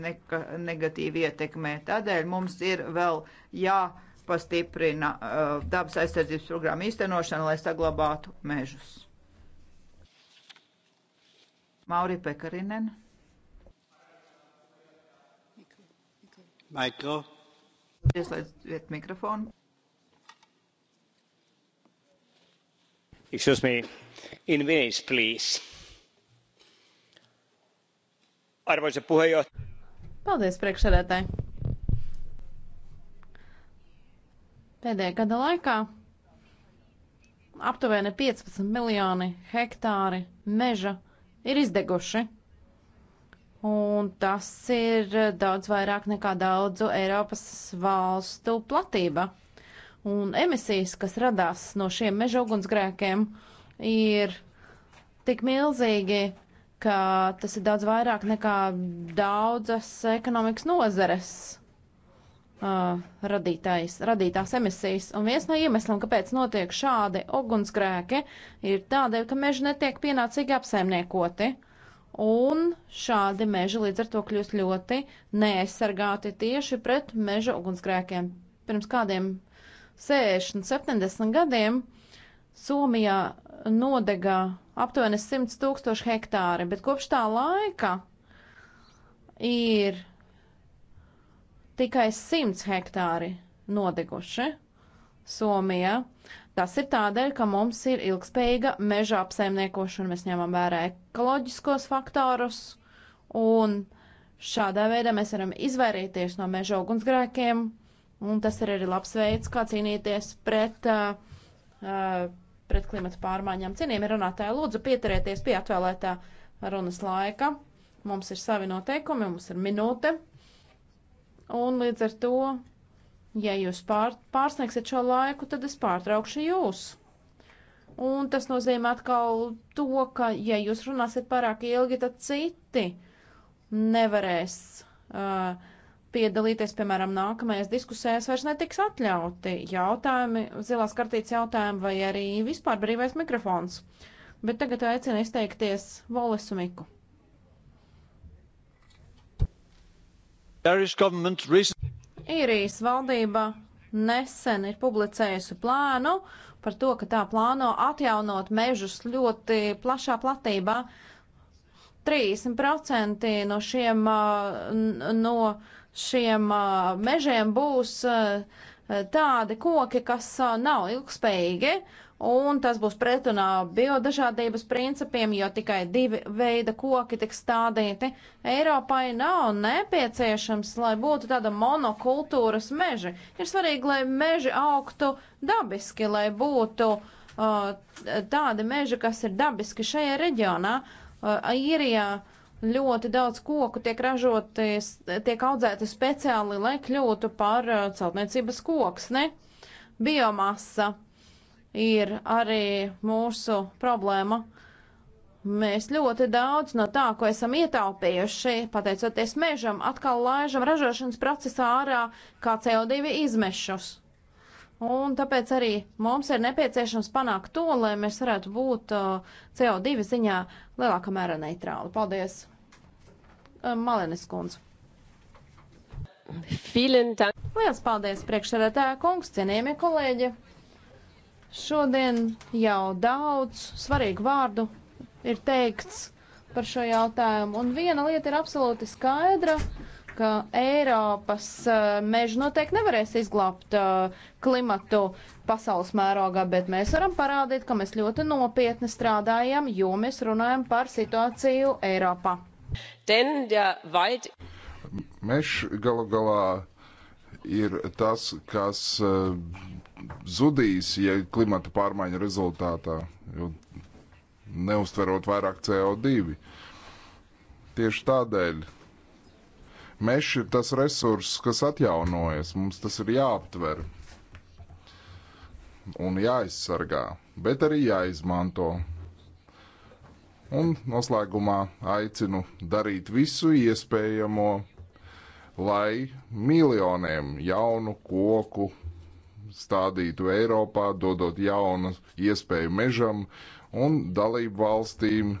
neka, negatīvi ietekmē. Tādēļ mums ir vēl jāpastiprina uh, dabas aizsardzības programmu īstenošana, lai saglabātu mežus. Mauri Pekarinen. Mikro. Ieslēdziet mikrofonu. Excuse me. In Venice, please. Arvoisa puheenjohtaja. Paldies, priekšsēdētāji. Pēdējā gada laikā aptuveni 15 miljoni hektāri meža ir izdeguši. Un tas ir daudz vairāk nekā daudzu Eiropas valstu platība. Un emisijas, kas radās no šiem meža ugunsgrēkiem, ir tik milzīgi, ka tas ir daudz vairāk nekā daudzas ekonomikas nozares uh, radītājs, radītās emisijas. Un viens no iemesliem, kāpēc notiek šādi ugunsgrēki, ir tādēļ, ka meži netiek pienācīgi apsaimniekoti. Un šādi meži līdz ar to kļūst ļoti neaizsargāti tieši pret meža ugunsgrēkiem. Pirms kādiem 60, 70 gadiem uh, Somijā nodega aptuveni 100 tūkstoši hektāri, bet kopš tā laika ir tikai 100 hektāri nodeguši Somijā. Tas ir tādēļ, ka mums ir ilgspējīga meža apsaimniekošana, mēs ņemam vērā ekoloģiskos faktorus un šādā veidā mēs varam izvairīties no meža ugunsgrēkiem. Un tas ir arī labs veids, kā cīnīties pret uh, uh, pret klimata pārmaiņām. Cienījami runātāji, lūdzu pieturieties pie atvēlētā runas laika. Mums ir savi noteikumi, mums ir minūte. Un līdz ar to, ja jūs pār, pārsniegsiet šo laiku, tad es pārtraukšu jūs. Un tas nozīmē atkal to, ka, ja jūs runāsiet pārāk ilgi, tad citi nevarēs. Uh, piedalīties, piemēram, nākamajās diskusijās vairs netiks atļauti jautājumi, zilās kartītes jautājumi vai arī vispār brīvais mikrofons. Bet tagad aicinu izteikties Volesu Miku. Īrijas valdība nesen ir publicējusi plānu par to, ka tā plāno atjaunot mežus ļoti plašā platībā. 30% no šiem uh, no šiem mežiem būs tādi koki, kas nav ilgspējīgi, un tas būs pretunā biodažādības principiem, jo tikai divi veida koki tiks stādīti. Eiropai nav nepieciešams, lai būtu tāda monokultūras meži. Ir svarīgi, lai meži augtu dabiski, lai būtu uh, tādi meži, kas ir dabiski šajā reģionā, uh, Īrijā. Ja, Ļoti daudz koku tiek ražoties, tiek audzēti speciāli, lai kļūtu par uh, celtniecības koks, ne? Biomasa ir arī mūsu problēma. Mēs ļoti daudz no tā, ko esam ietaupījuši, pateicoties mežam, atkal laižam ražošanas procesā ārā kā CO2 izmešus. Un tāpēc arī mums ir nepieciešams panākt to, lai mēs varētu būt uh, CO2 ziņā lielākā mērā neitrāli. Paldies! Malenis kundze. Liels paldies, priekšsēdētāja kungs, cienījamie kolēģi! Šodien jau daudz svarīgu vārdu ir teikts par šo jautājumu, un viena lieta ir absolūti skaidra ka Eiropas eh, meži noteikti nevarēs izglābt eh, klimatu pasaules mērogā, bet mēs varam parādīt, ka mēs ļoti nopietni strādājam, jo mēs runājam par situāciju Eiropā. Ten, ja, weit... Meš galu galā ir tas, kas uh, zudīs, ja klimata pārmaiņa rezultātā, jo neustverot vairāk CO2. Tieši tādēļ Mešs ir tas resurss, kas atjaunojas. Mums tas ir jāaptver un jāizsargā, bet arī jāizmanto. Un noslēgumā aicinu darīt visu iespējamo, lai miljoniem jaunu koku stādītu Eiropā, dodot jaunu iespēju mežam un dalību valstīm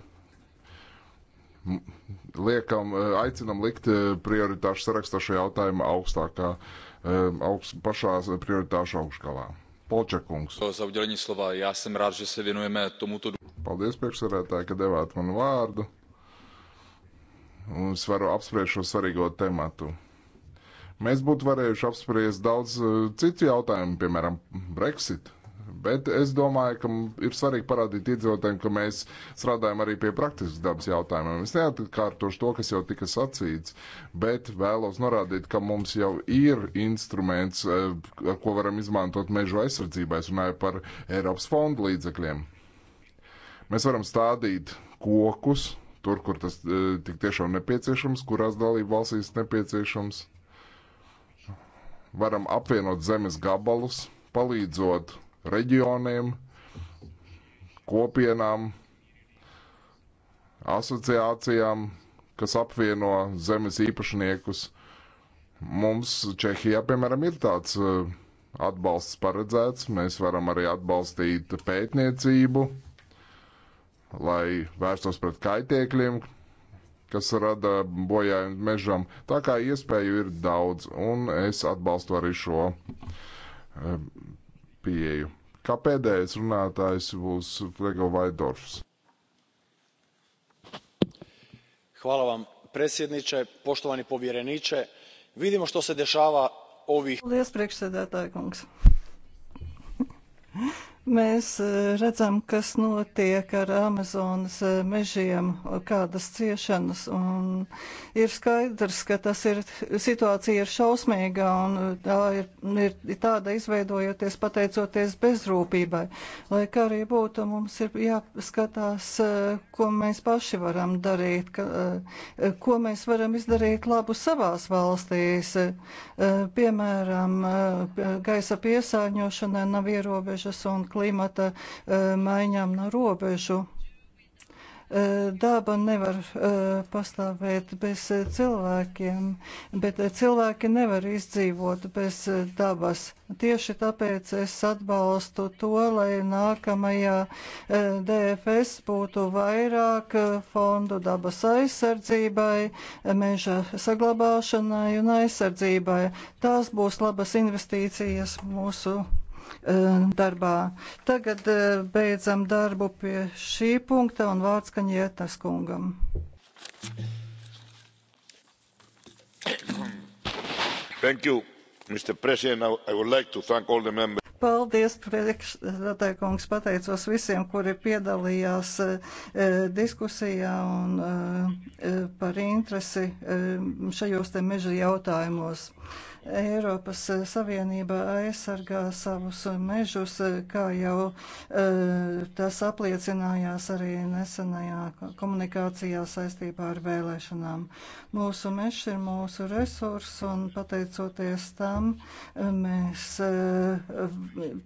liekam, eh, aicinam likt eh, prioritāšu sarakstā šo jautājumu augstākā, eh, augst, pašā prioritāšu augšgalā. Polčakungs. Za udělení slova. Já jsem rád, že se věnujeme tomuto. Paldies, priekšsēdētāji, ka devāt man vārdu. Un es varu apspriest šo svarīgo tematu. Mēs būtu varējuši apspriest daudz citu jautājumu, piemēram, Brexit. Bet es domāju, ka ir svarīgi parādīt iedzīvotājiem, ka mēs strādājam arī pie praktiskas dabas jautājumiem. Es neatkārtošu to, kas jau tika sacīts, bet vēlos norādīt, ka mums jau ir instruments, eh, ko varam izmantot mežu aizsardzībai. Es runāju par Eiropas fondu līdzekļiem. Mēs varam stādīt kokus tur, kur tas eh, tik tiešām nepieciešams, kurās dalību valstīs nepieciešams varam apvienot zemes gabalus, palīdzot reģioniem, kopienām, asociācijām, kas apvieno zemes īpašniekus. Mums Čehijā, piemēram, ir tāds e, atbalsts paredzēts. Mēs varam arī atbalstīt pētniecību, lai vērstos pret kaitēkļiem, kas rada bojājumu mežam. Tā kā iespēju ir daudz, un es atbalstu arī šo e, pieeju. Kā pēdējais runātājs būs Flego Vaidorfs. Hvala vam, predsjedniče, poštovani povjereniče. Vidimo što se dešava ovih... Lies priekšsēdētāji kungs. Mēs eh, redzam, kas notiek ar Amazonas eh, mežiem, kādas ciešanas, un ir skaidrs, ka tas ir, situācija ir šausmīga, un eh, tā ir, ir tāda izveidojoties pateicoties bezrūpībai. Lai kā arī būtu, mums ir jāskatās, ko mēs paši varam darīt, ka, ko mēs varam izdarīt labu savās valstīs. Piemēram, gaisa piesārņošanai nav ierobežas un klājas klimata e, maiņām no robežu e, daba nevar e, pastāvēt bez cilvēkiem, bet cilvēki nevar izdzīvot bez dabas. Tieši tāpēc es atbalstu to, lai nākamajā DFS būtu vairāk fondu dabas aizsardzībai, meža saglabāšanai un aizsardzībai. Tās būs labas investīcijas mūsu E, darbā. Tagad e, beidzam darbu pie šī punkta un vārds Kaņietas kungam. Thank you, Mr. President. I would like to thank all the members. Paldies, priekšsēdētāji kungs, pateicos visiem, kuri piedalījās e, e diskusijā un e, par interesi e, šajos te meža jautājumos. E, Eiropas Savienība aizsargā savus mežus, kā jau e, tas apliecinājās arī nesenajā komunikācijā saistībā ar vēlēšanām. Mūsu mežs ir mūsu resurs, un pateicoties tam, mēs, e,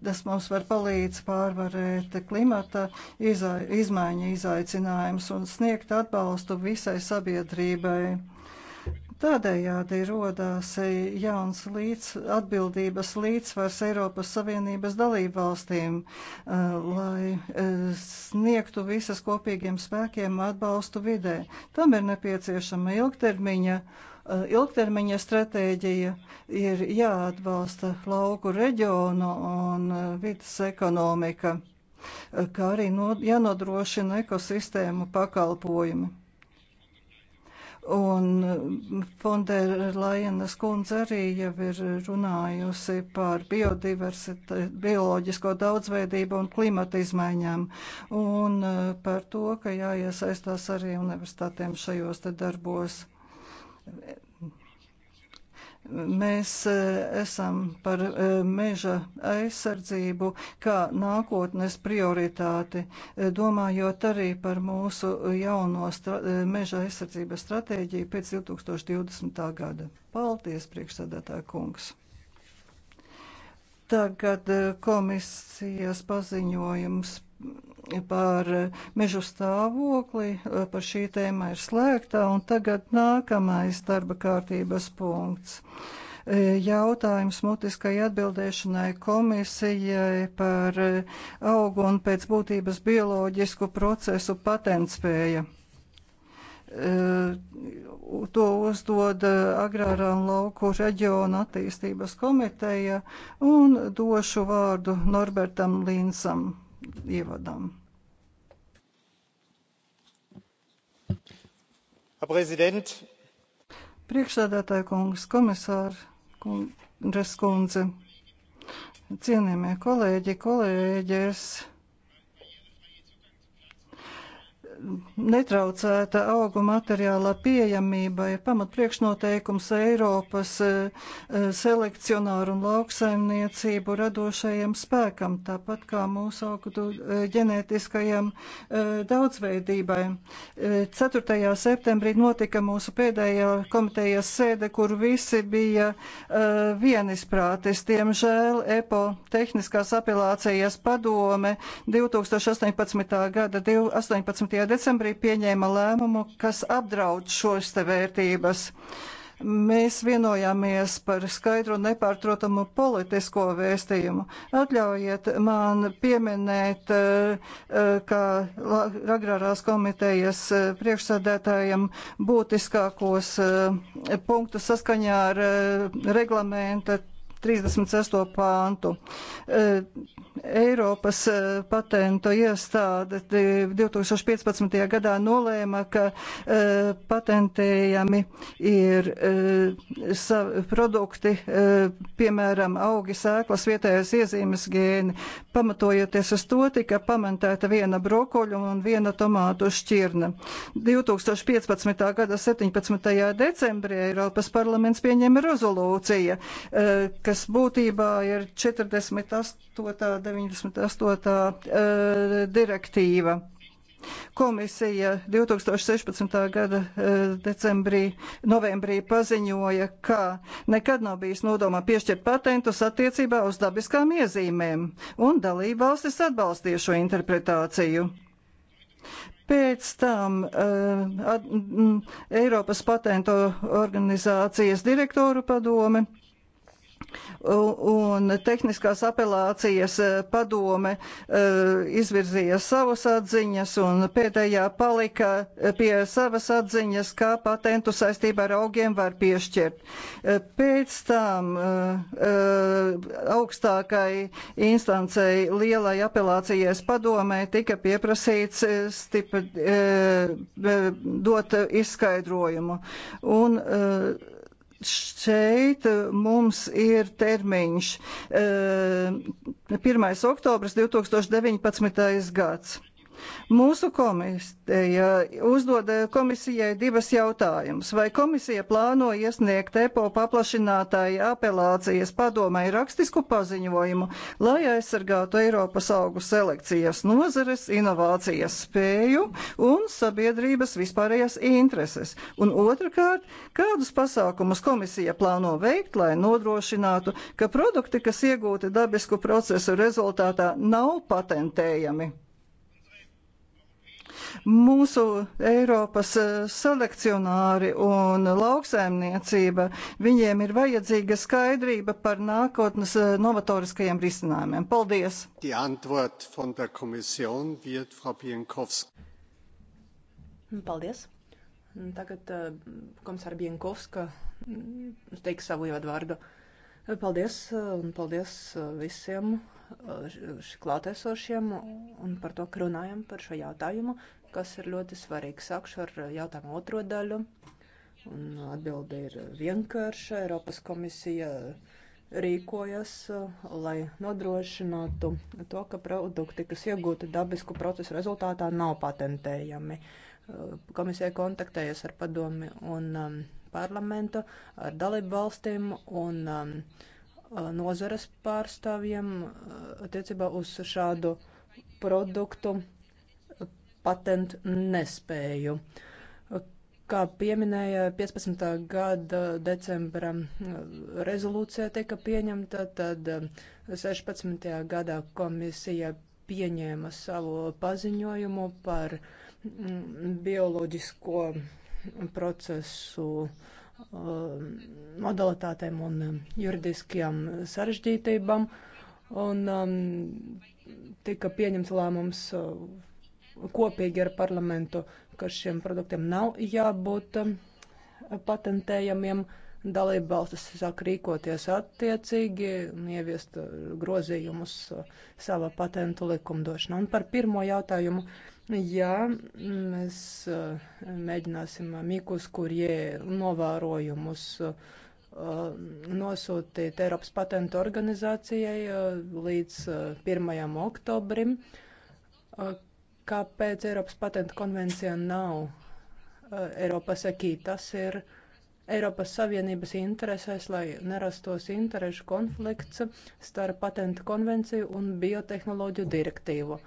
tas mums var palīdz pārvarēt klimata izmaiņu izaicinājumus un sniegt atbalstu visai sabiedrībai. Tādējādi rodās jauns līdz, atbildības līdzsvars Eiropas Savienības dalību valstīm, eh, lai eh, sniegtu visas kopīgiem spēkiem atbalstu vidē. Tam ir nepieciešama ilgtermiņa eh, ilgtermiņa stratēģija ir jāatbalsta lauku reģionu un vidas ekonomika, kā arī no, jānodrošina ekosistēmu pakalpojumi. Un mm, Fonderlajenas kundze arī jau ir runājusi par bioloģisko daudzveidību un klimata izmaiņām un mm, par to, ka jāiesaistās arī universitātiem šajos te darbos. Mēs e, esam par e, meža aizsardzību kā nākotnes prioritāti, e, domājot arī par mūsu jauno meža aizsardzības stratēģiju pēc 2020. gada. Paldies, priekšsēdētāja kungs! Tagad komisijas paziņojums par mežu stāvokli, eh, par šī tēma ir slēgta, un tagad nākamais darba kārtības punkts. Eh, jautājums mutiskai atbildēšanai komisijai par eh, augu un pēc būtības bioloģisku procesu patentspēja. To uzdod Agrārā un Lauku reģiona attīstības komiteja un došu vārdu Norbertam Līnsam ievadam. Priekšsēdētāja kungs, komisāra kundze, cienījamie kolēģi, kolēģis. netraucēta augu materiāla pieejamība ir pamatpriekšnoteikums Eiropas eh, selekcionāru un lauksaimniecību radošajam spēkam, tāpat kā mūsu augu eh, ģenētiskajam eh, daudzveidībai. 4. septembrī notika mūsu pēdējā komitejas sēde, kur visi bija vienisprātis. Diemžēl EPO tehniskās apelācijas padome 2018. gada 18 decembrī pieņēma lēmumu, kas apdraud šos te vērtības. Mēs vienojāmies par skaidru un nepārtrotamu politisko vēstījumu. Atļaujiet man pieminēt, eh, eh, kā agrārās komitejas eh, priekšsādētājiem būtiskākos punktus saskaņā ar reglamenta 36. pāntu. E, Eiropas e, patentu iestāde 2015. gadā nolēma, ka e, patentējami ir produkti, piemēram, augi, sēklas, vietējais iezīmes gēni, pamatojoties uz to, tika pamentēta viena brokoļu un viena tomātu šķirne. 2015. gada 17. decembrī Eiropas parlaments pieņēma rezolūciju, kas kas būtībā ir 48. 98. E, direktīva. Komisija 2016. gada e, decembrī, novembrī paziņoja, ka nekad nav bijis nodomā piešķirt patentus attiecībā uz dabiskām iezīmēm, un dalība valstis atbalstīja šo interpretāciju. Pēc tam uh, Eiropas patentu organizācijas direktoru padome uh, Un tehniskās apelācijas padome e, izvirzīja savas atziņas un pēdējā palika pie savas atziņas, kā patentu saistībā ar augiem var piešķirt. E, pēc tam e, augstākai instancei lielai apelācijas padomē tika pieprasīts stipri, dot izskaidrojumu. Un, šeit eh, mums ir termiņš 1. Eh, oktobris 2019. gads. Mūsu komisija uzdod komisijai divas jautājumus. Vai komisija plāno iesniegt EPO paplašinātāju apelācijas padomai rakstisku paziņojumu, lai aizsargātu Eiropas augu selekcijas nozares, inovācijas spēju un sabiedrības vispārējās intereses? Un otrkārt, kādus pasākumus komisija plāno veikt, lai nodrošinātu, ka produkti, kas iegūti dabisku procesu rezultātā, nav patentējami? Mūsu Eiropas eh, selekcionāri un lauksaimniecība, viņiem ir vajadzīga skaidrība par nākotnes eh, novatoriskajiem risinājumiem. Paldies! Paldies! Tagad eh, komisāra Bienkovska mm, teiks savu ievadvārdu. Paldies un paldies visiem klātesošiem un par to, ka runājam par šo jautājumu kas ir ļoti svarīgs. Sākšu ar eh, jautājumu otro daļu. Un eh, atbilde ir vienkārša. Eiropas komisija eh, rīkojas, lai nodrošinātu to, ka produkti, kas iegūti dabisku procesu rezultātā, nav patentējami. Komisija kontaktējas ar padomi un um, parlamentu, ar dalību valstīm un um, nozares pārstāvjiem attiecībā uz šādu produktu patentu nespēju. Kā pieminēja 15. gada decembra rezolūcija tika pieņemta, tad 16. gadā komisija pieņēma savu paziņojumu par bioloģisko procesu um, modalitātēm un juridiskajām sarežģītībām, un um, tika pieņemts lēmums uh, kopīgi ar parlamentu, ka šiem produktiem nav jābūt um, patentējamiem. Dalība valstis sāk rīkoties attiecīgi un ieviest uh, grozījumus uh, savā patentu likumdošanā. Un par pirmo jautājumu, jā, mēs uh, mēģināsim Mikus, kur jie novērojumus nosūtīt Eiropas patentu organizācijai līdz 1. oktobrim, Kāpēc Eiropas patenta konvencija nav uh, Eiropas akī? Tas ir Eiropas Savienības interesēs, lai nerastos interešu konflikts starp patenta konvenciju un biotehnoloģiju direktīvu.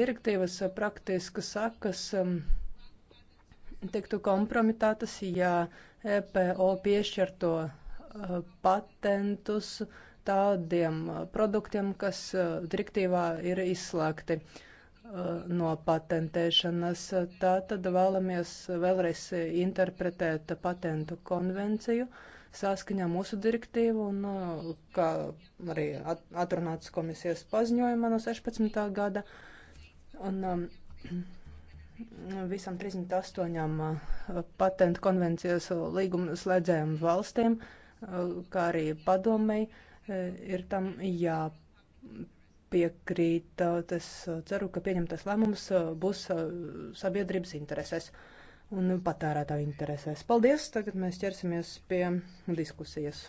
Direktīvas eh, praktiskas sakas um, tiktu kompromitētas, ja EPO piešķirto uh, patentus tādiem produktiem, kas uh, direktīvā ir izslēgti. Uh, no patentēšanas. Tātad vēlamies vēlreiz interpretēt patentu konvenciju saskaņā mūsu direktīvu un, kā arī atrunāts komisijas paziņojumā no 16. gada, un um, visam 38 uh, patentu konvencijas līgumu slēdzējiem valstīm, uh, kā arī padomei, uh, ir tam jāpārāk piekrīt. Es uh, ceru, ka pieņemtais lēmums uh, būs uh, sabiedrības interesēs un patērētāju interesēs. Paldies! Tagad mēs ķersimies pie diskusijas.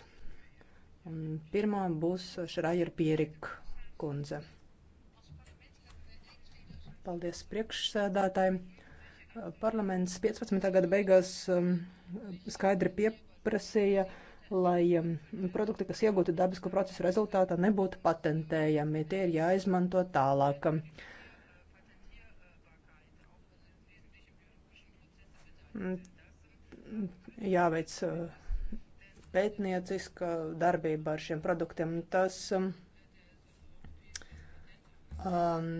Un pirmā būs Šrajer Pierik kundze. Paldies priekšsēdātājiem. Parlaments 15. gada beigās um, skaidri pieprasīja uh, lai um, produkti, kas iegūti dabisku procesu rezultātā, nebūtu patentējami. Tie ir jāizmanto tālāk. Jāveic uh, pētnieciska darbība ar šiem produktiem. Tas um, um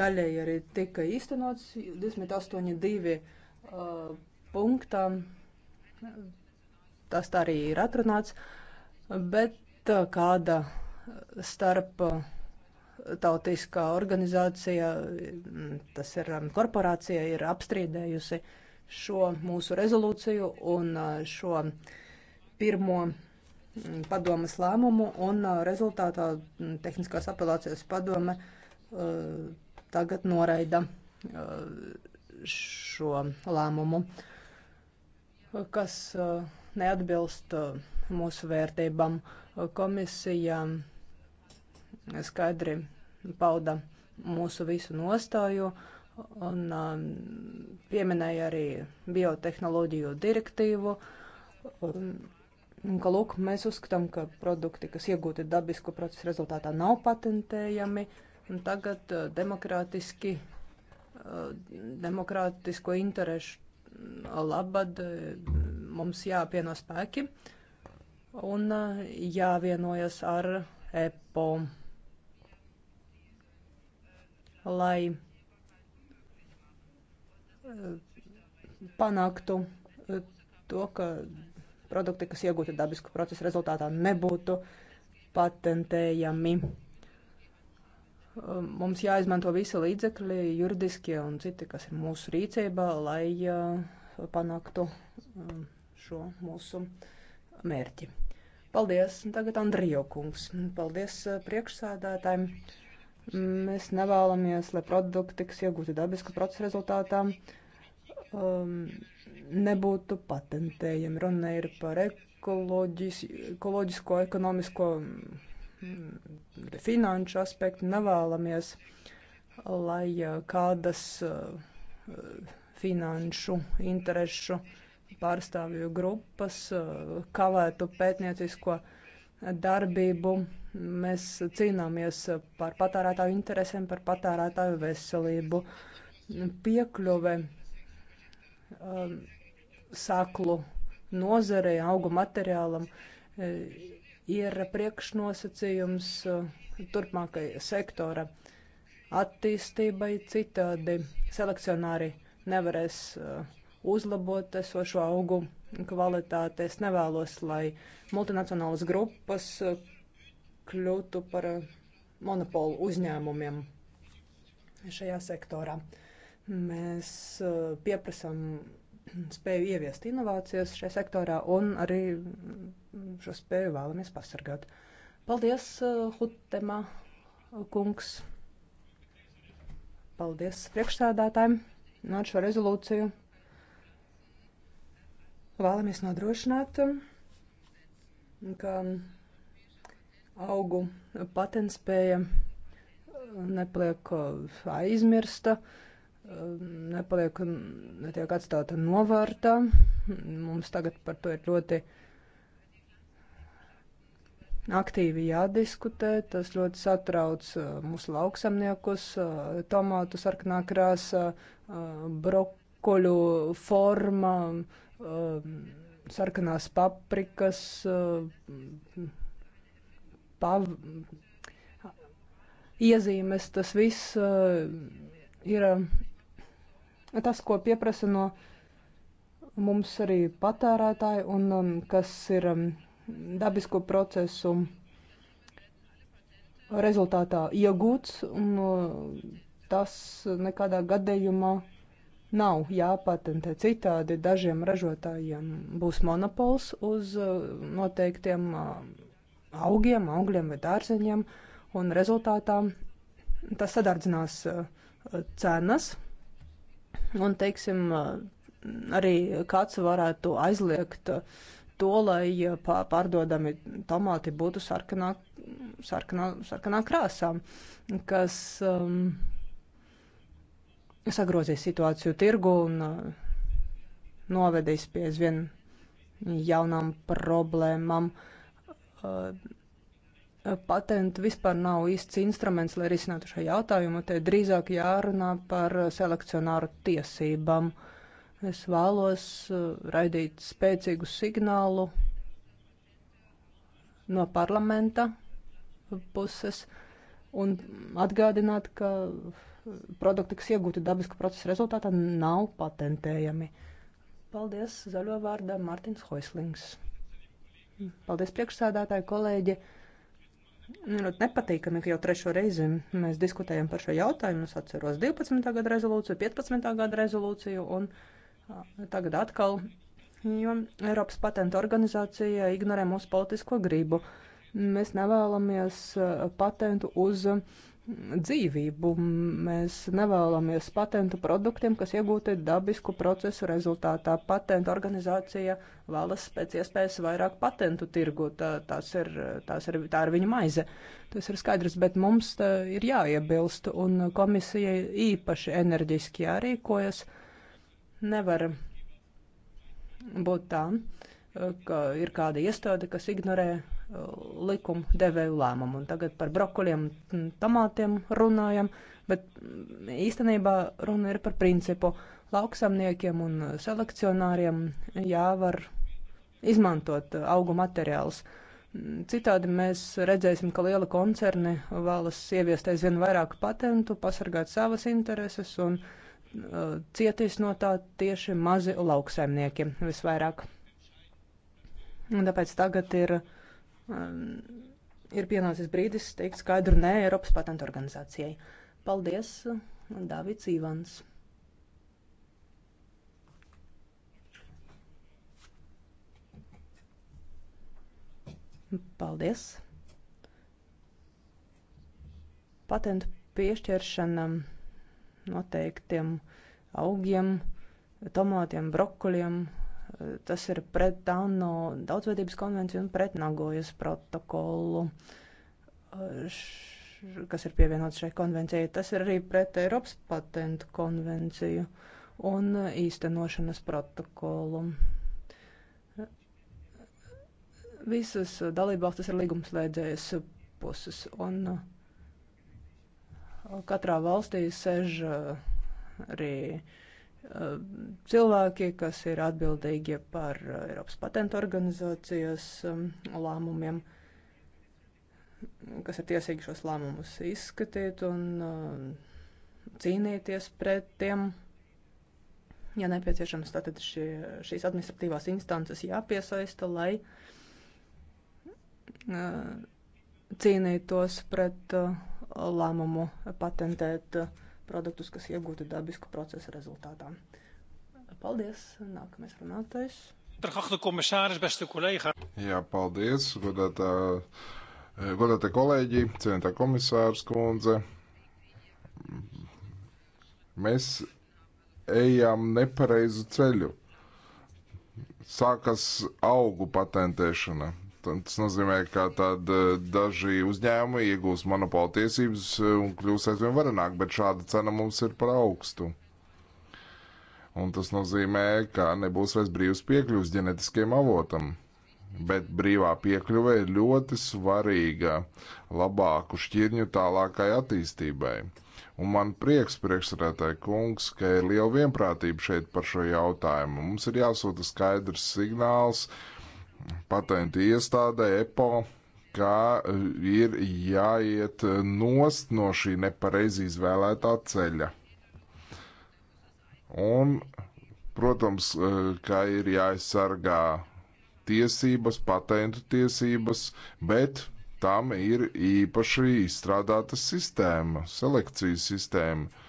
daļai arī tika īstenots 28.2. Uh, punktā tas tā arī ir atrunāts, bet uh, kāda starp uh, tautiskā organizācija, mm, tas ir um, korporācija, ir apstrīdējusi šo mūsu rezolūciju un uh, šo pirmo mm, padomas lēmumu, un rezultātā mm, tehniskās apelācijas padome tagad noraida šo lēmumu, kas uh, neatbilst uh, mūsu vērtībām. Komisija skaidri pauda mūsu visu nostāju un um, pieminēja arī biotehnoloģiju direktīvu. Un, ka, lūk, mēs uzskatām, ka produkti, kas iegūti dabisku procesu rezultātā, nav patentējami, un tagad uh, demokrātiski, uh, demokrātisko interešu labad uh, mums jāpieno spēki un eh, jāvienojas ar EPO, lai eh, panāktu eh, to, ka produkti, kas iegūti dabisku procesu rezultātā, nebūtu patentējami. Mums jāizmanto visi līdzekļi, juridiskie un citi, kas ir mūsu rīcībā, lai panāktu šo mūsu mērķi. Paldies, tagad Andrijo kungs. Paldies eh, priekšsādātājiem. Mēs nevēlamies, lai produkti, kas iegūti dabisku procesu rezultātā, um, nebūtu patentējami. Runa ir par ekoloģis, ekoloģisko, ekonomisko, mm, finanšu aspektu. Nevēlamies, lai eh, kādas uh, finanšu interešu uh, pārstāvju grupas eh, kavētu pētniecisko darbību. Mēs cīnāmies par patērētāju interesēm, par patērētāju veselību, piekļuve eh, sāklu nozarei, augu materiālam eh, ir priekšnosacījums turpmākai sektora attīstībai citādi selekcionāri nevarēs uh, uzlabot esošo augu kvalitāti. Es nevēlos, lai multinacionālas grupas eh, kļūtu par eh, monopolu uzņēmumiem šajā sektorā. Mēs eh, pieprasām spēju ieviest inovācijas šajā sektorā un arī šo spēju vēlamies pasargāt. Paldies, Hutema kungs! Paldies priekšsēdētājiem! No nu, šo rezolūciju vēlamies nodrošināt, um, ka augu patentspēja um, nepaliek uh, aizmirsta, um, nepaliek, netiek atstāta novārtā. Mums tagad par to ir ļoti aktīvi jādiskutē. Tas ļoti satrauc uh, mūsu lauksamniekus, uh, tomātu sarkanā krāsa, brokoļu forma, Um, sarkanās paprikas, um, pav, iezīmes, tas viss uh, ir um, tas, ko pieprasa no mums arī patērētāji un kas ir dabisko procesu rezultātā iegūts, un uh, tas nekādā gadījumā nav jāpatentē citādi. Dažiem ražotājiem būs monopols uz uh, noteiktiem uh, augiem, augļiem vai dārzeņiem, un rezultātā tas sadardzinās uh, cenas. Un, teiksim, arī kāds varētu aizliegt to, lai pārdodami tomāti būtu sarkanā, sarkanā, sarkanā krāsā, kas um, sagrozīs situāciju tirgu un uh, novedīs pie zvien jaunām problēmām. Uh, Patenti vispār nav īsts instruments, lai risinātu šo jautājumu. Te drīzāk jārunā par selekcionāru tiesībām. Es vēlos uh, raidīt spēcīgu signālu no parlamenta puses un atgādināt, ka produkti, kas iegūti dabiska procesa rezultātā, nav patentējami. Paldies zaļo vārdā Mārtiņš Hoislings. Paldies priekšsēdētāji, kolēģi. Nu, ļoti nepatīkami, ka jau trešo reizi mēs diskutējam par šo jautājumu. Es atceros 12. gada rezolūciju, 15. gada rezolūciju un tagad atkal, jo Eiropas patenta organizācija ignorē mūsu politisko gribu. Mēs nevēlamies patentu uz uh, dzīvību. Mēs nevēlamies patentu produktiem, kas iegūti dabisku procesu rezultātā. Patentu organizācija vēlas pēc iespējas vairāk patentu tirgu. Tā, tās ir, tās ir, tā ir viņa maize. Tas ir skaidrs, bet mums ir jāiebilst, un komisijai īpaši enerģiski jārīkojas. Nevar būt tā, ka ir kāda iestāde, kas ignorē likuma devēju lēmumu. Un tagad par brokoliem un tomātiem runājam, bet mm, īstenībā runa ir par principu lauksamniekiem un selekcionāriem jāvar izmantot augu materiālus. Citādi mēs redzēsim, ka liela koncerni vēlas ieviest aizvien vairāk patentu, pasargāt savas intereses un uh, cietīs no tā tieši mazi lauksaimnieki visvairāk. Un tāpēc tagad ir uh, um, ir pienācis brīdis teikt skaidru nē Eiropas patentu organizācijai. Paldies, Dāvids Ivans. Paldies. Patentu piešķiršana noteiktiem augiem, tomātiem, brokoļiem, Tas ir pret ANO daudzveidības konvenciju un pret Nagojas protokolu, kas ir pievienots šai konvencijai. Tas ir arī pret Eiropas patentu konvenciju un īstenošanas protokolu. Visas dalībvalstis ir līgumslēdzējas puses, un katrā valstī sež arī uh, Eh, cilvēki, kas ir atbildīgi par eh, Eiropas patentu organizācijas eh, lēmumiem, kas ir tiesīgi šos lēmumus izskatīt un cīnīties pret tiem. Ja nepieciešams, tad šie, šīs administratīvās instances jāpiesaista, lai cīnītos pret lēmumu patentēt uh, produktus, kas iegūti dabisku procesu rezultātā. Paldies! Nākamais runātais. Jā, paldies, godātā, godātā kolēģi, cienītā komisārs kundze. Mēs ejam nepareizu ceļu. Sākas augu patentēšana Tas nozīmē, ka tad eh, daži uzņēmumi iegūs monopola tiesības eh, un kļūs aizvien varenāk, bet šāda cena mums ir par augstu. Un tas nozīmē, ka nebūs vairs brīvs piekļuvs ģenetiskiem avotam. Bet brīvā piekļuve ir ļoti svarīga labāku šķirņu tālākai attīstībai. Un man prieks, priekšsarētāji kungs, ka ir liela vienprātība šeit par šo jautājumu. Mums ir jāsūta skaidrs signāls uh, patentu iestādē, EPO, ka e, ir jāiet nost no šī nepareizi izvēlētā ceļa. Un, protams, e, ka ir jāaizsargā tiesības, patentu tiesības, bet tam ir īpaši izstrādāta sistēma, selekcijas sistēma.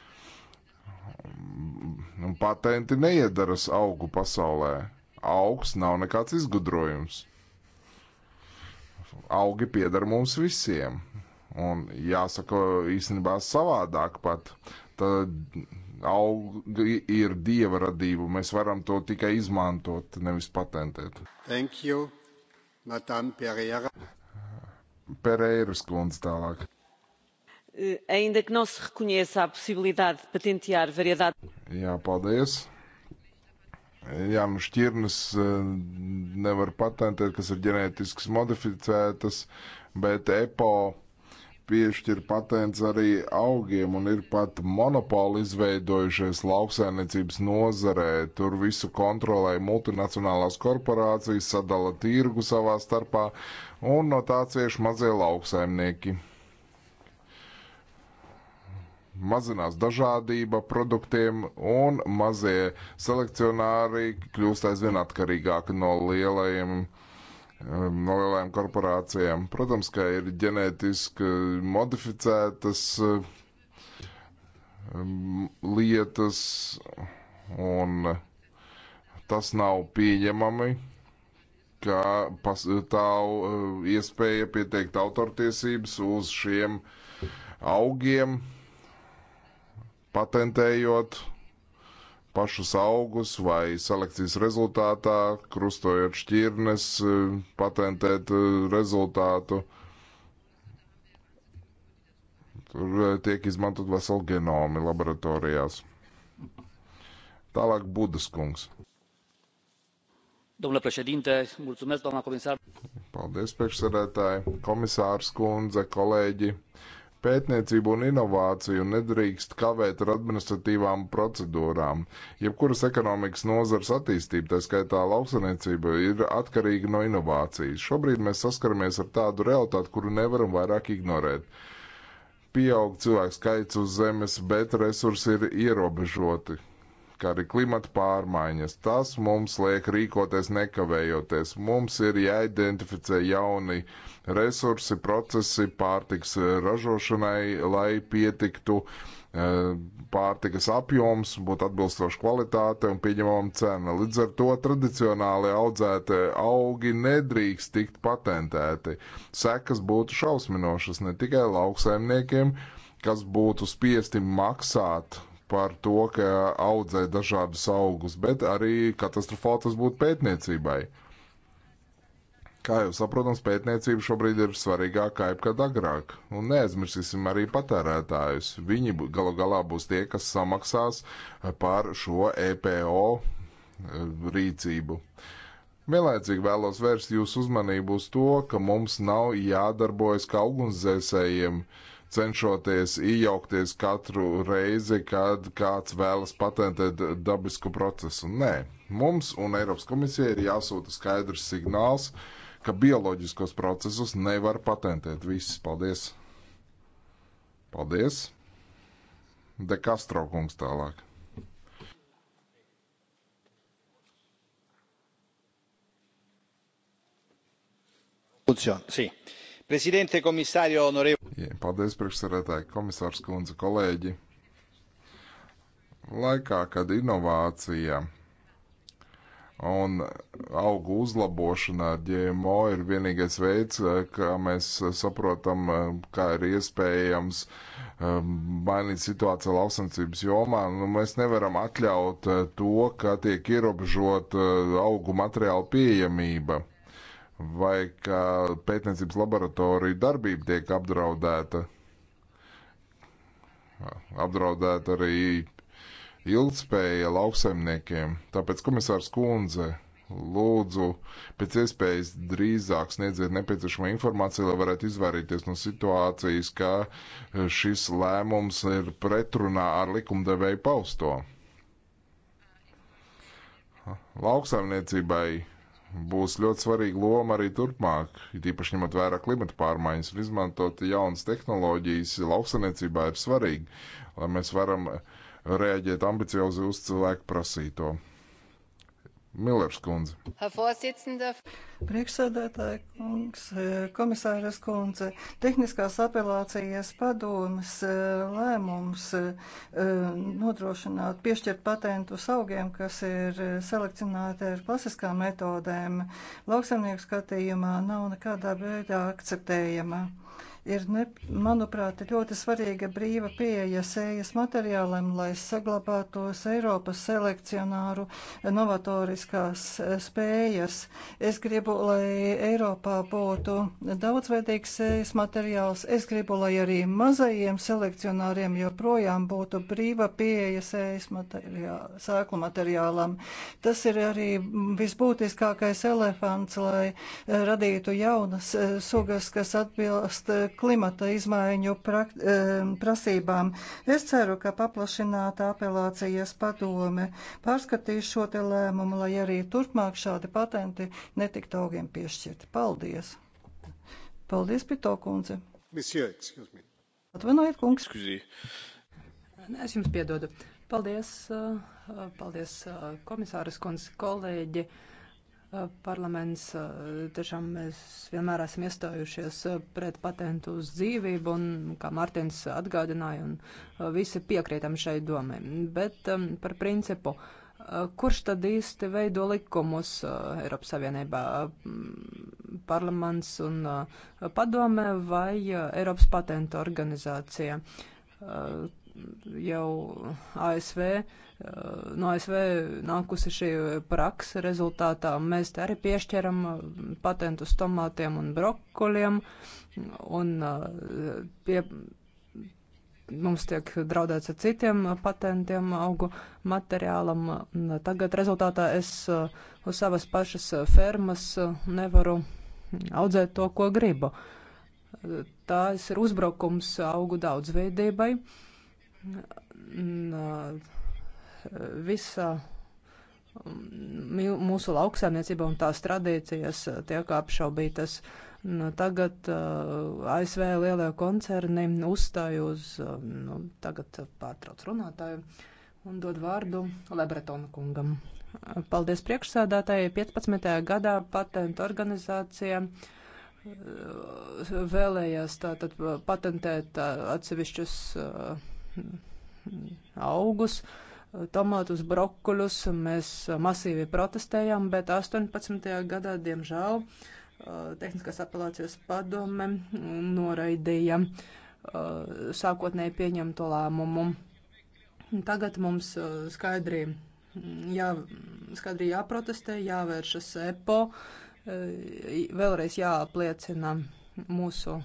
Un patenti neiedaras augu pasaulē. Augs nav nekāds izgudrojums. Augi pieder mums visiem. Un jāsaka, īstenībā savādāk pat. Tad augi ir dieva radība. Mēs varam to tikai izmantot, nevis patentēt. Thank you, Madame Pereira. Pereiras kundze tālāk. Eh, ainda que não se reconheça a possibilidade de patentear variedade. Jā, paldies. Jā, nu šķirnes eh, nevar patentēt, kas ir ģenētiski modificētas, bet EPO piešķir patents arī augiem un ir pat monopoli izveidojušies lauksainiecības nozarē. Tur visu kontrolē multinacionālās korporācijas, sadala tirgu savā starpā un no tā cieši mazie lauksaimnieki mazinās dažādība produktiem, un mazie selekcionāri kļūst aizvien atkarīgāki no lielajiem. Um, no lielajām korporācijām. Protams, ka ir ģenētiski modificētas um, lietas, un tas nav pieņemami ka pastāv uh, iespēja pieteikt autortiesības uz šiem augiem, patentējot pašus augus vai selekcijas rezultātā, krustojot šķirnes, e, patentēt e, rezultātu. Tur e, tiek izmantot veseli genomi laboratorijās. Tālāk Budas kungs. Domnule președinte, mulțumesc, doamna comisar. Paldies, priekšsēdētāji, komisārs kundze, kolēģi pētniecību un inovāciju nedrīkst kavēt ar administratīvām procedūrām. Jebkuras ekonomikas nozars attīstība, tā skaitā lauksaniecība, ir atkarīga no inovācijas. Šobrīd mēs saskaramies ar tādu realitāti, kuru nevaram vairāk ignorēt. Pieaug cilvēku skaits uz zemes, bet resursi ir ierobežoti kā arī klimata pārmaiņas. Tas mums liek rīkoties nekavējoties. Mums ir jāidentificē jauni resursi, procesi pārtiks ražošanai, lai pietiktu eh, pārtikas apjoms, būtu atbilstoša kvalitāte un pieņemama cena. Līdz ar to tradicionāli audzētie augi nedrīkst tikt patentēti. Sekas būtu šausminošas ne tikai lauksaimniekiem, kas būtu spiesti maksāt par to, ka audzē dažādus augus, bet arī katastrofāli tas būtu pētniecībai. Kā jau saprotams, pētniecība šobrīd ir svarīgākā jebkad agrāk. Un neaizmirsīsim arī patērētājus. Viņi galu galā būs tie, kas samaksās par šo EPO e, rīcību. Vienlaicīgi vēlos vērst jūsu uzmanību uz to, ka mums nav jādarbojas kā ugunsdzēsējiem uh, cenšoties iejaukties katru reizi, kad kāds vēlas patentēt dabisku procesu. Nē, mums un Eiropas komisijai ir jāsūta skaidrs signāls, ka bioloģiskos procesus nevar patentēt. Viss, paldies! Paldies! De Castro kungs tālāk. Función, sí. Si Prezidente, komisārio, honorēju. Paldies, priekšsarētāji, komisārs kundze, kolēģi. Laikā, kad inovācija un augu uzlabošana ar GMO ir vienīgais veids, kā mēs saprotam, kā ir iespējams um, mainīt situāciju lauksaimniecības jomā. Nu, mēs nevaram atļaut uh, to, ka tiek ierobežot uh, augu materiālu pieejamība vai ka pētniecības laboratorija darbība tiek apdraudēta. Apdraudēta arī ilgspēja lauksaimniekiem. Tāpēc, komisārs Kunze, lūdzu, pēc iespējas drīzāk sniedziet nepieciešamo informāciju, lai varētu izvairīties no situācijas, ka šis lēmums ir pretrunā ar likumdevēju pausto. Lauksaimniecībai būs ļoti svarīga loma arī turpmāk, it īpaši ņemot vērā klimata pārmaiņas un izmantot jaunas tehnoloģijas lauksaniecībā ir svarīgi, lai mēs varam reaģēt ambiciozi uz cilvēku prasīto. Millers kundze. Priekšsēdētāja kungs, komisāras kundze, tehniskās apelācijas padomas eh, lēmums eh, nodrošināt piešķirt patentus augiem, kas ir eh, selekcionēti ar klasiskām metodēm, lauksaimnieku skatījumā nav nekādā veidā akceptējama ir, ne, manuprāt, ļoti svarīga brīva pieeja sējas materiālam, lai saglabātos Eiropas selekcionāru novatoriskās spējas. Es gribu, lai Eiropā būtu daudzveidīgs sējas materiāls. Es gribu, lai arī mazajiem selekcionāriem joprojām būtu brīva pieeja sējas materiāla, sēklu materiālam. Tas ir arī visbūtiskākais elefants, lai radītu jaunas sugas, kas atbilst klimata izmaiņu pra, prasībām. Es ceru, ka paplašināta apelācijas padome pārskatīs šo te lēmumu, lai arī turpmāk šādi patenti netiktu augiem piešķirti. Paldies! Paldies, Pito kundze! Monsieur, excuse me. Atvainojiet, kungs! Excuse. Es jums piedodu. Paldies, eh, paldies eh, komisāras kundze, kolēģi! parlaments eh, tiešām mēs vienmēr esam iestājušies eh, pret patentu uz dzīvību un, kā Mārtiņš atgādināja, un eh, visi piekrītam šai domai. Bet um, par principu, kurš tad īsti veido likumus Eiropas Savienībā? Parlaments un padome vai Eiropas patentu organizācija? Jau ASV Eh, no ASV nākusi šī praksa rezultātā. Mēs te arī piešķiram eh, patentus tomātiem un brokoliem, un eh, pie, mums tiek draudēts ar citiem patentiem augu materiālam. Tagad rezultātā es uz savas pašas fermas nevaru audzēt to, ko gribu. Tās ir uzbrukums augu daudzveidībai visā um, mūsu lauksēmniecība un tās tradīcijas uh, tiek apšaubītas. Nu, tagad uh, ASV lielie koncerni uzstāj uz, uh, nu, tagad pārtrauc runātāju un dod vārdu Lebretona kungam. Paldies priekšsēdētājai. 15. gadā patentu organizācija uh, vēlējās tātad patentēt uh, atsevišķus uh, augus. Uh, tomātus, brokolus. Mēs masīvi protestējām, bet 18. gadā, diemžēl, Tehniskās apelācijas padome noraidīja sākotnēji pieņemto lēmumu. Tagad mums skaidri, jā, skaidri jāprotestē, jāvēršas EPO, vēlreiz jāapliecina mūsu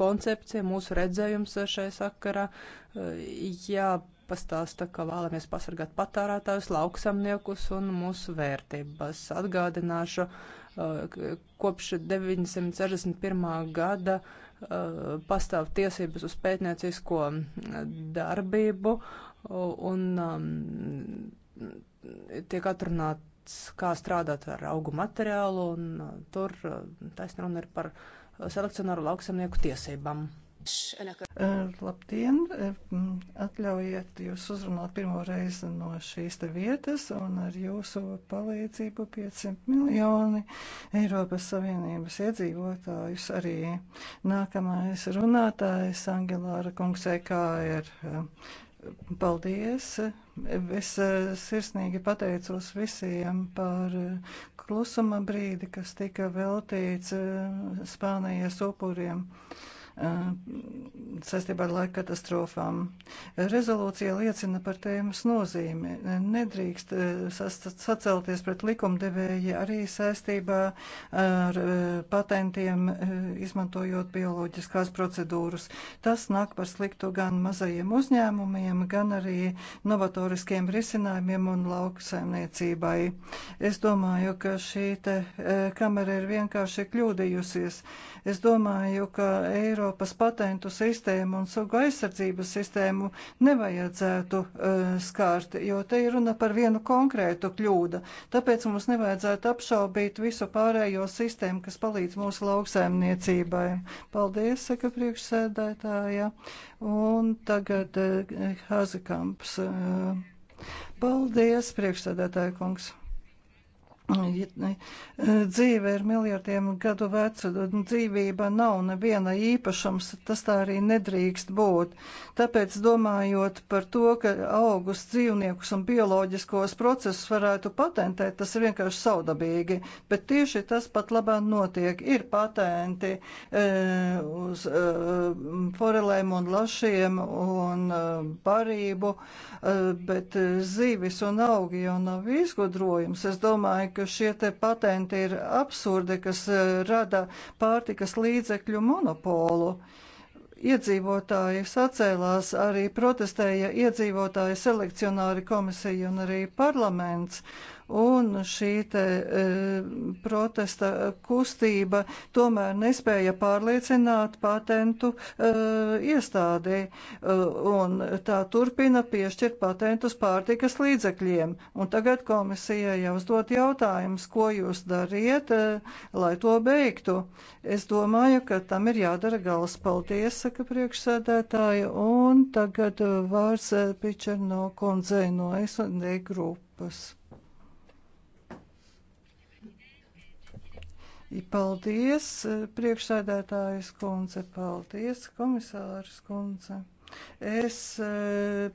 koncepcija, mūsu redzējums šai sakarā, jā, pastāsta, ka vēlamies pasargāt patērētājus, lauksamniekus un mūsu vērtības. Atgādināšu, uh, kopš 961. gada uh, pastāv tiesības uz pētniecisko darbību uh, un um, tiek atrunāts, kā strādāt ar augu materiālu, un tur taisnība ir par selekcionāru lauksamnieku tiesībām. Labdien! Atļaujiet jūs uzrunāt pirmo reizi no šīs te vietas, un ar jūsu palīdzību 500 miljoni Eiropas Savienības iedzīvotājus arī nākamais runātājs Angelāra Kungsē, e kā ir. Paldies! Es sirsnīgi pateicos visiem par klusuma brīdi, kas tika veltīts Spānijas upuriem. Eh, saistībā ar laika katastrofām. Rezolūcija liecina par tēmas nozīmi. Nedrīkst eh, sacelties pret likumdevēju arī saistībā ar eh, patentiem, izmantojot bioloģiskās procedūras. Tas nāk par sliktu gan mazajiem uzņēmumiem, gan arī novatoriskiem risinājumiem un lauksaimniecībai. Es domāju, ka šī te kamera ir vienkārši kļūdījusies. Es domāju, ka eiro Eiropas patentu sistēmu un sugu aizsardzības sistēmu nevajadzētu uh, skārt, jo te ir runa par vienu konkrētu kļūdu. Tāpēc mums nevajadzētu apšaubīt visu pārējo sistēmu, kas palīdz mūsu lauksēmniecībai. Paldies, saka priekšsēdētāja. Un tagad uh, Hazekamps. Uh, paldies, priekšsēdētāja kungs. Eh, dzīve ir miljardiem gadu veca, un dzīvība nav neviena īpašums, tas tā arī nedrīkst būt. Tāpēc, domājot par to, ka augus, dzīvniekus un bioloģiskos procesus varētu patentēt, tas ir vienkārši saudabīgi, bet tieši tas pat labā notiek. Ir patenti e, uz e, forelēm un lašiem un e, barību, e, bet zivis un augi jau nav izgudrojums. Es domāju, ka šie te patenti ir absurdi, kas e, rada pārtikas līdzekļu monopolu. Iedzīvotāji sacēlās, arī protestēja iedzīvotāji, selekcionāri komisija un arī parlaments un šī te, e, protesta kustība tomēr nespēja pārliecināt patentu e, iestādē, e, un tā turpina piešķirt patentus pārtikas līdzekļiem. Un tagad komisijai jau uzdot jautājums, ko jūs dariet, lai to beigtu. Es domāju, ka tam ir jādara gals. Paldies, saka priekšsēdētāja. Un tagad vārds Pičerno kundzei no S&D grupas. Paldies, priekšsēdētājas kundze, paldies, komisāras kundze. Es eh,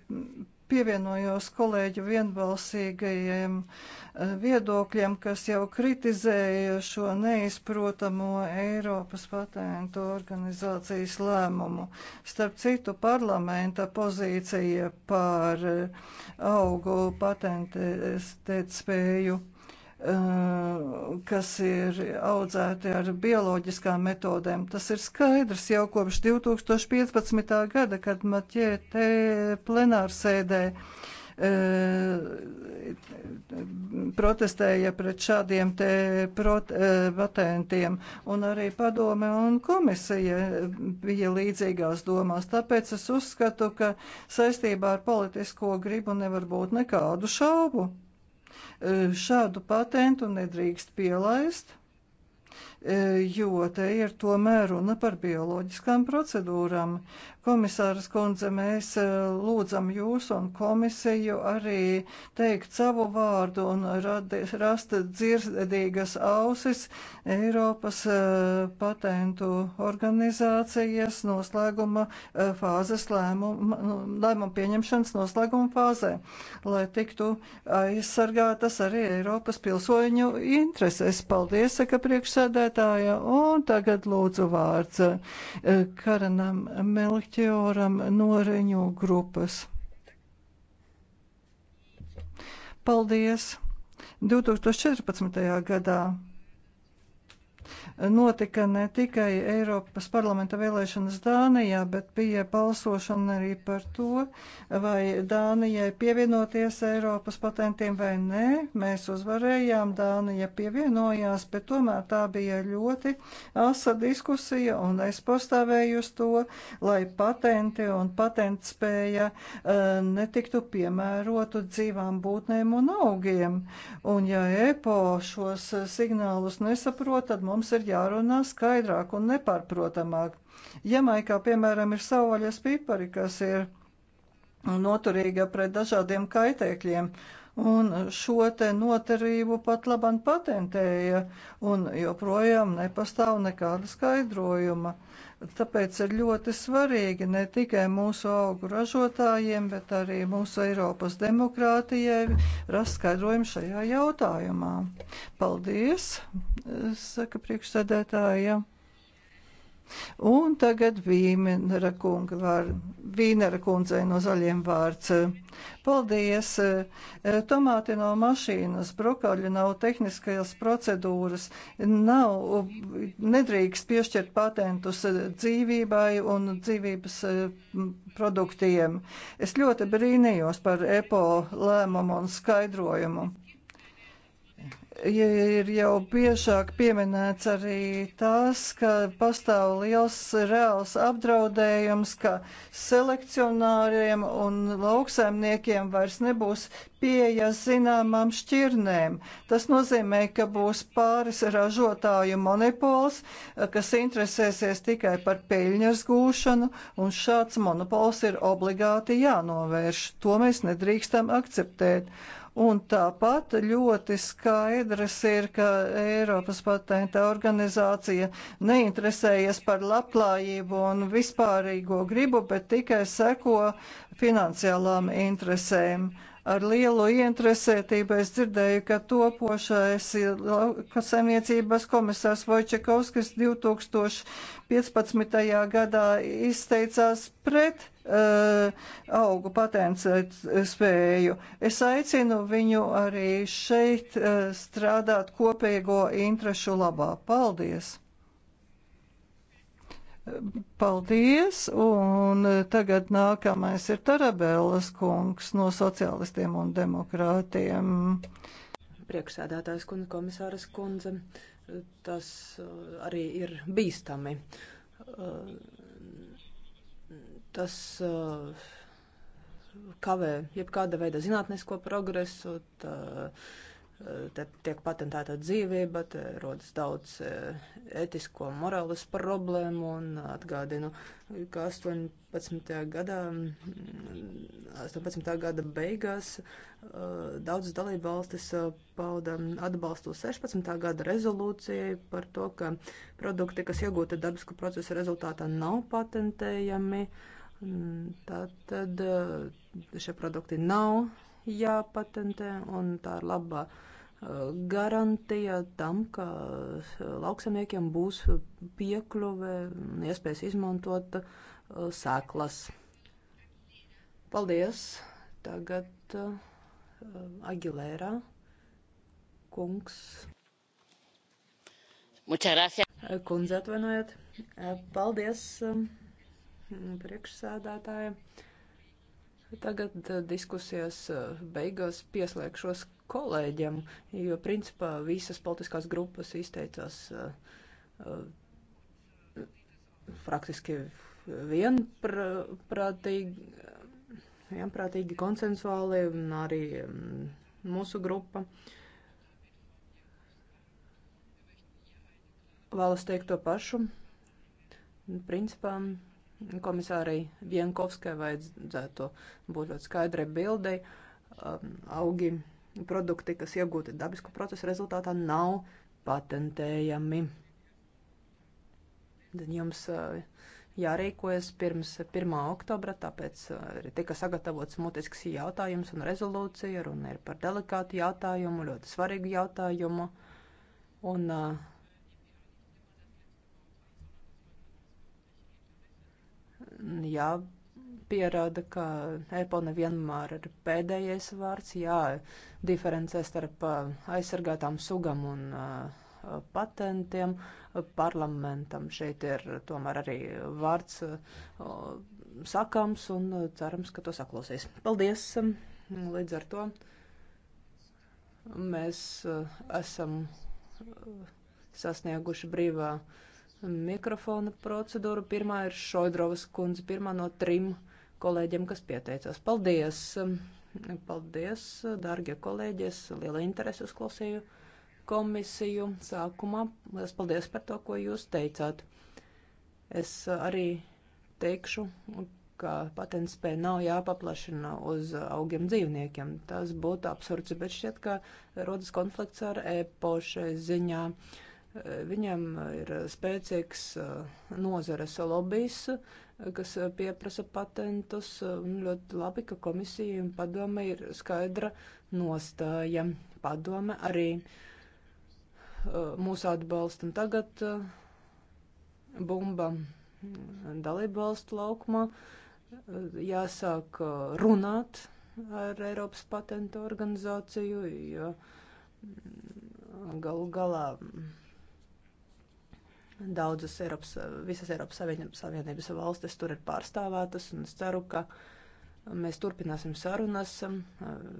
pievienojos kolēģu vienbalsīgajiem eh, viedokļiem, kas jau kritizēja šo neizprotamo Eiropas patentu organizācijas lēmumu. Starp citu, parlamenta pozīcija par eh, augu patentēt spēju Eh, kas ir audzēti ar bioloģiskām metodēm. Tas ir skaidrs jau kopš 2015. gada, kad Matjē te plenārsēdē eh, protestēja pret šādiem te prot, eh, patentiem, un arī padome un komisija bija līdzīgās domās. Tāpēc es uzskatu, ka saistībā ar politisko gribu nevar būt nekādu šaubu. Šādu patentu nedrīkst pielaist. E, jo te ir tomēr runa par bioloģiskām procedūrām. Komisāras kundze, mēs e, lūdzam jūs un komisiju arī teikt savu vārdu un rast dzirdīgas ausis Eiropas e, patentu organizācijas noslēguma fāzes lēmuma, nu, lēmuma pieņemšanas noslēguma fāzē, lai tiktu aizsargātas arī Eiropas pilsoņu intereses. Paldies, saka priekšsēdētāji priekšsēdētāja, un tagad lūdzu vārds eh, Karanam Melķioram Noreņu grupas. Paldies! 2014. gadā Notika ne tikai Eiropas parlamenta vēlēšanas Dānijā, bet bija balsošana arī par to, vai Dānijai pievienoties Eiropas patentiem vai nē. Mēs uzvarējām, Dānija pievienojās, bet tomēr tā bija ļoti asa diskusija, un es pastāvēju uz to, lai patenti un patentspēja uh, netiktu piemērotu dzīvām būtnēm un augiem. Un ja EPO šos signālus nesaprot, tad mums mums ir jārunā skaidrāk un nepārprotamāk. Jamaikā, piemēram, ir savvaļas pipari, kas ir noturīga pret dažādiem kaitēkļiem. Un šo te noturību pat labam patentēja, un joprojām nepastāv nekāda skaidrojuma. Tāpēc ir ļoti svarīgi ne tikai mūsu augu ražotājiem, bet arī mūsu Eiropas demokrātijai rast skaidrojumu šajā jautājumā. Paldies, saka priekšsēdētāja. Un tagad Vīmera kunga var, Vīnera kundzei no zaļiem vārds. Paldies! Tomāti nav mašīnas, brokaļi nav tehniskajās procedūras, nav, nedrīkst piešķirt patentus dzīvībai un dzīvības produktiem. Es ļoti brīnījos par EPO lēmumu un skaidrojumu ir jau biežāk pieminēts arī tas, ka pastāv liels reāls apdraudējums, ka selekcionāriem un lauksaimniekiem vairs nebūs pieeja zināmām šķirnēm. Tas nozīmē, ka būs pāris ražotāju monopols, kas interesēsies tikai par peļņas gūšanu, un šāds monopols ir obligāti jānovērš. To mēs nedrīkstam akceptēt. Un tāpat ļoti skaidrs ir, ka Eiropas patenta organizācija neinteresējas par labklājību un vispārīgo gribu, bet tikai seko finansiālām interesēm. Ar lielu interesētību es dzirdēju, ka topošais laukasēmniecības komisārs Vojčekovskis 2015. gadā izteicās pret Uh, augu patencēt spēju. Es aicinu viņu arī šeit uh, strādāt kopīgo interešu labā. Paldies! Paldies! Un tagad nākamais ir Tarabēlas kungs no sociālistiem un demokrātiem. Priekšsēdētājs kundze, komisāras kundze, tas uh, arī ir bīstami Tas uh, kavē jebkāda veida zinātnisko progresu, tā, uh, te tiek patentēta dzīvība, te rodas daudz uh, etisko morāles problēmu un atgādinu, ka 18. gadā, 18. Mm, gada beigās uh, daudzas dalība valstis pauda atbalstu 16. gada rezolūcijai par to, ka produkti, kas iegūti dabisku procesu rezultātā, nav patentējami. Uh, Tātad eh, šie produkti nav jāpatentē un tā ir labā eh, garantija tam, ka eh, lauksamniekiem būs piekļuve un iespējas izmantot sēklas. Paldies! Tagad Agilērā kungs. Kundze atvainojiet. Paldies! priekšsēdētājiem. Tagad eh, diskusijas eh, beigās pieslēgšos kolēģiem, jo principā visas politiskās grupas izteicās eh, praktiski vienprātīgi, vienprātīgi konsensuāli, un arī mm, mūsu grupa vēlas teikt to pašu. Principā Komisārai Vienkovskai vajadzētu būt ļoti skaidrai bildei. Um, augi produkti, kas iegūti dabisku procesu rezultātā, nav patentējami. Tad jums uh, jārīkojas pirms 1. oktobra, tāpēc arī uh, tika sagatavots mutisks jautājums un rezolūcija, runa ir par delikātu jautājumu, ļoti svarīgu jautājumu. Un uh, jā, pierāda, ka EPO nevienmēr ir pēdējais vārds, jā, diferencē starp uh, aizsargātām sugam un uh, patentiem. Parlamentam šeit ir tomēr arī vārds uh, sakams un uh, cerams, ka to saklausīs. Paldies! Um, līdz ar to mēs uh, esam uh, sasnieguši brīvā mikrofona procedūru. Pirmā ir Šoidrovas kundze, pirmā no trim kolēģiem, kas pieteicās. Paldies! Paldies, dārgie kolēģi! Es liela interesi uzklausīju komisiju sākumā. Lielas paldies par to, ko jūs teicāt. Es arī teikšu, ka patentspēja nav jāpaplašina uz augiem dzīvniekiem. Tas būtu absurds, bet šķiet, ka rodas konflikts ar epošai ziņā. Uh, Viņam ir spēcīgs eh, nozares lobbyis, eh, kas eh, pieprasa patentus. Ļoti labi, ka komisija un padome ir skaidra nostāja. Padome arī mūs atbalsta. Un tagad bumba mm, dalību valstu laukumā jāsāk runāt ar Eiropas patentu organizāciju, jo mm, galu galā. Mm, Daudzas Eiropas, visas Eiropas Savienības valstis tur ir pārstāvētas, un es ceru, ka mēs turpināsim sarunas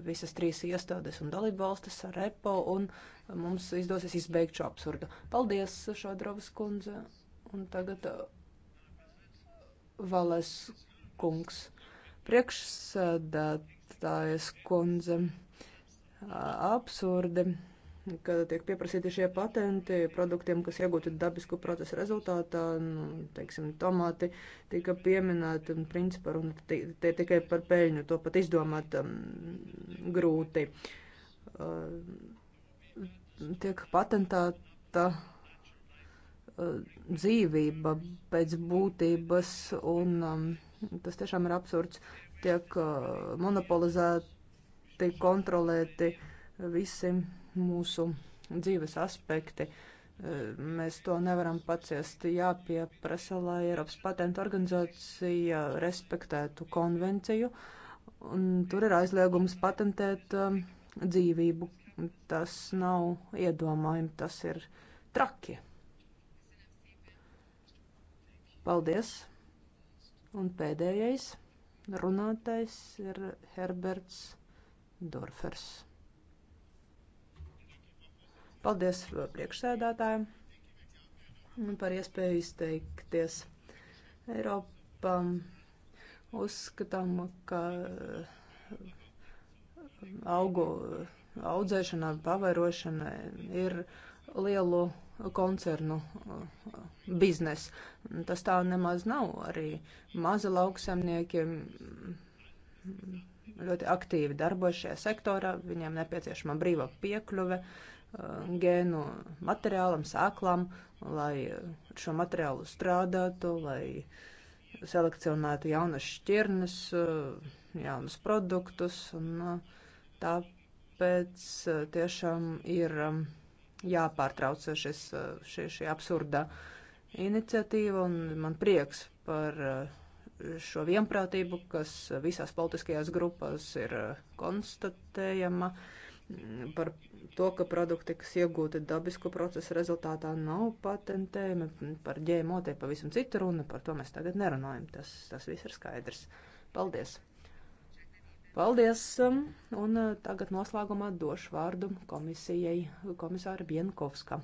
visas trīs iestādes un dalību valstis ar EPO, un mums izdosies izbeigt šo absurdu. Paldies, Šodrovas kundze, un tagad Valēs kungs, priekšsēdētājas kundze, absurdi kad tiek pieprasīti šie patenti produktiem, kas iegūti dabisku procesu rezultātā, nu, teiksim, tomāti tika pieminēti un principā runa tie tikai par peļņu, to pat izdomāt um, grūti. Uh, tiek patentēta uh, dzīvība pēc būtības un um, tas tiešām ir absurds, tiek uh, monopolizēti, kontrolēti visi mūsu dzīves aspekti. Eh, mēs to nevaram paciest. Jāpieprasa, lai Eiropas patenta organizācija respektētu konvenciju. Un tur ir aizliegums patentēt eh, dzīvību. Tas nav iedomājami, tas ir traki. Paldies! Un pēdējais runātais ir Herberts Dorfers. Paldies priekšsēdētājiem par iespēju izteikties. Eiropa uzskatām, ka augu audzēšanā, pavairošanā ir lielu koncernu uh, biznes. Tas tā nemaz nav. Arī mazi lauksemniekiem ļoti aktīvi darbojas šajā sektorā, viņiem nepieciešama brīva piekļuve Uh, gēnu materiālam, sēklām, lai ar šo materiālu strādātu, lai selekcionētu jaunas šķirnes, uh, jaunus produktus. Un uh, tāpēc tiešām ir um, jāpārtrauc šis, šī, šī absurda iniciatīva, un man prieks par šo vienprātību, kas visās politiskajās grupās ir konstatējama. Uh, par to, ka produkti, kas iegūti dabisku procesu rezultātā, nav patentējami. Par ģēmo te pavisam cita runa, par to mēs tagad nerunājam. Tas, tas viss ir skaidrs. Paldies! Paldies! Um, un uh, tagad noslēgumā došu vārdu komisijai, komisāra Bienkovska.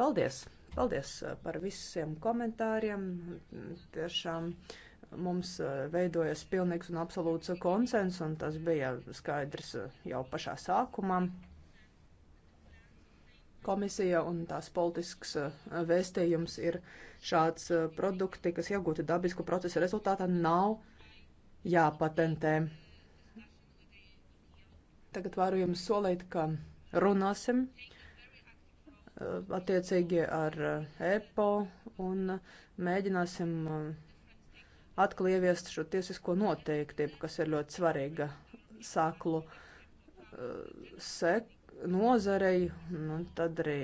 Paldies! Paldies uh, par visiem komentāriem. Tiešām. Uh, mums eh, veidojas pilnīgs un absolūts konsens, un tas bija skaidrs eh, jau pašā sākumā. Komisija un tās politisks eh, vēstījums ir šāds produkti, kas iegūti dabisku procesu rezultātā, nav jāpatentē. Tagad varu jums solīt, ka runāsim attiecīgi ar EPO un mēģināsim atkal ieviest šo tiesisko noteiktību, kas ir ļoti svarīga saklu eh, sek, nozarei, nu, tad arī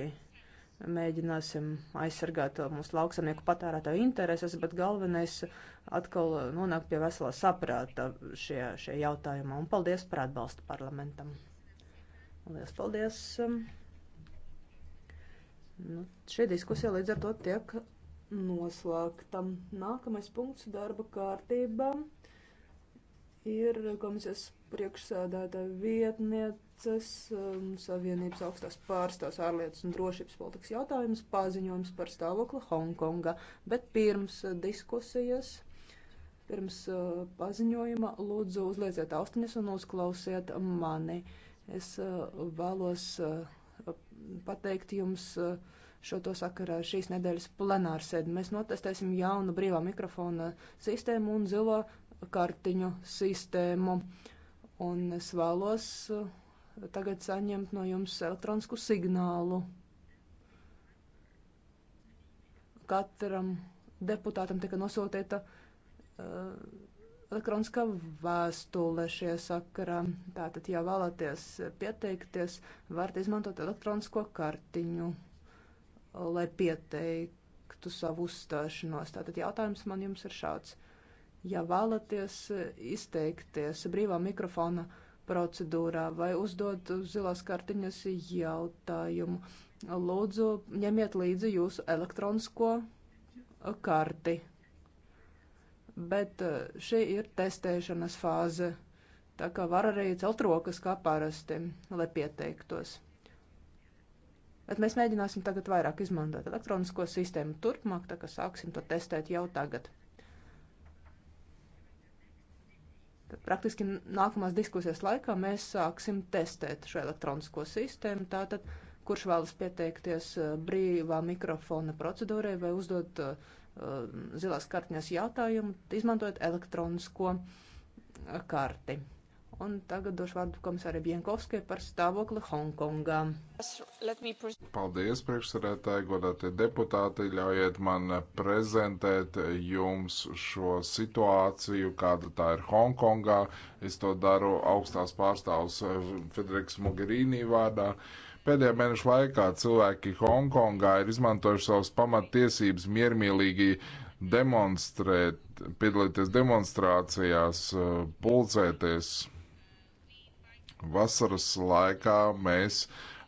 mēģināsim aizsargāt mūsu lauksamnieku patērētāju intereses, bet galvenais atkal nonāk pie veselā saprāta šie, šie jautājumā. Un paldies par atbalstu parlamentam. Lielas paldies. Nu, šī diskusija līdz ar to tiek noslēgta. Nākamais punkts darba kārtībā ir komisijas priekšsēdētāja vietnieces um, Savienības augstās pārstāvs ārlietas un drošības politikas jautājums paziņojums par stāvokli Hongkonga. Bet pirms diskusijas, pirms uh, paziņojuma lūdzu uzlieciet austiņas un uzklausiet mani. Es uh, vēlos uh, pateikt jums. Uh, šo to sakarā ar šīs nedēļas plenārsēdi. Mēs notestēsim jaunu brīvā mikrofona sistēmu un zilo kartiņu sistēmu. Un es vēlos uh, tagad saņemt no jums elektronisku signālu. Katram deputātam tika nosūtīta uh, elektroniskā vēstule šajā sakarā. Tātad, ja vēlaties pieteikties, varat izmantot elektronisko kartiņu lai pieteiktu savu uzstāšanos. Tātad jautājums man jums ir šāds. Ja vēlaties izteikties brīvā mikrofona procedūrā vai uzdot zilās kartiņas jautājumu, lūdzu ņemiet līdzi jūsu elektronisko karti. Bet eh, šī ir testēšanas fāze, tā kā var arī celt rokas kā parasti, lai pieteiktos. Bet mēs mēģināsim tagad vairāk izmantot elektronisko sistēmu turpmāk, tā kā sāksim to testēt jau tagad. Tad praktiski nākamās diskusijas laikā mēs sāksim testēt šo elektronisko sistēmu. Tātad, kurš vēlas pieteikties eh, brīvā mikrofona procedūrai vai uzdot uh, zilās kartiņas jautājumu, izmantojot elektronisko eh, karti. Un tagad došu vārdu komisārai Bienkovskai par stāvokli Hongkongā. Paldies, priekšsarētāji, godātie deputāti. Ļaujiet man prezentēt jums šo situāciju, kāda tā ir Hongkongā. Es to daru augstās pārstāvs Federiks Mogherīnī vārdā. Pēdējā mēneša laikā cilvēki Hongkongā ir izmantojuši savas pamattiesības miermīlīgi demonstrēt, piedalīties demonstrācijās, pulcēties Vasaras laikā mēs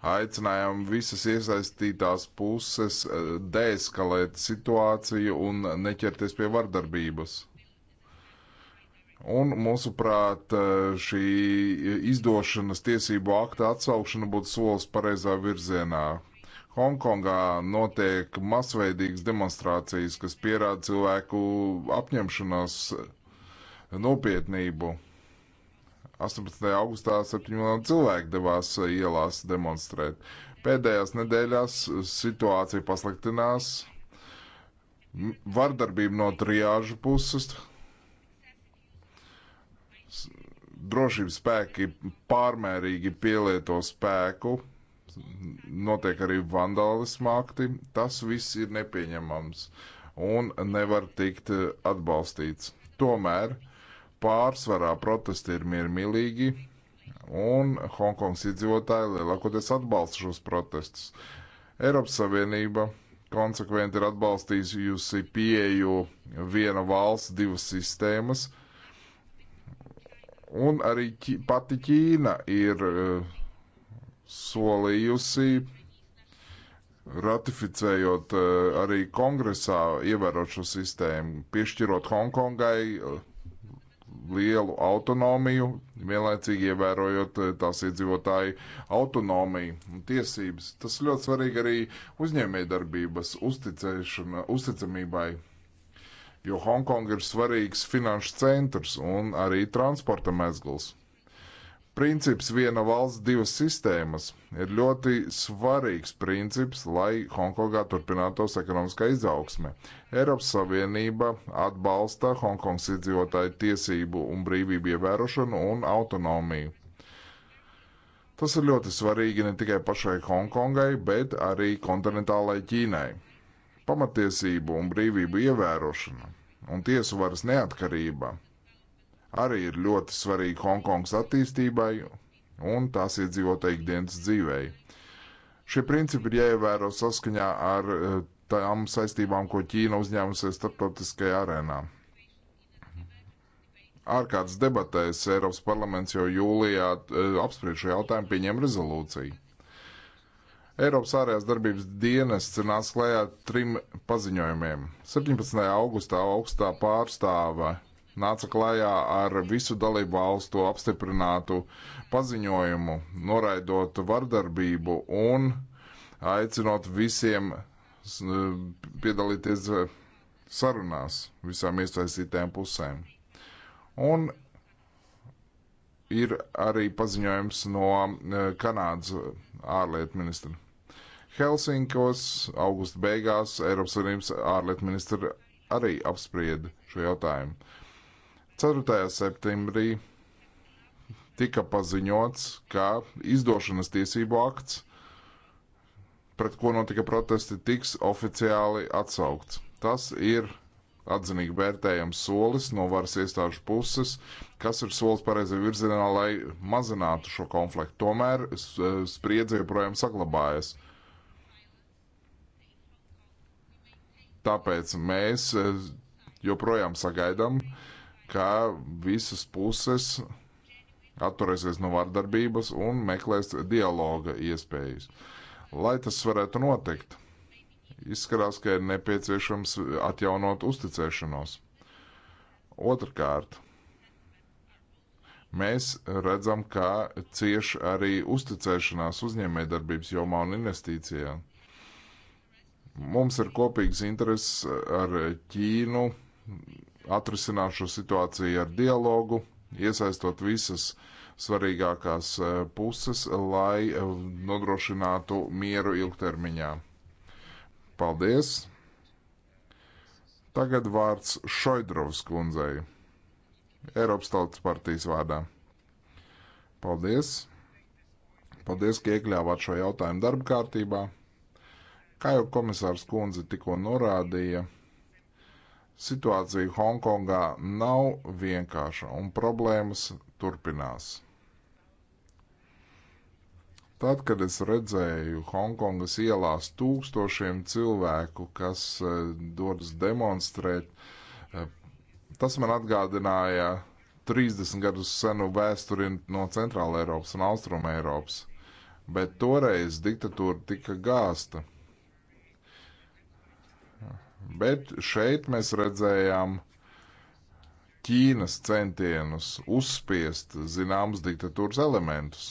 aicinājām visas iesaistītās puses eh, deeskalēt situāciju un neķerties pie vardarbības. Un, mūsuprāt, eh, šī izdošanas tiesību akta atsaukšana būtu solis pareizā virzienā. Hongkongā notiek masveidīgas demonstrācijas, kas pierāda cilvēku apņemšanos eh, nopietnību 18. augustā 7 miljoni cilvēku devās eh, ielās demonstrēt. Pēdējās nedēļās eh, situācija pasliktinās, vardarbība no triāžu puses, drošības spēki pārmērīgi pielieto spēku, notiek arī vandālismu akti. Tas viss ir nepieņemams un nevar tikt eh, atbalstīts. Tomēr pārsvarā protesti ir miermīlīgi, un Hongkongas iedzīvotāji lielākoties atbalsta šos protestus. Eiropas Savienība konsekventi ir atbalstījusi jūsu pieeju viena valsts, divas sistēmas, un arī ķi, pati Ķīna ir uh, solījusi ratificējot uh, arī kongresā ievērot šo sistēmu, piešķirot Hongkongai uh, lielu autonomiju, vienlaicīgi ievērojot eh, tās iedzīvotāju autonomiju un tiesības. Tas ir ļoti svarīgi arī uzņēmējdarbības uzticamībai, jo Hongkong ir svarīgs finanšu centrs un arī transporta mezgls. Princips viena valsts, divas sistēmas ir ļoti svarīgs princips, lai Hongkongā turpinātos ekonomiskā izaugsme. Eiropas Savienība atbalsta Hongkongas iedzīvotāju tiesību un brīvību ievērošanu un autonomiju. Tas ir ļoti svarīgi ne tikai pašai Hongkongai, bet arī kontinentālai Ķīnai. Pamatiesību un brīvību ievērošana un tiesu varas neatkarība arī ir ļoti svarīgi Hongkongas attīstībai un tās iedzīvotāju ikdienas dzīvei. Šie principi ir jāievēro saskaņā ar eh, tām saistībām, ko Ķīna uzņēmusies starptautiskajā arēnā. Ārkārtas debatēs Eiropas parlaments jau jūlijā eh, apspriež šo jautājumu, pieņem rezolūciju. Eiropas ārējās darbības dienests ir nācis klajā trim paziņojumiem. 17. augustā augstā pārstāve nāca klajā ar visu dalību valstu apstiprinātu paziņojumu, noraidot vardarbību un aicinot visiem piedalīties eh, sarunās, visām iesaistītēm pusēm. Un ir arī paziņojums no eh, Kanādas eh, ārlietu ministra. Helsinkos augusta beigās Eiropas Savienības ārlietu ministra arī apsprieda šo jautājumu. 4. septembrī tika paziņots, ka izdošanas tiesību akts, pret ko notika protesti, tiks oficiāli atsaukts. Tas ir atzinīgi vērtējams solis no varas iestāžu puses, kas ir solis pareizā virzienā, lai mazinātu šo konfliktu. Tomēr eh, spriedze joprojām saglabājas. Tāpēc mēs eh, joprojām sagaidām uh, ka visas puses atturēsies no vardarbības un meklēs dialoga iespējas. Lai tas varētu notikt, izskatās, ka ir nepieciešams atjaunot uzticēšanos. Otrakārt, mēs redzam, ka cieši arī uzticēšanās uzņēmējdarbības jomā un investīcijā. Mums ir kopīgs intereses ar Ķīnu, atrisināt šo situāciju ar dialogu, iesaistot visas svarīgākās e, puses, lai e, nodrošinātu mieru ilgtermiņā. Paldies! Tagad vārds Šoidrovs kundzei, Eiropas Tautas partijas vārdā. Paldies! Paldies, ka iekļāvāt šo jautājumu darba kārtībā. Kā jau komisārs kundze tikko norādīja, Situācija Hongkongā nav vienkārša un problēmas turpinās. Tad, kad es redzēju Hongkongas ielās tūkstošiem cilvēku, kas eh, dodas demonstrēt, eh, tas man atgādināja 30 gadus senu vēsturi no Centrāla Eiropas un Austruma Eiropas. Bet toreiz diktatūra tika gāsta. Bet šeit mēs redzējām Ķīnas centienus uzspiest zināmus diktatūras elementus.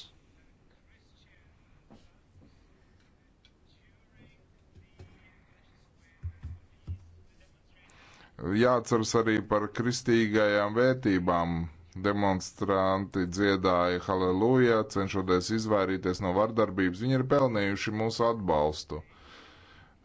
Jāatceras arī par kristīgajām vērtībām. Demonstranti dziedāja halleluja, cenšoties izvairīties no vardarbības. Viņi ir pelnījuši mūsu atbalstu.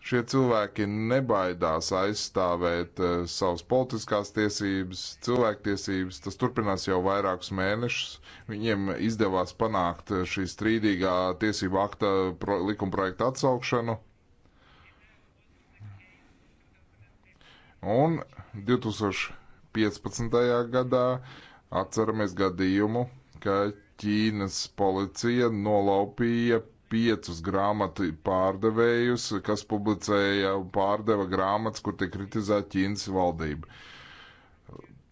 Šie cilvēki nebaidās aizstāvēt uh, savas politiskās tiesības, cilvēktiesības. Tas turpinās jau vairākus mēnešus. Viņiem izdevās panākt eh, šī strīdīgā tiesību akta pro, likumprojekta atsaukšanu. Un 2015. gadā atceramies gadījumu, ka Ķīnas policija nolaupīja piecus grāmatu pārdevējus, kas publicēja un pārdeva grāmatas, kur tiek kritizēta Ķīnas valdība.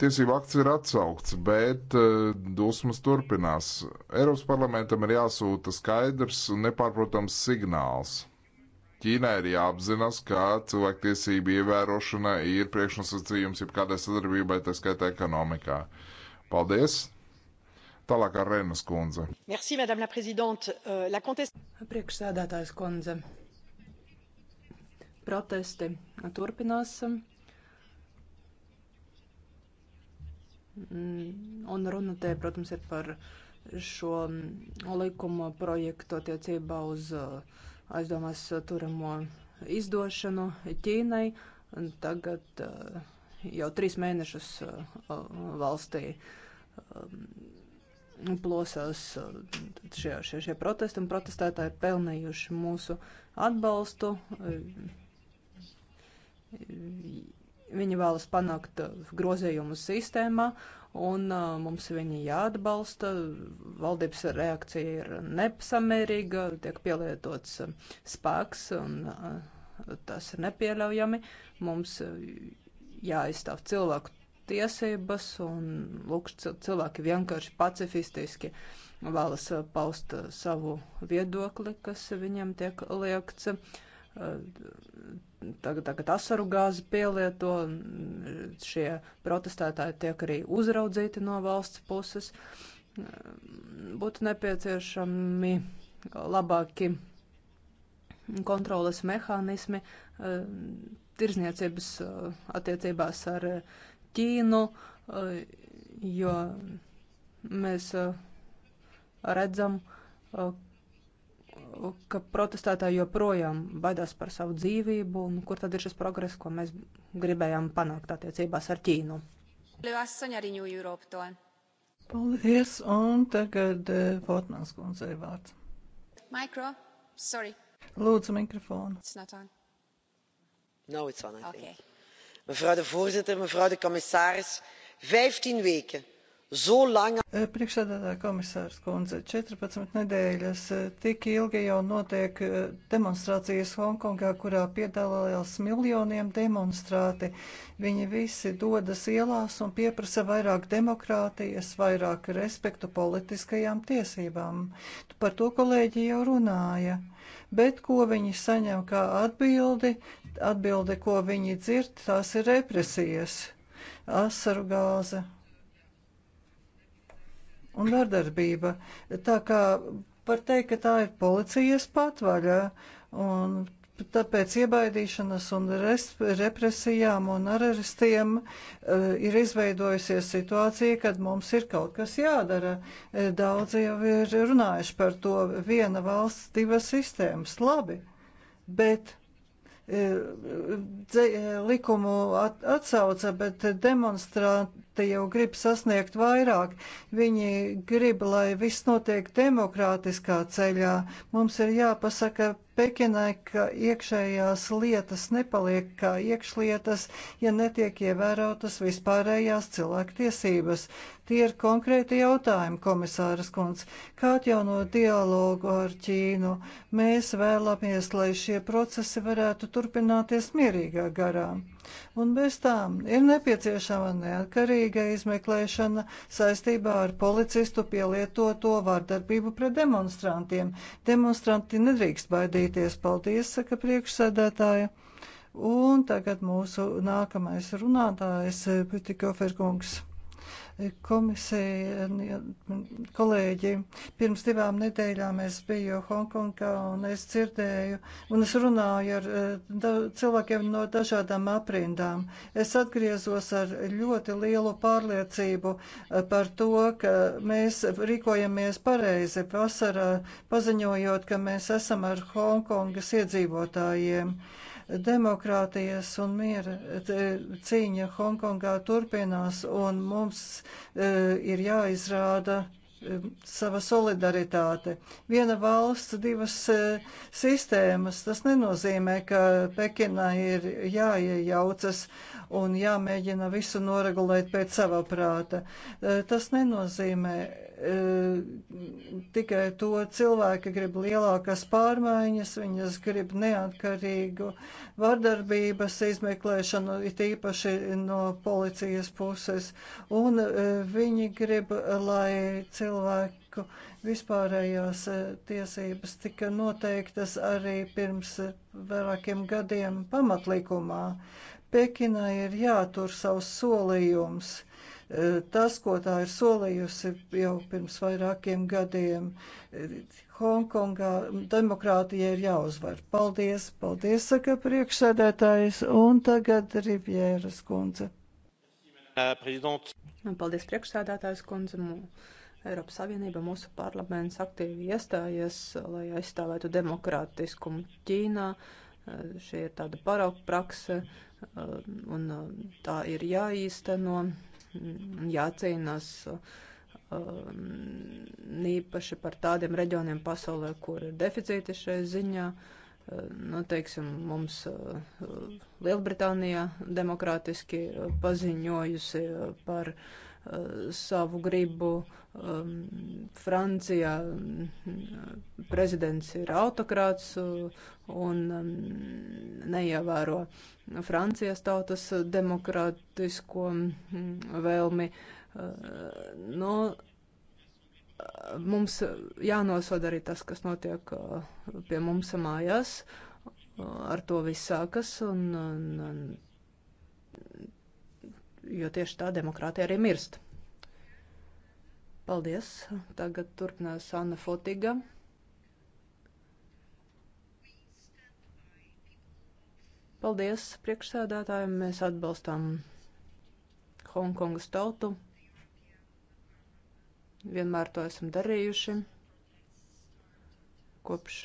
Tiesība akts ir atsaukts, bet eh, dusmas turpinās. Eiropas parlamentam ir jāsūta skaidrs un nepārprotams signāls. Ķīnai ir jāapzinās, ka cilvēktiesība ievērošana ir priekšnosacījums jebkādai sadarbībai, tā skaitā ekonomikā. Paldies! Tālāk ar Rēnas kundze. Merci, madame la prezidente. Euh, la contest... Priekšsēdētājs kundze. Protesti turpinās. Mm, un runa te, protams, ir par šo likuma projektu attiecībā uz uh, aizdomās turamo izdošanu Ķīnai. Tagad uh, jau trīs mēnešus uh, valstī um, plosās uh, šie, šie, šie protesti, un protestētāji ir pelnījuši mūsu atbalstu. Uh, viņi vēlas panākt uh, grozījumus sistēmā, un mums viņi jāatbalsta. Valdības reakcija ir nepasamērīga, tiek pielietots spēks, un tas ir nepieļaujami. Mums jāizstāv cilvēku tiesības, un lūk, cilvēki vienkārši pacifistiski vēlas uh, paust uh, savu viedokli, kas viņiem tiek liekts. Uh, tagad, tagad asaru gāzi pielieto, šie protestētāji tiek arī uzraudzīti no valsts puses. Būtu nepieciešami labāki kontroles mehānismi tirzniecības attiecībās ar uh, Ķīnu, eh, jo mēs eh, redzam, eh, ka protestētāji joprojām baidās par savu dzīvību, un kur tad ir šis progress, ko mēs gribējām panākt attiecībās ar Ķīnu. Paldies, un tagad Fortmans kundzei vārds. Mikro, sorry. Lūdzu mikrofonu. It's not on. No, it's on, I okay. think mevrouw de voorzitter mevrouw de commissaris vijftien weken zo lang. Eh, priekšsēdētāja komisārs kundze, 14 nedēļas eh, tik ilgi jau notiek eh, demonstrācijas Hongkongā, kurā piedalījās miljoniem demonstrāti. Viņi visi dodas ielās un pieprasa vairāk demokrātijas, vairāk respektu politiskajām tiesībām. Par to kolēģi jau runāja. Bet ko viņi saņem kā atbildi? atbilde, ko viņi dzird, tās ir represijas, asaru gāze un vardarbība. Tā kā var teikt, ka tā ir policijas patvaļa un tāpēc iebaidīšanas un represijām un arestiem eh, ir izveidojusies situācija, kad mums ir kaut kas jādara. Eh, daudzi jau ir runājuši par to viena valsts, divas sistēmas. Labi, bet likumu atsauca, bet demonstranti jau grib sasniegt vairāk. Viņi grib, lai viss notiek demokrātiskā ceļā. Mums ir jāpasaka Pekinai, ka iekšējās lietas nepaliek kā iekšlietas, ja netiek ievērotas vispārējās cilvēktiesības. Tie ir konkrēti jautājumi, komisāras kundz, kā atjaunot dialogu ar Ķīnu. Mēs vēlamies, lai šie procesi varētu turpināties mierīgā garā. Un bez tām ir nepieciešama neatkarīga izmeklēšana saistībā ar policistu pielietoto vārdarbību pret demonstrantiem. Demonstranti nedrīkst baidīties. Paldies, saka priekšsēdētāja. Un tagad mūsu nākamais runātājs Pitikoferkungs komisija, kolēģi, pirms divām nedēļām es biju Hongkongā un es dzirdēju un es runāju ar eh, da, cilvēkiem no dažādām aprindām. Es atgriezos ar ļoti lielu pārliecību eh, par to, ka mēs rīkojamies pareizi vasarā, paziņojot, ka mēs esam ar Hongkongas iedzīvotājiem. Uh, Demokrātijas un miera cīņa Hongkongā turpinās, un mums e, ir jāizrāda e, sava solidaritāte. Viena valsts, divas e, sistēmas. Tas nenozīmē, ka Pekinā ir jāiejaucas un jāmēģina visu noregulēt pēc sava prāta. Tas nenozīmē, Eh, tikai to cilvēki grib lielākas pārmaiņas, viņas grib neatkarīgu vardarbības izmeklēšanu, it īpaši no policijas puses, un eh, viņi grib, lai cilvēku vispārējās eh, tiesības tika noteiktas arī pirms vairākiem gadiem pamatlikumā. Pekinai ir jātur savs solījums tas, ko tā ir solījusi jau pirms vairākiem gadiem. Hongkongā demokrātija ir jāuzvar. Paldies, paldies, saka priekšsēdētājs, un tagad Rivjēras kundze. Paldies, priekšsēdētājs kundze. Eiropas Savienība, mūsu parlaments aktīvi iestājies, lai aizstāvētu demokrātiskumu Ķīnā. Šī ir tāda parauga prakse, un tā ir jāīsteno. No jācīnās um, īpaši par tādiem reģioniem pasaulē, kur ir deficīti šai ziņā. Um, nu, teiksim, mums uh, Lielbritānijā demokrātiski paziņojusi uh, par uh, Eh, savu gribu. Francijā eh, prezidents ir autokrāts eh, un neievēro Francijas tautas demokrātisko mm, vēlmi. No, mums jānosoda arī tas, kas notiek pie mums mājās. Ar to viss sākas. Un, un, un, jo tieši tā demokrātija arī mirst. Paldies. Tagad turpinās Anna Fotiga. Paldies priekšsēdētājiem. Mēs atbalstām Hongkongas tautu. Vienmēr to esam darījuši. Kopš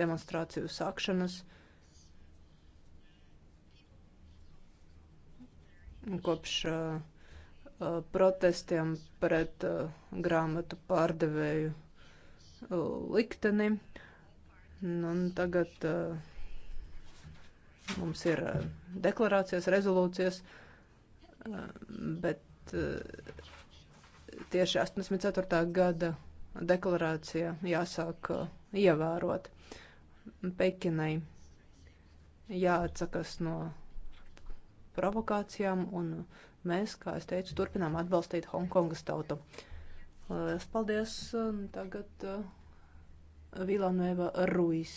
demonstrāciju sākšanas kopš uh, uh, protestiem pret uh, grāmatu pārdevēju likteni. Nu, un tagad mums ir deklarācijas, rezolūcijas, bet tieši 84. gada deklarācija jāsāk ievērot Pekinai, jāatsakas no provokācijām, un mēs, kā es teicu, turpinām atbalstīt Hongkongas tautu. Lielas paldies! Tagad uh, Vilanueva Ruis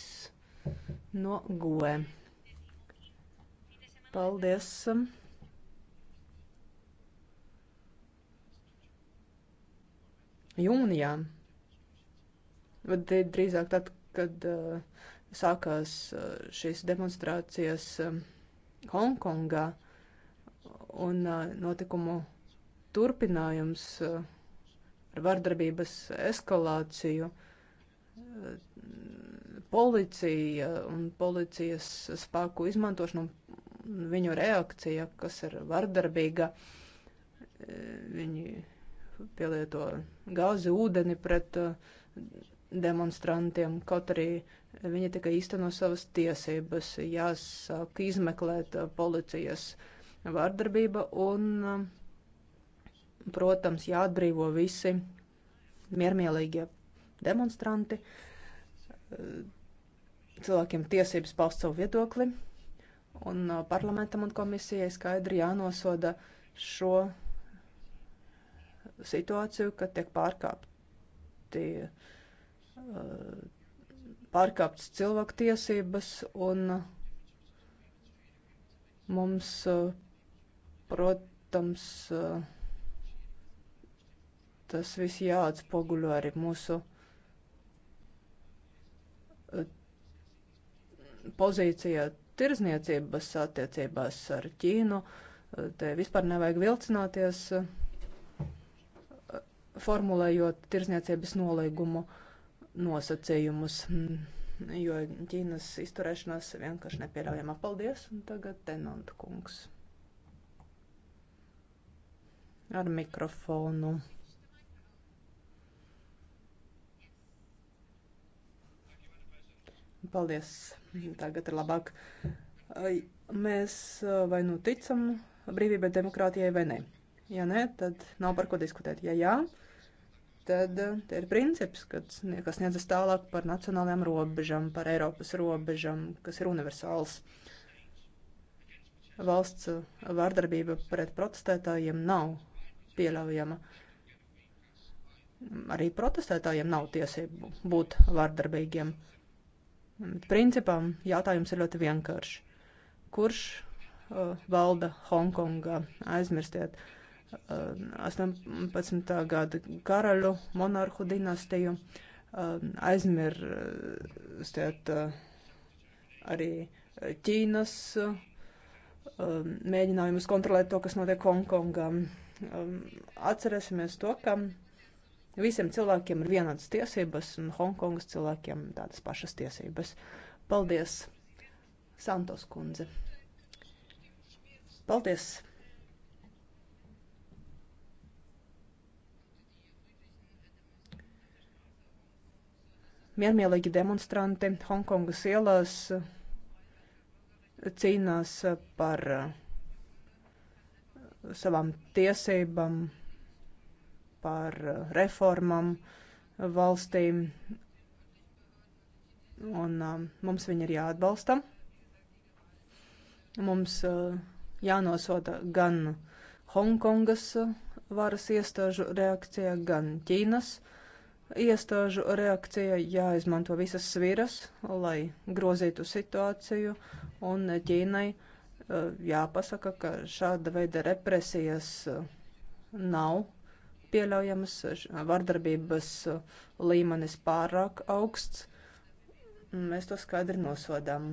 no GUE. Paldies! Jūnijā, bet drīzāk tad, kad uh, sākās uh, šīs demonstrācijas um, Hongkongā, un notikumu turpinājums ar vardarbības eskalāciju. Policija un policijas spēku izmantošana un viņu reakcija, kas ir vardarbīga, viņi pielieto gāzi, ūdeni pret demonstrantiem, kaut arī viņi tikai īsteno savas tiesības, jāsāk izmeklēt policijas uh, vārdarbība un, um, protams, jāatbrīvo visi miermīlīgie demonstranti. Uh, cilvēkiem tiesības paust savu viedokli, un uh, parlamentam un komisijai skaidri jānosoda šo situāciju, ka tiek pārkāpti, uh, pārkāptas cilvēku tiesības un mums Protams, tas viss jāatspoguļo arī mūsu eh, pozīcijā tirzniecības attiecībās ar Ķīnu. Eh, te vispār nevajag vilcināties, eh, formulējot tirzniecības nolīgumu nosacījumus, mm, jo Ķīnas izturēšanās vienkārši nepieļaujama. Paldies, un tagad Tenant kungs ar mikrofonu. Paldies, tagad ir labāk. Mēs vai nu ticam brīvībai, demokrātijai vai nē. Ja nē, tad nav par ko diskutēt. Ja jā, tad te ir princips, kas niedzas tālāk par nacionālajām robežām, par Eiropas robežām, kas ir universāls valsts vārdarbība pret protestētājiem nav pieļaujama. Arī protestētājiem nav tiesību būt vārdarbīgiem. Principā jautājums ir ļoti vienkāršs. Kurš uh, valda Hongkongā? Aizmirstiet uh, 18. gada karaļu monarhu dinastiju. Uh, aizmirstiet uh, arī Ķīnas uh, mēģinājumus kontrolēt to, kas notiek Hongkongā. Um, atcerēsimies to, ka visiem cilvēkiem ir vienādas tiesības, un Hongkongas cilvēkiem tādas pašas tiesības. Paldies, Santos kundze! Paldies! miermīlīgi demonstranti Hongkongas ielās cīnās par uh, savām tiesībām, par eh, reformām valstīm, un eh, mums viņi ir jāatbalsta. Mums eh, jānosoda gan Hongkongas varas iestāžu reakcija, gan Ķīnas iestāžu reakcija jāizmanto visas sviras, lai grozītu situāciju un Ķīnai Eh, jāpasaka, ka šāda veida represijas eh, nav pieļaujamas, vardarbības eh, līmenis pārāk augsts. Mēs to skaidri nosodām.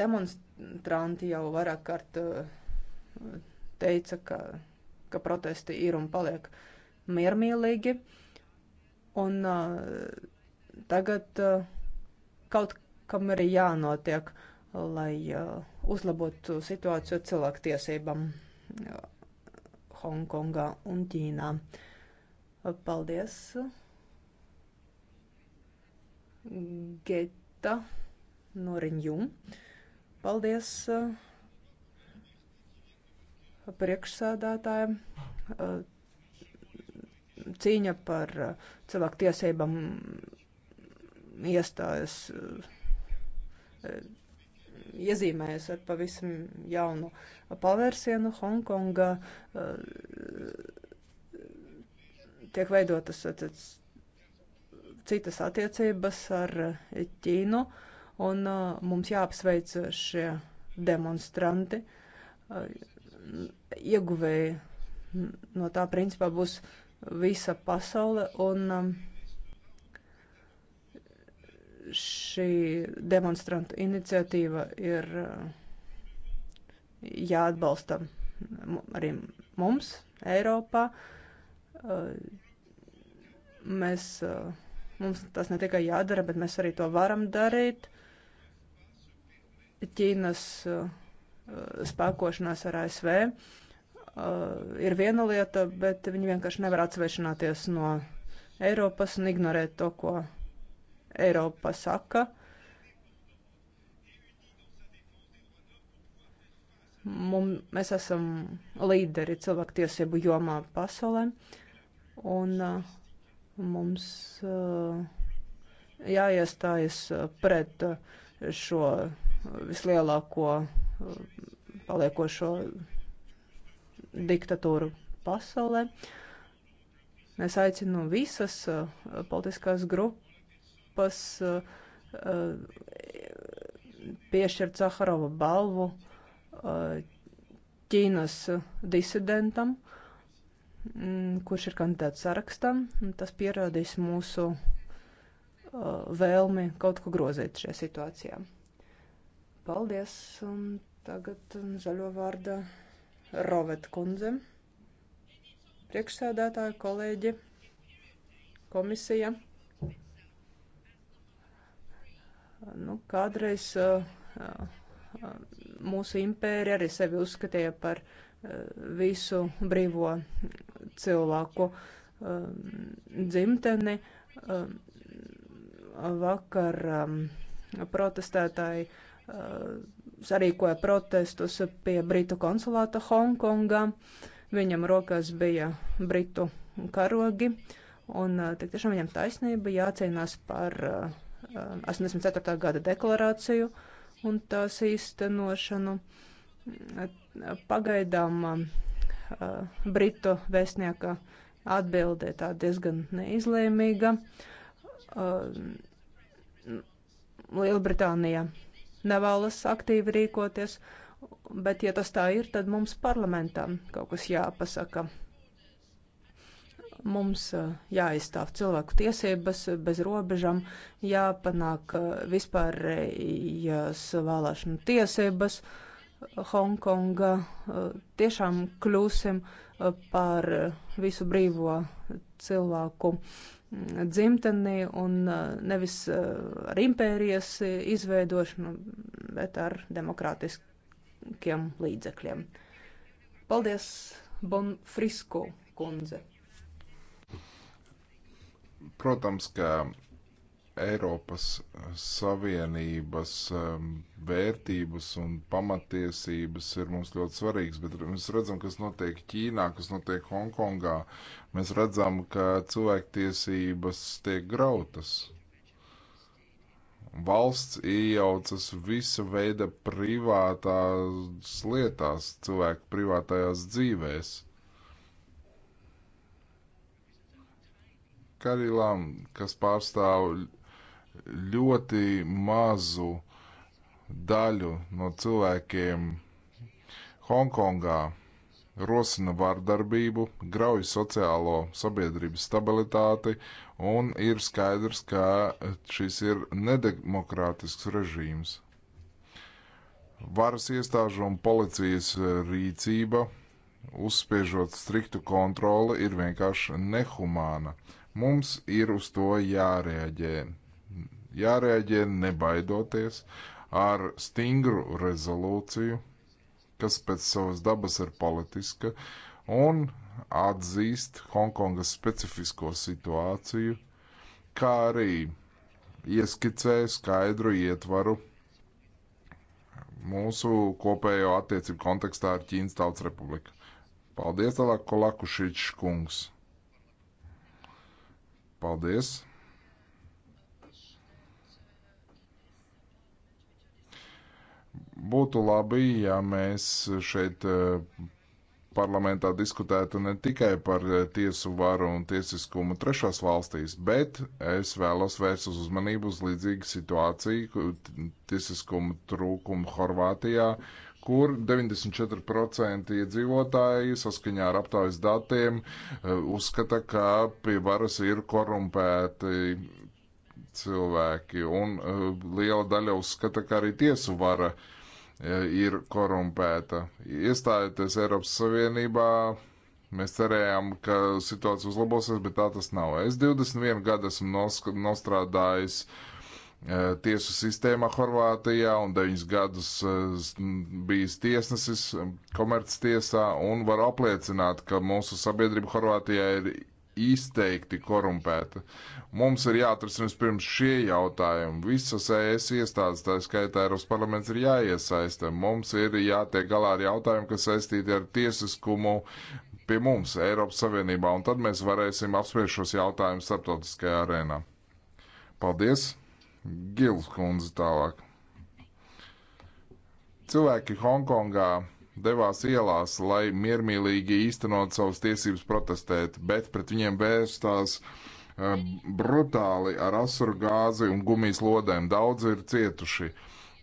Demonstranti jau vairāk kārt teica, ka, ka protesti ir un paliek miermīlīgi. Un uh, tagad uh, kaut kam ir jānotiek. Uh, lai uh, uzlabotu situāciju cilvēktiesībām uh, Hongkongā un Ķīnā. Uh, paldies! Geta Noriņjū. Paldies priekšsēdētājiem. Cīņa par cilvēku tiesībām iestājas iezīmējas ar pavisam jaunu pavērsienu. Hongkonga eh, tiek veidotas eh, citas attiecības ar eh, Ķīnu, un mums jāapsveic šie demonstranti. Ieguvēji mm, no tā principā būs visa pasaule, un um, šī demonstrantu iniciatīva ir uh, jāatbalsta arī mums, Eiropā. Uh, mēs, uh, mums tas ne tikai jādara, bet mēs arī to varam darīt. Ķīnas spēkošanās ar ASV ir viena lieta, bet viņi vienkārši nevar atsvešināties no Eiropas un ignorēt to, ko Eiropa saka. Mum, mēs esam līderi cilvēktiesību jomā pasaulē, un uh, mums uh, jāiestājas pret uh, šo vislielāko uh, paliekošo diktatūru pasaulē. Es aicinu visas uh, politiskās grupas grupas eh, eh, piešķirt Zaharova balvu eh, Ķīnas disidentam, mm, kurš ir kandidāts sarakstam. Tas pierādīs mūsu vēlmi kaut ko grozīt šajā situācijā. Paldies! Un tagad mm, zaļo vārda Rovet kundze, priekšsēdētāja kolēģi, komisija. Nu, kādreiz eh, eh, mūsu impērija arī sevi uzskatīja par eh, visu brīvo cilvēku dzimteni. Vakar protestētāji sarīkoja protestus pie Britu konsulāta Hongkongā. Viņam rokās bija Britu karogi, un tik tiešām viņam taisnība jācīnās par uh, 84. Uh, gada deklarāciju un tās īstenošanu. Pagaidām um, uh, Britu vēstnieka atbildē tā diezgan neizlēmīga. Uh, Lielbritānija nevēlas aktīvi rīkoties, bet ja tas tā ir, tad mums parlamentā kaut kas jāpasaka. Mums jāizstāv cilvēku tiesības bez robežām, jāpanāk vispārējas vēlēšanu tiesības. Hongkonga tiešām kļūsim par visu brīvo cilvēku dzimteni un nevis ar impērijas izveidošanu, bet ar demokrātiskiem līdzekļiem. Paldies, Bonfrisko kundze! Protams, ka Eiropas Savienības um, vērtības un pamatiesības ir mums ļoti svarīgas, bet mēs redzam, kas notiek Ķīnā, kas notiek Hongkongā. Mēs redzam, ka cilvēktiesības tiek grautas. Valsts iejaucas visa veida privātās lietās, cilvēku privātajās dzīvēs Karilam, kas pārstāv ļoti mazu daļu no cilvēkiem Hongkongā, rosina vardarbību, grauj sociālo sabiedrības stabilitāti un ir skaidrs, ka šis ir nedemokrātisks režīms. Varas iestāžu un policijas rīcība, uzspiežot striktu kontroli, ir vienkārši nehumāna. Mums ir uz to jārēģē. Jārēģē nebaidoties ar stingru rezolūciju, kas pēc savas dabas ir politiska, un atzīst Hongkongas specifisko situāciju, kā arī ieskicē skaidru ietvaru mūsu kopējo attiecību kontekstā ar Ķīnas Tautas Republiku. Paldies, tālāk, Kolakušičs kungs! Paldies! Būtu labi, ja mēs šeit eh, parlamentā diskutētu ne tikai par eh, tiesu varu un tiesiskumu trešās valstīs, bet es vēlos vērst uz uzmanību uz līdzīgu situāciju, tiesiskumu trūkumu Horvātijā, uh, kur 94% iedzīvotāji saskaņā ar aptaujas datiem e, uzskata, ka pie varas ir korumpēti cilvēki, un e, liela daļa uzskata, ka arī tiesu vara e, ir korumpēta. Iestājoties Eiropas Savienībā, Mēs cerējām, ka situācija uzlabosies, bet tā tas nav. Es 21 gadu esmu nostrādājis uh, Eh, tiesu sistēmā Horvātijā un 9 gadus eh, bijis tiesnesis komerctiesā un var apliecināt, ka mūsu sabiedrība Horvātijā ir izteikti korumpēta. Mums ir jāatrisina pirms šie jautājumi. Visas ES iestādes, tā skaitā Eiropas parlaments, ir jāiesaista. Mums ir jātiek galā ar jautājumu, kas saistīti ar tiesiskumu pie mums Eiropas Savienībā, un tad mēs varēsim apspriest šos jautājumus starptautiskajā arēnā. Paldies! Gils kundze tālāk. Cilvēki Hongkongā devās ielās, lai miermīlīgi īstenot savas tiesības protestēt, bet pret viņiem vērstās uh, brutāli ar asuru gāzi un gumijas lodēm. Daudzi ir cietuši.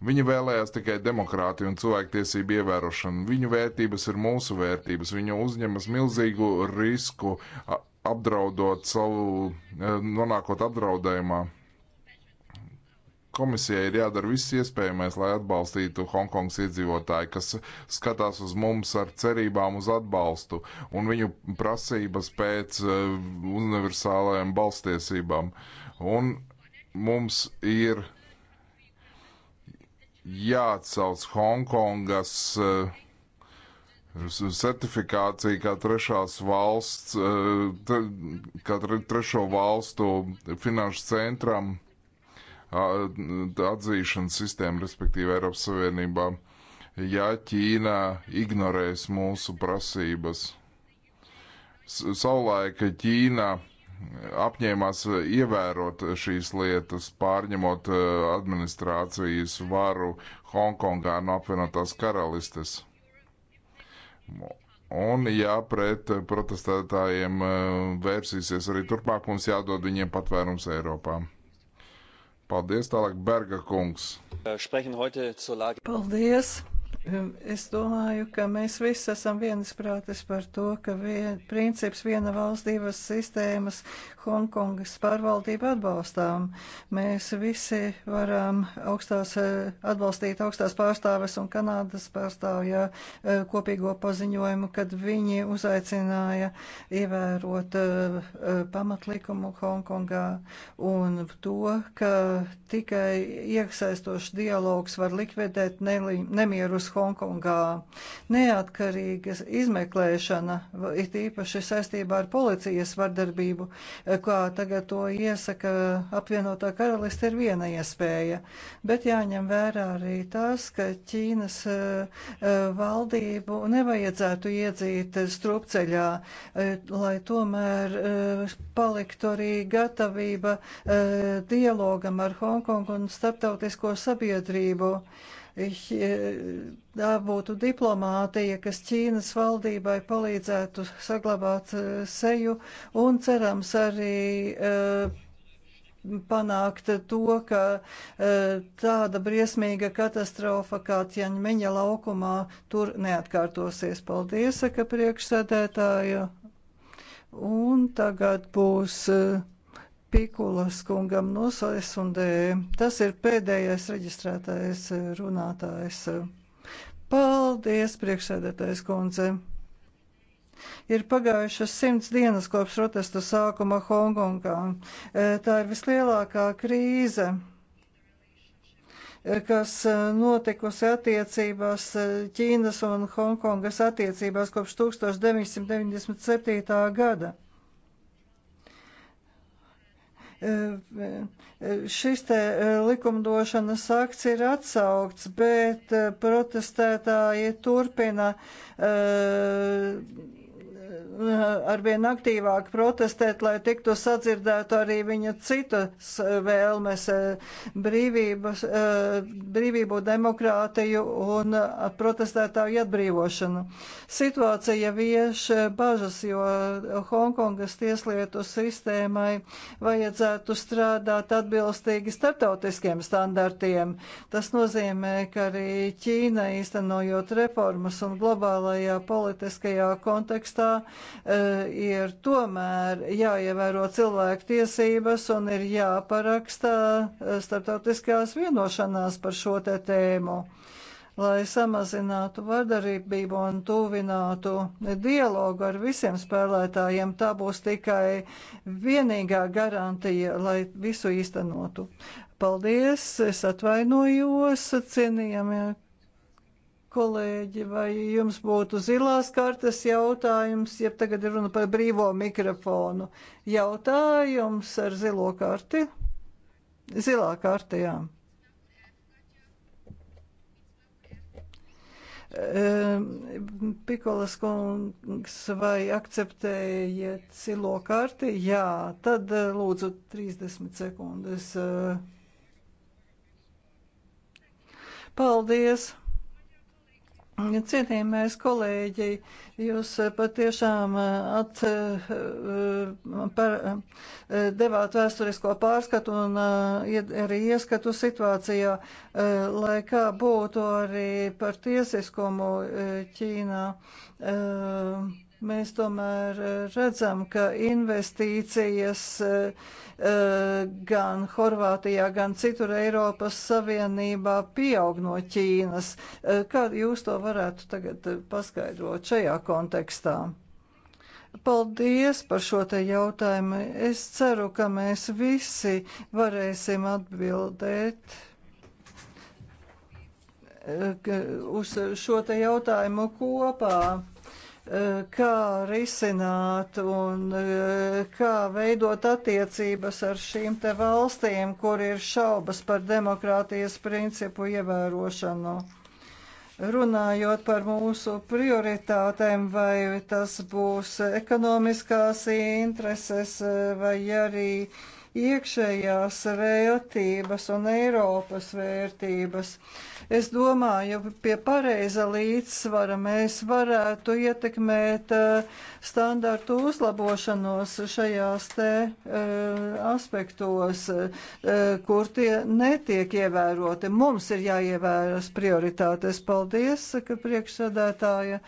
Viņi vēlējās tikai demokrātiju un cilvēktiesību ievērošanu. Viņu vērtības ir mūsu vērtības. Viņu uzņemas milzīgu risku apdraudot savu, eh, nonākot apdraudējumā Komisijai ir jādara viss iespējamais, lai atbalstītu Hongkongas iedzīvotāji, kas skatās uz mums ar cerībām uz atbalstu un viņu prasības pēc eh, universālajām balstiesībām. Un mums ir jāatsauc Hongkongas eh, certifikācija kā trešās valsts, eh, kā trešo valstu finanšu centram atzīšanas sistēmu, respektīvi Eiropas Savienībā, ja Ķīna ignorēs mūsu prasības. Saulēka Ķīna apņēmās ievērot šīs lietas, pārņemot e, administrācijas varu Hongkongā no apvienotās karalistes. Un, ja pret protestētājiem e, vērsīsies arī turpmāk, mums jādod viņiem patvērums Eiropā. Paldies, tālāk Berga kungs. Paldies! Es domāju, ka mēs visi esam viensprātis par to, ka vien, princips viena valsts, divas sistēmas Hongkongas pārvaldību atbalstām. Mēs visi varam augstās, eh, atbalstīt augstās pārstāves un Kanādas pārstāvja eh, kopīgo paziņojumu, kad viņi uzaicināja ievērot eh, pamatlikumu Hongkongā un to, ka tikai iesaistošs dialogs var likvidēt nemierus Hongkongā. Neatkarīga izmeklēšana, it īpaši saistībā ar policijas vardarbību, kā tagad to iesaka apvienotā karaliste, ir viena iespēja. Bet jāņem vērā arī tas, ka Ķīnas e, e, valdību nevajadzētu iedzīt strupceļā, e, lai tomēr paliktu arī gatavība dialogam ar Hongkongu un starptautisko sabiedrību. E, tā būtu diplomātija, kas Ķīnas valdībai palīdzētu saglabāt e, seju un cerams arī e, panākt to, ka tāda briesmīga katastrofa kā Tjaņmeņa laukumā tur neatkārtosies. Paldies, saka priekšsēdētāja. Un tagad būs. Uh, Pikulas kungam no SND. Tas ir pēdējais reģistrētais runātājs. Paldies, priekšsēdētājs kundze! Ir pagājušas simts dienas kopš protesta sākuma Hongkongā. E, tā ir vislielākā krīze e, kas e, notikusi attiecībās Ķīnas un Hongkongas attiecībās kopš 1997. gada. Šis te e, likumdošanas akts ir atsaukts, bet e, protestētāji turpina e, Eh, arvien aktīvāk protestēt, lai tiktu sadzirdētu arī viņa citas vēlmes eh, brīvības, eh, brīvību, demokrātiju un protestētāju atbrīvošanu. Situācija vieš bažas, jo Hongkongas tieslietu sistēmai vajadzētu strādāt atbilstīgi starptautiskiem standartiem. Tas nozīmē, ka arī Ķīna īstenojot reformas un globālajā politiskajā kontekstā E, ir tomēr jāievēro cilvēku tiesības un ir jāparakstā e, starptautiskās vienošanās par šo te tēmu lai samazinātu vardarbību un tuvinātu dialogu ar visiem spēlētājiem. Tā būs tikai vienīgā garantija, lai visu īstenotu. Paldies, es atvainojos, cienījamie Kolēģi, vai jums būtu zilās kartas jautājums, ja tagad ir runa par brīvo mikrofonu? Jautājums ar zilo karti? Zilā karta, jā. Ehm, Pikolas kungs, vai akceptējiet silo karti? Jā, tad eh, lūdzu 30 sekundes. Eh. Paldies! Cienījamais kolēģi, jūs eh, patiešām eh, at, eh, par, devāt vēsturisko pārskatu un arī ieskatu situācijā, lai kā būtu arī par tiesiskumu Ķīnā Mēs tomēr eh, redzam, ka investīcijas eh, eh, gan Horvātijā, gan citur Eiropas Savienībā pieaug no Ķīnas. Kā jūs to varētu tagad paskaidrot šajā kontekstā? Paldies par šo te jautājumu. Es ceru, ka mēs visi varēsim atbildēt uz šo te jautājumu kopā kā risināt un eh, kā veidot attiecības ar šīm te valstīm, kur ir šaubas par demokrātijas principu ievērošanu. Runājot par mūsu prioritātēm, vai tas būs ekonomiskās intereses eh, vai arī iekšējās vērtības un Eiropas vērtības. Uh, Es domāju, pie pareiza līdzsvara mēs varētu ietekmēt eh, standartu uzlabošanos šajās te eh, aspektos, eh, kur tie netiek ievēroti. Mums ir jāievēras prioritātes. Paldies, ka priekšsēdētāja.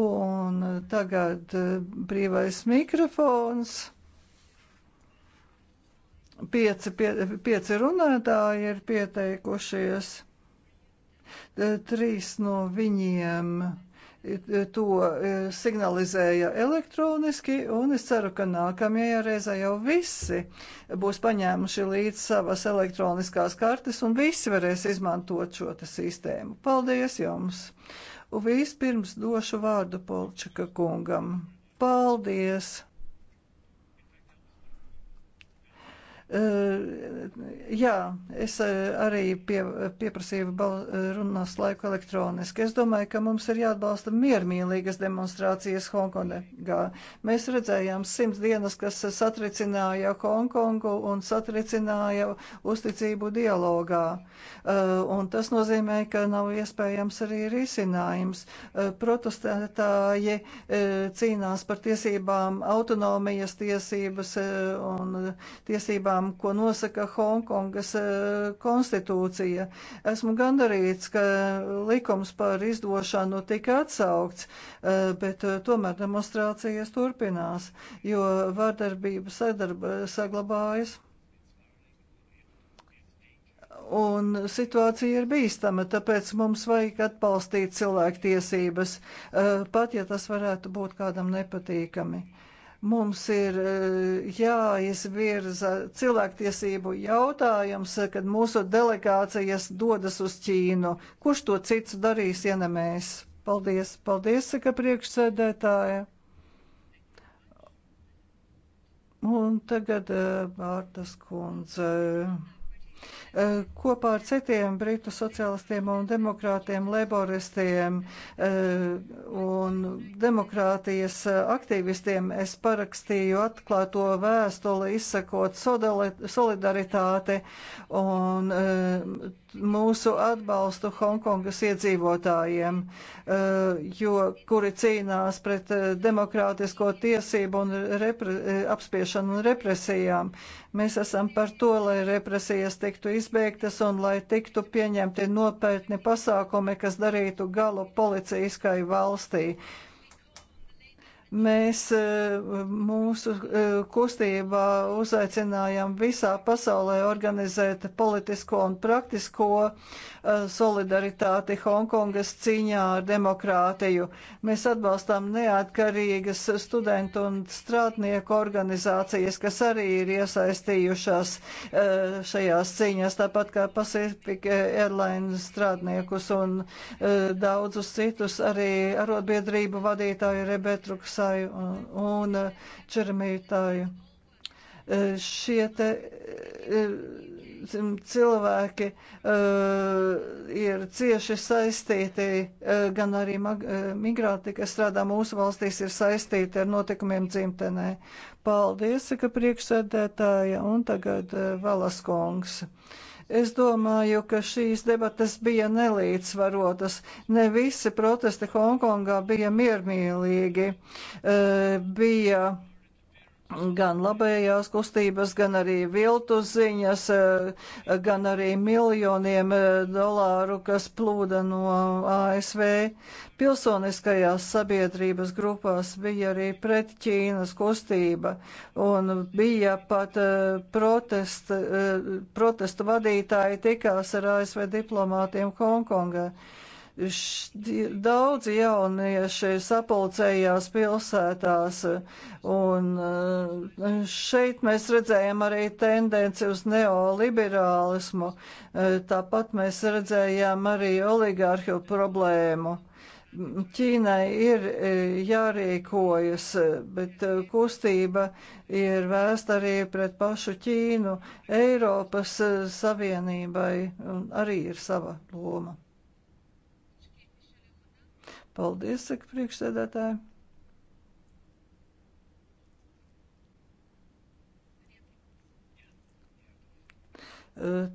Un tagad brīvais mikrofons pieci, pie, pieci runātāji ir pieteikušies. Trīs no viņiem eh, to eh, signalizēja elektroniski, un es ceru, ka nākamajā reizē jau visi būs paņēmuši līdz savas elektroniskās kartes, un visi varēs izmantot šo sistēmu. Paldies jums! Un vispirms došu vārdu Polčaka kungam. Paldies! Eh, jā, es eh, arī pie, pieprasīju eh, runas laiku elektroniski. Es domāju, ka mums ir jāatbalsta miermīlīgas demonstrācijas Hongkongā. Mēs redzējām simts dienas, kas satricināja Hongkongu un satricināja uzticību dialogā. Un tas nozīmē, ka nav iespējams arī risinājums. Protestētāji cīnās par tiesībām, autonomijas tiesības un tiesībām tiesībām, ko nosaka Hongkongas eh, konstitūcija. Esmu gandarīts, ka likums par izdošanu tika atsaukts, eh, bet eh, tomēr demonstrācijas turpinās, jo vardarbība sadarba, saglabājas un situācija ir bīstama, tāpēc mums vajag atbalstīt cilvēktiesības, pat ja tas varētu būt kādam nepatīkami. Mums ir eh, jāizvirza cilvēktiesību jautājums, kad mūsu delegācijas dodas uz Ķīnu. Kurš to cits darīs, ja ne mēs? Paldies, paldies, saka priekšsēdētāja. Un tagad vārdas eh, kundze. Eh, kopā ar citiem britu sociālistiem un demokrātiem, laboristiem eh, un demokrātijas aktīvistiem es parakstīju atklāto vēstuli, izsakot solidaritāti un eh, mūsu atbalstu Hongkongas iedzīvotājiem, jo, kuri cīnās pret demokrātisko tiesību un repre, apspiešanu un represijām. Mēs esam par to, lai represijas tiktu izbeigtas un lai tiktu pieņemti nopietni pasākumi, kas darītu galu policijai valstī. Mēs eh, mūsu eh, kustībā uzaicinājām visā pasaulē organizēt politisko un praktisko eh, solidaritāti Hongkongas cīņā ar demokrātiju. Mēs atbalstām neatkarīgas studentu un strādnieku organizācijas, kas arī ir iesaistījušās šajās cīņās, tāpat kā Pacific Airlines strādniekus un daudzus citus arī arotbiedrību vadītāju Rebetruks maksāju un, un uh, čermītāju. Uh, šie te uh, cilvēki ir cieši saistīti, gan arī migrāti, kas strādā mūsu valstīs, ir saistīti ar notikumiem dzimtenē. Paldies, ka priekšsēdētāja, un tagad Valaskongs. kungs. Es domāju, ka šīs debatas bija nelīdzsvarotas. Ne visi protesti Hongkongā bija miermīlīgi. Eh, bija gan labējās kustības, gan arī viltu ziņas, eh, gan arī miljoniem eh, dolāru, kas plūda no ASV. Pilsoniskajās sabiedrības grupās bija arī pret Ķīnas kustība un bija pat eh, protest, protestu vadītāji tikās ar ASV diplomātiem Hongkongā. Daudzi jaunieši sapulcējās pilsētās, un eh, šeit mēs redzējām arī tendenci uz neoliberālismu, eh, tāpat mēs redzējām arī oligārhu problēmu. Ķīnai ir eh, jārīkojas, bet kustība ir vēsta arī pret pašu Ķīnu. Eiropas Savienībai arī ir sava loma. Paldies, saka priekšsēdētāji.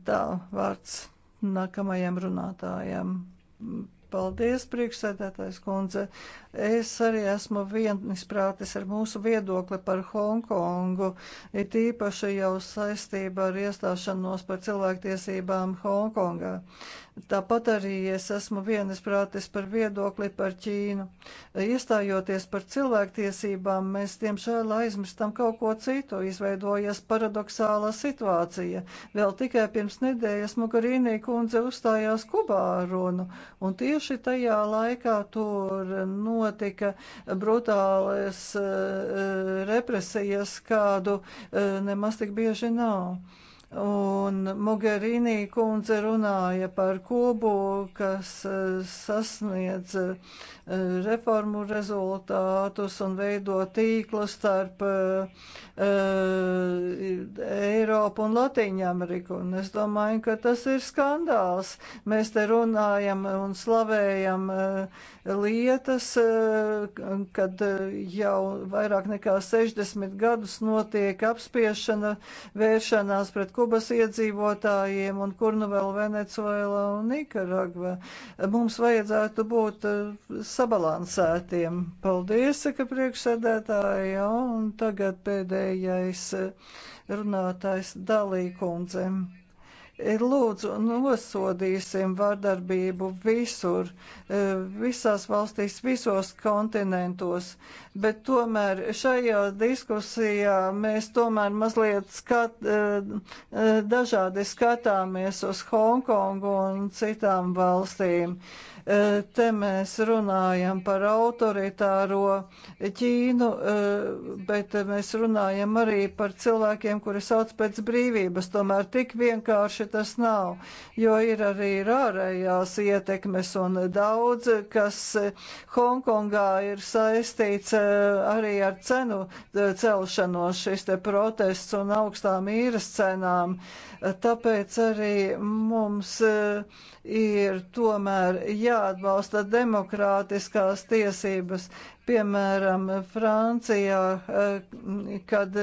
Tā vārds nākamajam runātājam. Paldies, priekšsēdētājs kundze. Es arī esmu vienisprātis ar mūsu viedokli par Hongkongu, it īpaši jau saistībā ar iestāšanos par cilvēktiesībām Hongkongā. Tāpat arī es esmu vienisprātis par viedokli par Ķīnu. Iestājoties par cilvēktiesībām, mēs tiemžēl aizmirstam kaut ko citu. Izveidojas paradoxāla situācija. Vēl tikai pirms nedēļas Mugarīnī kundze uzstājās Kubā runu, un tieši tajā laikā tur notika brutālas uh, represijas, kādu uh, nemaz tik bieži nav. Un Mogherini kundze runāja par Kubu, kas eh, sasniedz reformu rezultātus un veido tīklu starp eh, Eiropu un Latīņu Ameriku. Un es domāju, ka tas ir skandāls. Mēs te runājam un slavējam eh, lietas, eh, kad jau vairāk nekā 60 gadus notiek apspiešana, vēršanās pret Kubas iedzīvotājiem un kur nu vēl Venecuēlā un Nikaragva. Mums vajadzētu būt sabalansētiem. Paldies, ka priekšsēdētāji, ja, un tagad pēdējais eh, runātājs dalīkundzem. Lūdzu, nosodīsim vardarbību visur, eh, visās valstīs, visos kontinentos, bet tomēr šajā diskusijā mēs tomēr mazliet skat, eh, dažādi skatāmies uz Hongkongu un citām valstīm. Te mēs runājam par autoritāro Ķīnu, bet mēs runājam arī par cilvēkiem, kuri sauc pēc brīvības. Tomēr tik vienkārši tas nav, jo ir arī ārējās ietekmes un daudz, kas Hongkongā ir saistīts arī ar cenu celšanos, šis te protests un augstām īres cenām. Tāpēc arī mums ir tomēr jā jāatbalsta demokrātiskās tiesības. Piemēram, Francijā, eh, kad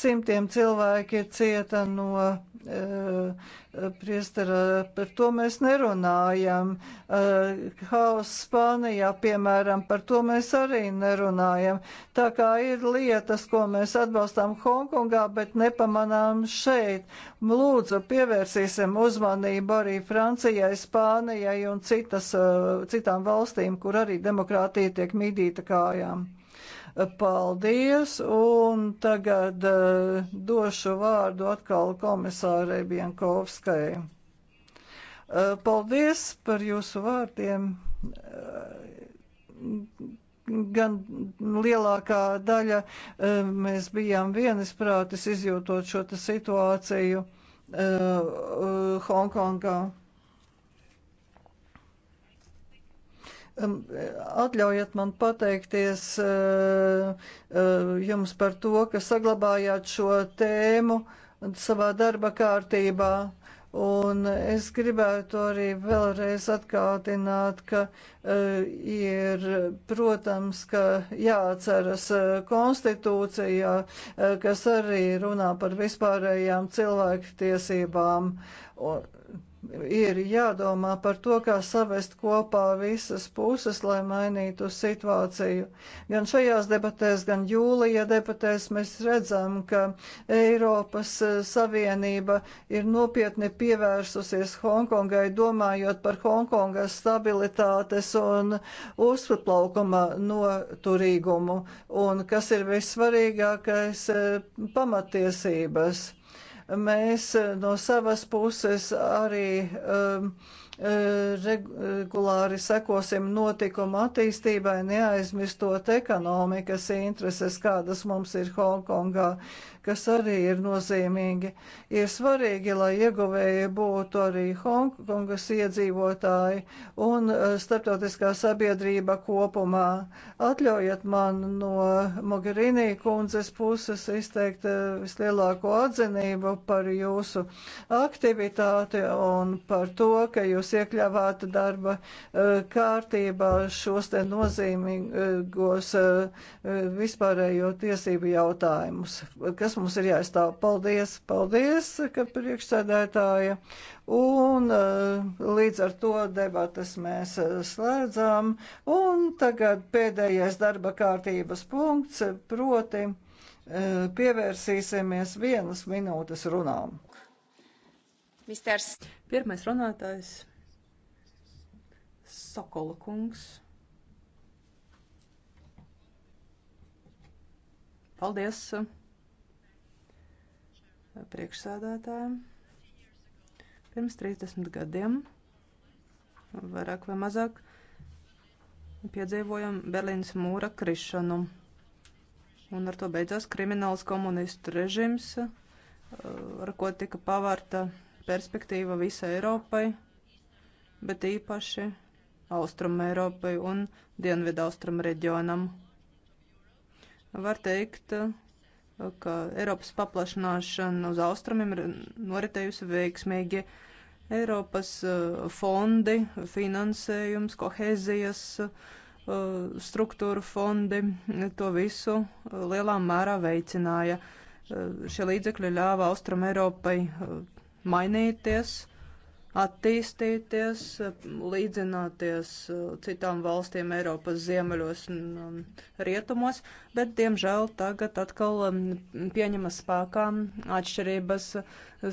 simtiem cilvēki cieta no eh, priestara, par to mēs nerunājam. Eh, Haus Spānijā, piemēram, par to mēs arī nerunājam. Tā kā ir lietas, ko mēs atbalstām Hongkongā, bet nepamanām šeit. Lūdzu, pievērsīsim uzmanību arī Francijai, Spānijai un citas, eh, citām valstīm, kur arī demokrātija tiek mīdīta kājām. Paldies, un tagad eh, došu vārdu atkal komisārai Bienkovskai. Eh, paldies par jūsu vārdiem eh, gan lielākā daļa mēs bijām vienisprātis izjūtot šo situāciju Hongkongā. Uh, uh, Atļaujiet man pateikties eh, eh, jums par to, ka saglabājāt šo tēmu savā darba kārtībā. Un es gribētu arī vēlreiz atkārtināt, ka uh, ir, protams, ka jāatceras uh, konstitūcijā, uh, kas arī runā par vispārējām cilvēku tiesībām. Un, ir jādomā par to, kā savest kopā visas puses, lai mainītu situāciju. Gan šajās debatēs, gan jūlija debatēs mēs redzam, ka Eiropas eh, Savienība ir nopietni pievērsusies Hongkongai, domājot par Hongkongas stabilitātes un uzplaukuma noturīgumu, un kas ir vissvarīgākais eh, pamatiesības. Mēs eh, no savas puses arī um, regulāri sekosim notikumu attīstībai, neaizmirstot ekonomikas intereses, kādas mums ir Hongkongā kas arī ir nozīmīgi. Ir svarīgi, lai ieguvēji būtu arī Hongkongas iedzīvotāji un eh, starptautiskā sabiedrība kopumā. Atļaujiet man no Mogherini kundzes puses izteikt eh, vislielāko atzinību par jūsu aktivitāti un par to, ka jūs iekļāvāt darba eh, kārtībā šos te nozīmīgos vispārējo tiesību jautājumus, kas kas mums ir jāizstāv. Paldies, paldies, ka priekšsēdētāja. Un uh, līdz ar to debatas mēs uh, slēdzām. Un tagad pēdējais darba kārtības punkts, proti uh, pievērsīsimies vienas minūtes runām. Misters. Pirmais runātājs - Sokola kungs. Paldies! priekšsēdētājiem. Pirms 30 gadiem, vairāk vai mazāk, piedzīvojam Berlīnas mūra krišanu. Un ar to beidzās krimināls komunistu režims, eh, ar ko tika pavārta perspektīva visai Eiropai, bet īpaši Austrum Eiropai un Dienvidu Austrum reģionam. Var teikt, ka Eiropas paplašināšana uz austrumiem ir noritējusi veiksmīgi. Eiropas uh, fondi, finansējums, kohēzijas uh, struktūra fondi to visu uh, lielā mērā veicināja. Šie līdzekļi ļāva Austrum Eiropai mainīties attīstīties, līdzināties uh, citām valstīm Eiropas ziemeļos un um, rietumos, bet, diemžēl, tagad atkal um, pieņemas spēkā atšķirības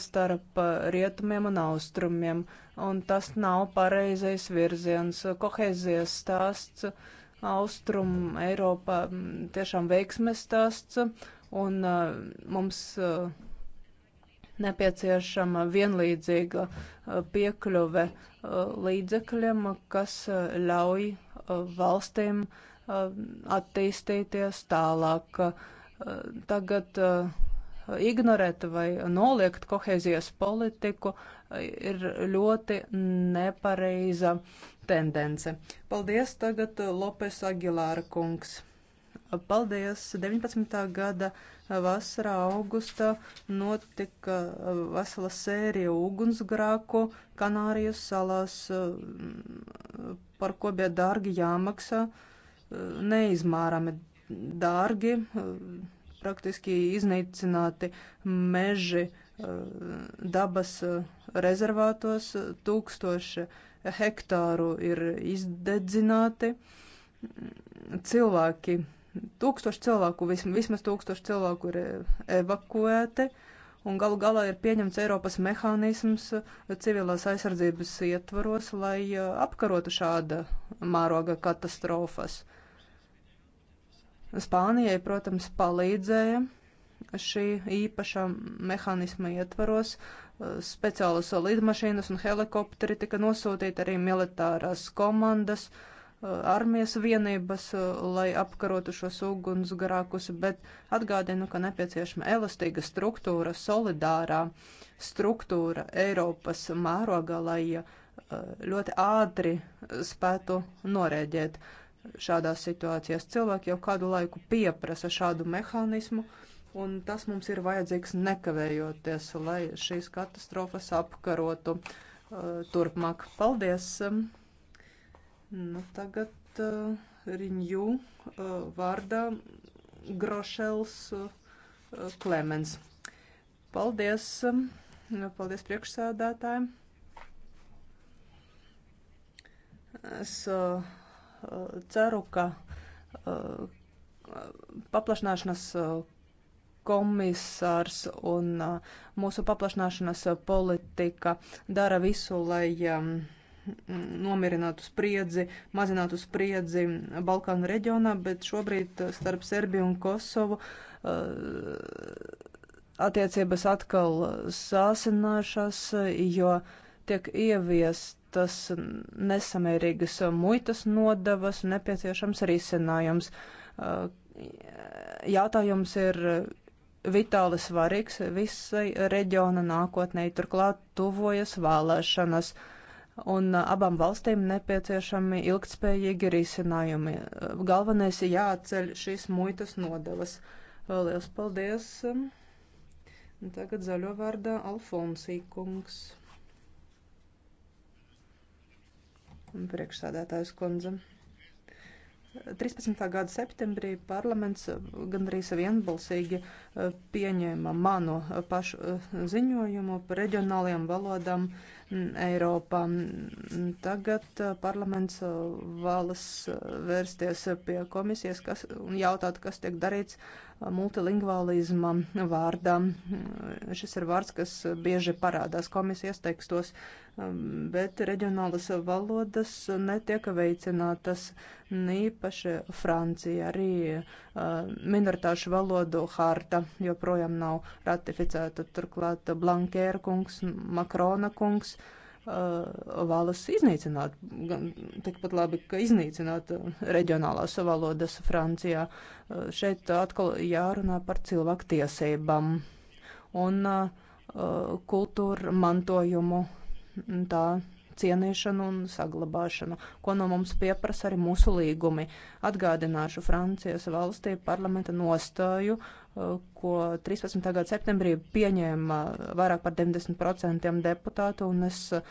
starp uh, rietumiem un austrumiem, un tas nav pareizais virziens. Kohēzijas stāsts Austrum Eiropā mm, tiešām veiksmes stāsts, un uh, mums. Uh, nepieciešama vienlīdzīga uh, piekļuve uh, līdzekļiem, kas uh, ļauj valstīm attīstīties tālāk. Tagad ignorēt vai noliegt kohēzijas politiku ir ļoti nepareiza tendence. Paldies tagad Lopes Agilāra kungs. Paldies! 19. gada eh, vasarā augusta notika eh, vesela sērija ugunsgrāku Kanārijas salās, eh, par ko bija dārgi jāmaksā, neizmērami dārgi, praktiski iznīcināti meži dabas rezervātos, tūkstoši hektāru ir izdedzināti cilvēki Tūkstoši cilvēku, vismaz, vismaz tūkstoši cilvēku ir eh, evakuēti, un galu galā ir pieņemts Eiropas mehānisms civilās aizsardzības ietvaros, lai eh, apkarotu šāda mēroga katastrofas. Spānijai, protams, palīdzēja šī īpašā mehānisma ietvaros. Speciālas lidmašīnas un helikopteri tika nosūtīti arī militārās komandas. Uh, armijas vienības, e, lai apkarotu šos ugunsgrākus, bet atgādinu, ka nepieciešama elastīga struktūra, solidārā struktūra Eiropas mērogā, lai e, ļoti ātri spētu norēģēt šādās situācijās. Cilvēki jau kādu laiku pieprasa šādu mehānismu, un tas mums ir vajadzīgs nekavējoties, lai šīs katastrofas apkarotu e, turpmāk. Paldies! Nu, tagad uh, eh, riņģu uh, eh, vārdā Grošels uh, Klemens. Paldies, uh, paldies priekšsēdētājiem. Es uh, ceru, ka uh, paplašināšanas komisārs un mūsu paplašināšanas politika dara visu, lai nomirinātu spriedzi, mazinātu spriedzi Balkānu reģionā, bet šobrīd eh, starp Serbiju un Kosovu eh, attiecības atkal sāsināšas, jo tiek ieviestas nesamērīgas muitas nodevas un nepieciešams risinājums. Eh, jautājums ir vitāli svarīgs visai reģiona nākotnē, turklāt tuvojas vēlēšanas. Uh, un uh, abām valstīm nepieciešami ilgtspējīgi risinājumi. Uh, galvenais ir jāatceļ šīs muitas nodevas. Lielas paldies! Um, tagad zaļo vārdā Alfonsī kungs. Priekšsādātājs kundze. 13. gada septembrī parlaments eh, gandrīz vienbalsīgi eh, pieņēma manu eh, pašu ziņojumu par reģionālajām valodām mm, Eiropā. Mm, tagad parlaments vēlas vērsties pie komisijas kas, un jautāt, kas tiek darīts multilingvālisma vārdā. Šis ir vārds, kas bieži parādās komisijas tekstos, um, bet reģionālas valodas netiek veicinātas īpaši Francija. Arī uh, minoritāšu valodu harta joprojām nav ratificēta. Turklāt Blankēra kungs, Makrona kungs Uh, vēlas iznīcināt, gan tikpat labi, ka iznīcināt uh, reģionālās valodas Francijā. Uh, šeit atkal jārunā par cilvēku tiesībām un kultūra mantojumu. Tā cienīšanu un saglabāšanu, ko no mums pieprasa arī mūsu līgumi. Atgādināšu Francijas valstī parlamenta nostāju, eh, ko 13. gada septembrī pieņēma eh, vairāk par 90% deputātu, un es eh,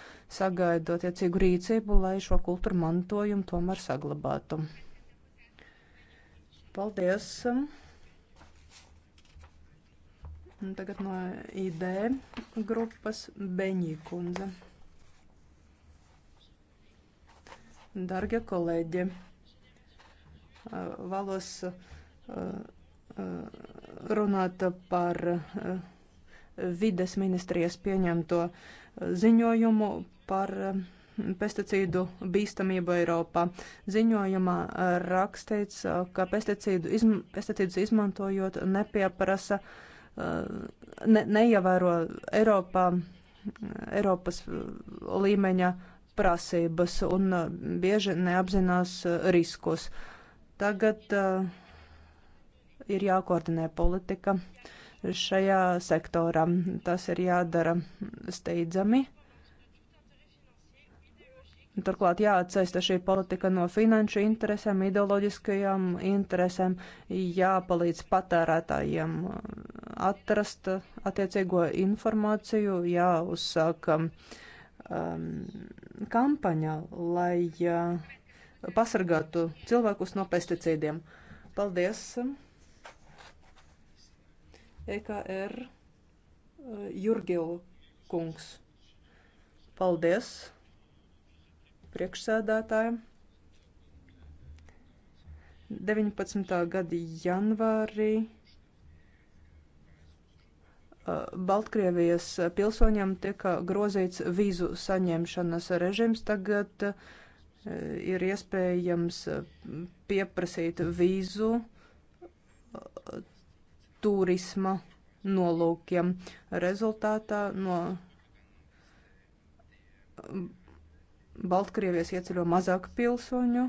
sagaidu attiecīgu rīcību, lai šo kultūru mantojumu tomēr saglabātu. Paldies! Un tagad no ID grupas Beņī kundze. Dargie kolēģi, vēlos runāt par vides ministrijas pieņemto ziņojumu par pesticīdu bīstamību Eiropā. Ziņojumā rakstīts, ka pesticīdu izm pesticīdus izmantojot nepieprasa, ne neievēro Eiropā, Eiropas līmeņa prasības un uh, bieži neapzinās uh, riskus. Tagad uh, ir jākoordinē politika šajā sektorā. Tas ir jādara steidzami. Turklāt jāatsaista šī politika no finanšu interesēm, ideoloģiskajām interesēm, jāpalīdz patērētājiem uh, atrast attiecīgo informāciju, jāuzsāk uh, um, um, kampaņa, lai uh, pasargātu cilvēkus no pesticīdiem. Paldies! EKR uh, Jurgilu kungs. Paldies priekšsēdētājiem. 19. gada janvārī Baltkrievijas pilsoņiem tika grozīts vīzu saņemšanas režims. Tagad e, ir iespējams e, pieprasīt vīzu e, turisma nolūkiem. Rezultātā no Baltkrievijas ieceļo mazāk pilsoņu.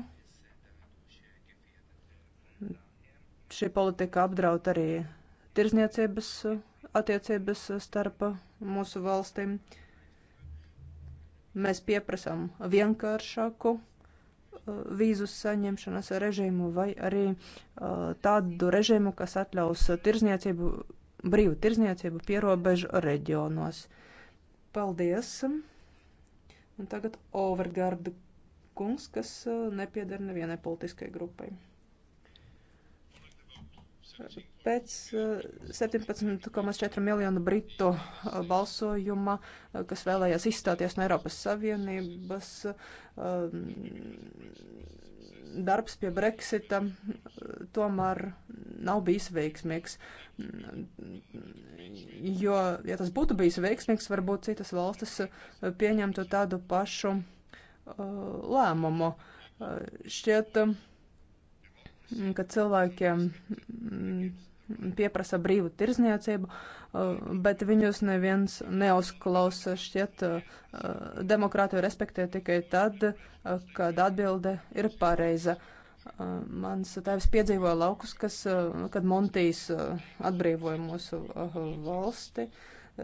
Šī politika apdraud arī tirzniecības attiecības starp mūsu valstīm. Mēs pieprasām vienkāršāku uh, vīzu saņemšanas režīmu vai arī uh, tādu režīmu, kas atļaus tirzniecību, brīvu tirzniecību pierobežu reģionos. Paldies! Un tagad Overgard kungs, kas uh, nepiedara nevienai politiskai grupai. Pēc 17,4 eh, miljonu britu eh, balsojuma, eh, kas vēlējās izstāties no Eiropas Savienības, darbs pie Brexita tomēr nav bijis veiksmīgs. Jo, ja tas būtu bijis veiksmīgs, varbūt citas valstis pieņemtu tādu pašu lēmumu. Šķiet, ka cilvēkiem mm, pieprasa brīvu tirzniecību, uh, bet viņus neviens neuzklausa. Šķiet, uh, demokrātiju respektē tikai tad, uh, kad atbilde ir pareiza. Mans tēvs piedzīvoja laukus, kas, kad Montijs atbrīvoja mūsu valsti.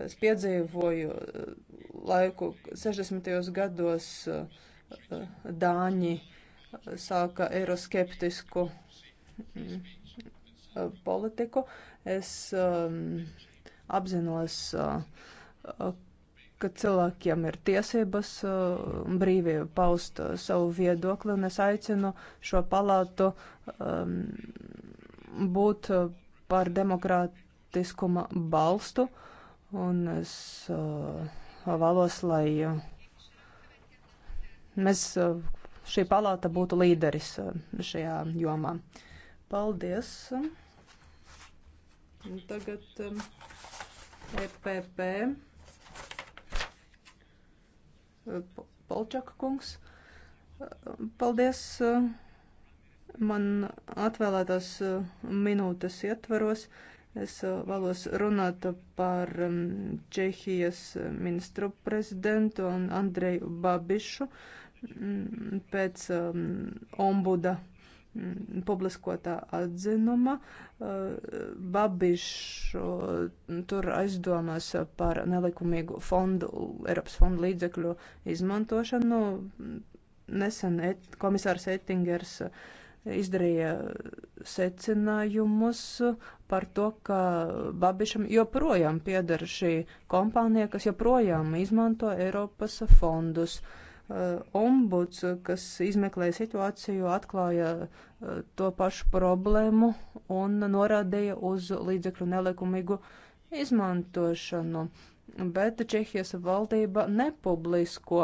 Es piedzīvoju laiku 60. gados Dāņi sāka eiroskeptisku politiku. Es um, apzinos, uh, ka cilvēkiem ir tiesības uh, brīvi paust uh, savu viedokli, un es aicinu šo palātu um, būt uh, par demokrātiskuma balstu, un es uh, vēlos, lai uh, mēs. Uh, šī palāta būtu līderis uh, šajā jomā. Paldies. Un tagad um, EPP. Uh, Polčaka kungs. Uh, paldies. Uh, man atvēlētās minūtes ietvaros. Es vēlos runāt par um, Čehijas ministru prezidentu un Andreju Babišu mm, pēc um, ombuda. Um, Mm, publiskotā atzinuma. Eh, Babišu tur aizdomās par nelikumīgu fondu, Eiropas fondu līdzekļu izmantošanu. Nesen et, komisārs Ettingers izdarīja secinājumus par to, ka Babišam joprojām pieder šī kompānija, kas joprojām izmanto Eiropas fondus. Uh, Eh, ombuds, kas izmeklēja situāciju, atklāja eh, to pašu problēmu un norādīja uz līdzekļu nelikumīgu izmantošanu. Bet Čehijas valdība nepublisko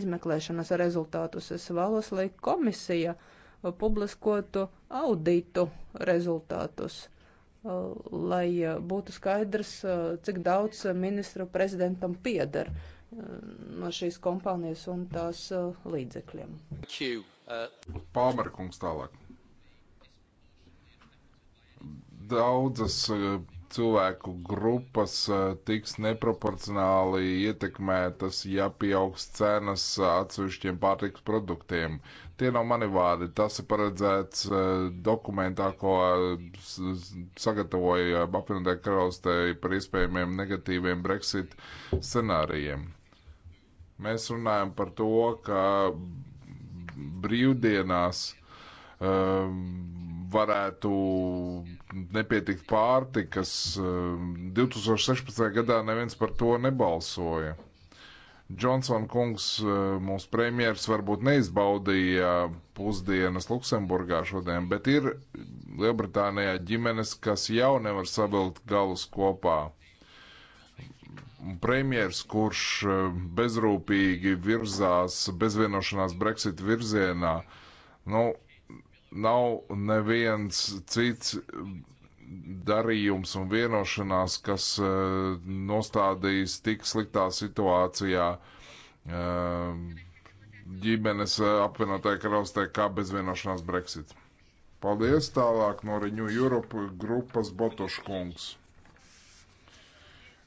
izmeklēšanas rezultātus. Es vēlos, lai komisija publiskotu auditu rezultātus, eh, lai būtu skaidrs, cik daudz ministru prezidentam piedara Eh, no šīs kompānijas un tās eh, līdzekļiem. Uh, Pāmerkungs tālāk. Daudzas eh, cilvēku grupas tiks neproporcionāli ietekmētas, ja pieaugs cenas atsevišķiem pārtiks produktiem. Tie nav mani vārdi, tas ir paredzēts dokumentā, ko sagatavoja apvienotā karalistē par iespējamiem negatīviem Brexit scenārijiem. Mēs runājam par to, ka brīvdienās um, varētu nepietikt pārtikas. 2016. Um, gadā neviens par to nebalsoja. Džonsona kungs, um, mūsu premjeras, varbūt neizbaudīja pusdienas Luksemburgā šodien, bet ir Lielbritānijā ģimenes, kas jau nevar savilkt galus kopā premjers, kurš e, bezrūpīgi virzās bezvienošanās Brexit virzienā, nu, nav neviens cits darījums un vienošanās, kas e, nostādījis tik sliktā situācijā e, ģimenes apvienotāja karalistē kā bezvienošanās Brexit. Paldies tālāk no Riņu Europa grupas Botoškungs.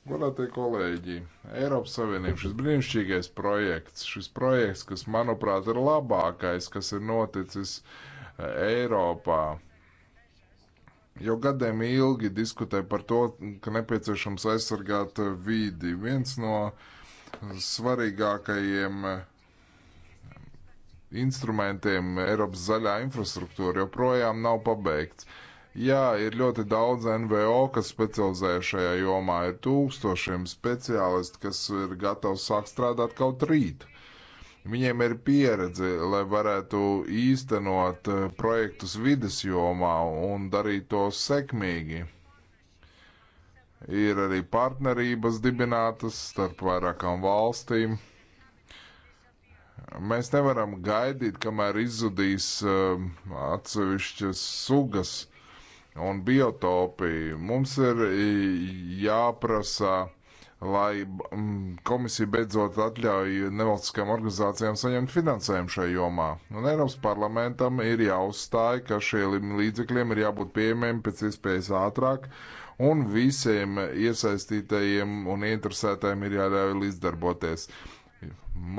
Godātie kolēģi, Eiropas Savienība, šis brīnišķīgais projekts, šis projekts, kas, manuprāt, ir labākais, kas ir noticis eh, Eiropā. Jau gadiem ilgi diskutē par to, ka nepieciešams aizsargāt eh, vīdi. Viens no svarīgākajiem eh, instrumentiem Eiropas zaļā infrastruktūra joprojām nav pabeigts. Uh, Jā, ir ļoti daudz NVO, kas specializējas šajā jomā. Ir tūkstošiem speciālistu, kas ir gatavi sākt strādāt kaut rīt. Viņiem ir pieredze, lai varētu īstenot eh, projektus vidas jomā un darīt to sekmīgi. Ir arī partnerības dibinātas starp vairākām valstīm. Mēs nevaram gaidīt, kamēr izzudīs eh, atsevišķas sugas un biotopi. Mums ir jāprasa, lai mm, komisija beidzot atļauj nevalstiskajām organizācijām saņemt finansējumu šajā jomā. Un Eiropas parlamentam ir jāuzstāj, ka šiem līdzekļiem ir jābūt pieejamiem pēc iespējas ātrāk, un visiem iesaistītajiem un interesētājiem ir jāļauj līdzdarboties.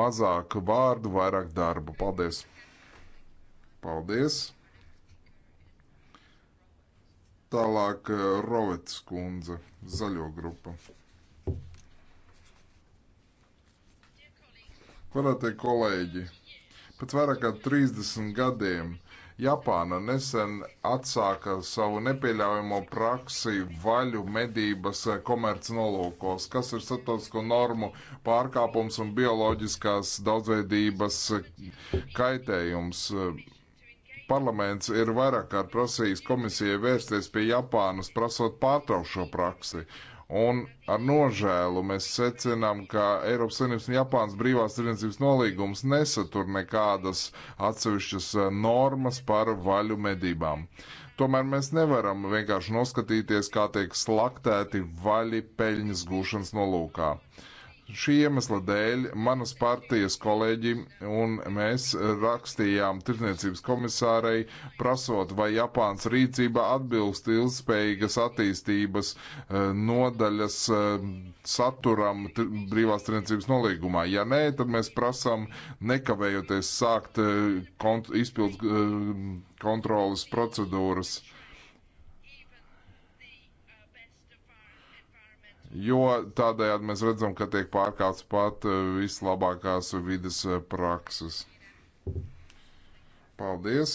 Mazāk vārdu, vairāk darbu. Paldies! Paldies! Tālāk eh, Rovets kundze, zaļo grupa. Varētu kolēģi, pēc vairāk kā 30 gadiem Japāna nesen atsāka savu nepieļaujamo praksi vaļu medības eh, komerc nolūkos, kas ir starptautisko normu pārkāpums un bioloģiskās daudzveidības eh, kaitējums Parlaments ir vairāk kārt prasījis komisijai vērsties pie Japānas, prasot pārtraukt šo praksi. Un ar nožēlu mēs secinām, ka Eiropas Savienības un Japānas brīvās tirdzniecības nolīgums nesatur nekādas atsevišķas eh, normas par vaļu medībām. Tomēr mēs nevaram vienkārši noskatīties, kā tiek slaktēti vaļi peļņas gūšanas nolūkā. Uh, Šī iemesla dēļ manas partijas kolēģi un mēs rakstījām Tirzniecības komisārei, prasot, vai Japāns rīcība atbilst ilgspējīgas attīstības eh, nodaļas eh, saturam brīvās tirzniecības nolīgumā. Ja nē, tad mēs prasām nekavējoties sākt eh, kont izpildu kontrolas procedūras. jo tādējādi mēs redzam, ka tiek pārkāpts pat eh, vislabākās vidas eh, prakses. Paldies!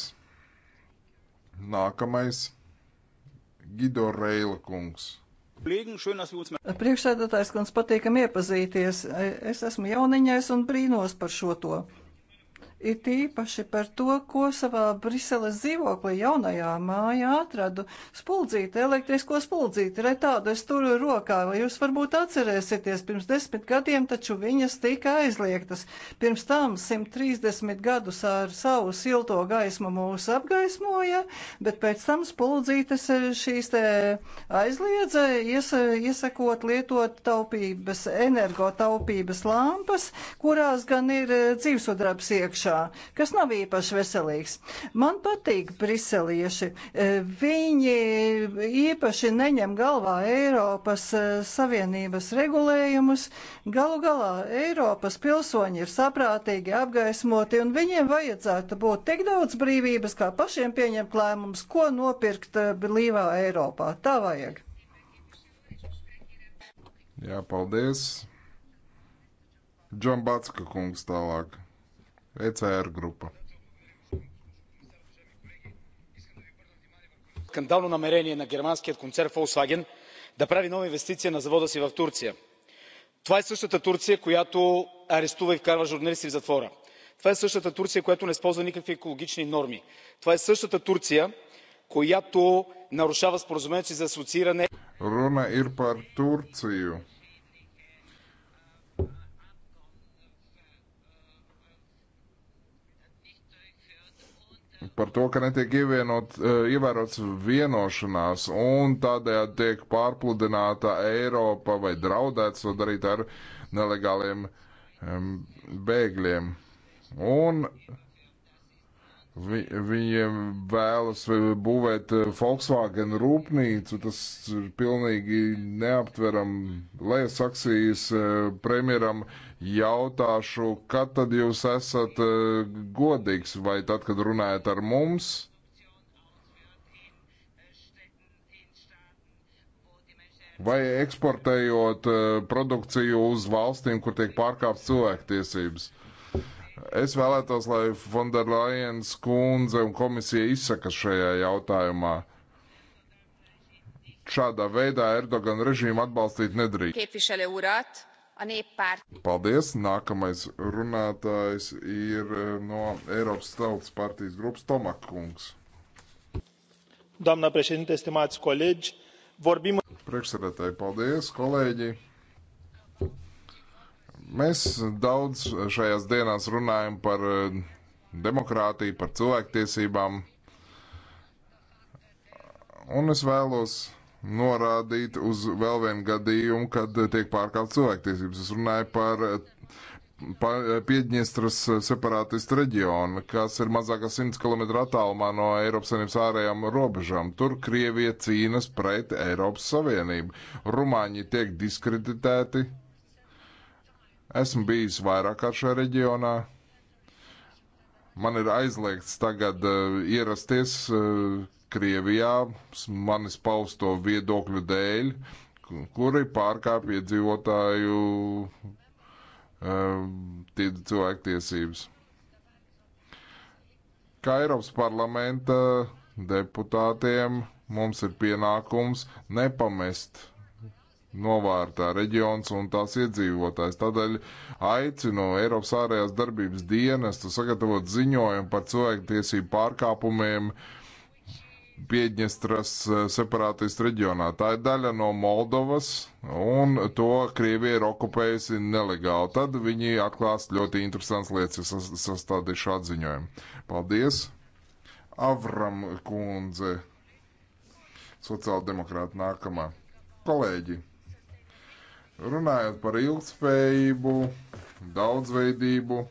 Nākamais Gido Reila kungs. Priekšsēdētājs kundz patīkam iepazīties. Es esmu jauniņais un brīnos par šo to ir tīpaši par to, ko savā Briseles dzīvoklī jaunajā mājā atradu. Spuldzīti, elektrisko spuldzīti, re tādu es turu rokā, vai jūs varbūt atcerēsieties, pirms desmit gadiem taču viņas tika aizliegtas. Pirms tam 130 gadus ar savu silto gaismu mūs apgaismoja, bet pēc tam spuldzītes šīs te aizliedza, ies, iesakot lietot taupības, energotaupības lampas, kurās gan ir eh, dzīvesudrabs iekšā priekšā, kas nav īpaši veselīgs. Man patīk briselieši. E, viņi īpaši neņem galvā Eiropas e, Savienības regulējumus. Galu galā Eiropas pilsoņi ir saprātīgi apgaismoti un viņiem vajadzētu būt tik daudz brīvības, kā pašiem pieņemt lēmumus, ko nopirkt e, blīvā Eiropā. Tā vajag. Jā, paldies. Džambatska kungs tālāk. ECR grupa. скандално намерение на германския концерн Volkswagen да прави нова инвестиция на завода си в Турция. Това е същата Турция, която арестува и вкарва журналисти в затвора. Това е същата Турция, която не спазва никакви екологични норми. Това е същата Турция, която нарушава споразумението си за асоцииране. Runa ir par Turciju, par to, ka netiek ievienot, eh, ievērots vienošanās un tādējādi tiek pārpludināta Eiropa vai draudēts to darīt ar nelegāliem bēgļiem. Un vi, viņiem vēlas būvēt eh, Volkswagen rūpnīcu, tas ir pilnīgi neaptveram. Lēsaksijas eh, premjeram jautāšu, kad tad jūs esat eh, godīgs, vai tad, kad runājat ar mums? Vai eksportējot eh, produkciju uz valstīm, kur tiek pārkāpts cilvēktiesības? Es vēlētos, lai Fonderlajens kundze un komisija izsaka šajā jautājumā šādā veidā Erdogan režīmu atbalstīt nedrīkst a néppárt. Paldies! Nākamais runātājs ir eh, no Eiropas Tautas partijas grupas Tomak kungs. Doamna președinte, stimați colegi, vorbim... Priekšsēdētāji, paldies, kolēģi! Mēs daudz šajās dienās runājam par eh, demokrātiju, par cilvēktiesībām, un es vēlos norādīt uz vēl vienu gadījumu, kad tiek pārkāptas cilvēktiesības. Es runāju par Piedņestras separātistu reģionu, kas ir mazākā 100 km attālumā no Eiropas Savienības ārējām robežām. Tur Krievija cīnas pret Eiropas Savienību. Rumāņi tiek diskreditēti. Esmu bijis vairāk kā šajā reģionā. Man ir aizliegts tagad uh, ierasties uh, Krievijā manis pausto viedokļu dēļ, kuri pārkāpj iedzīvotāju ehm, tie cilvēktiesības. Kā Eiropas parlamenta deputātiem mums ir pienākums nepamest novārtā reģions un tās iedzīvotājs. Tādēļ aicinu Eiropas ārējās darbības dienestu sagatavot ziņojumu par cilvēktiesību pārkāpumiem uh, Piedņestras eh, separātistu reģionā. Tā ir daļa no Moldovas, un to Krievija ir okupējusi nelegāli. Tad viņi atklās ļoti interesants lietas, es sastādīšu atziņojumu. Paldies! Avram kundze, sociāldemokrāta nākamā. Kolēģi, runājot par ilgspējību, daudzveidību.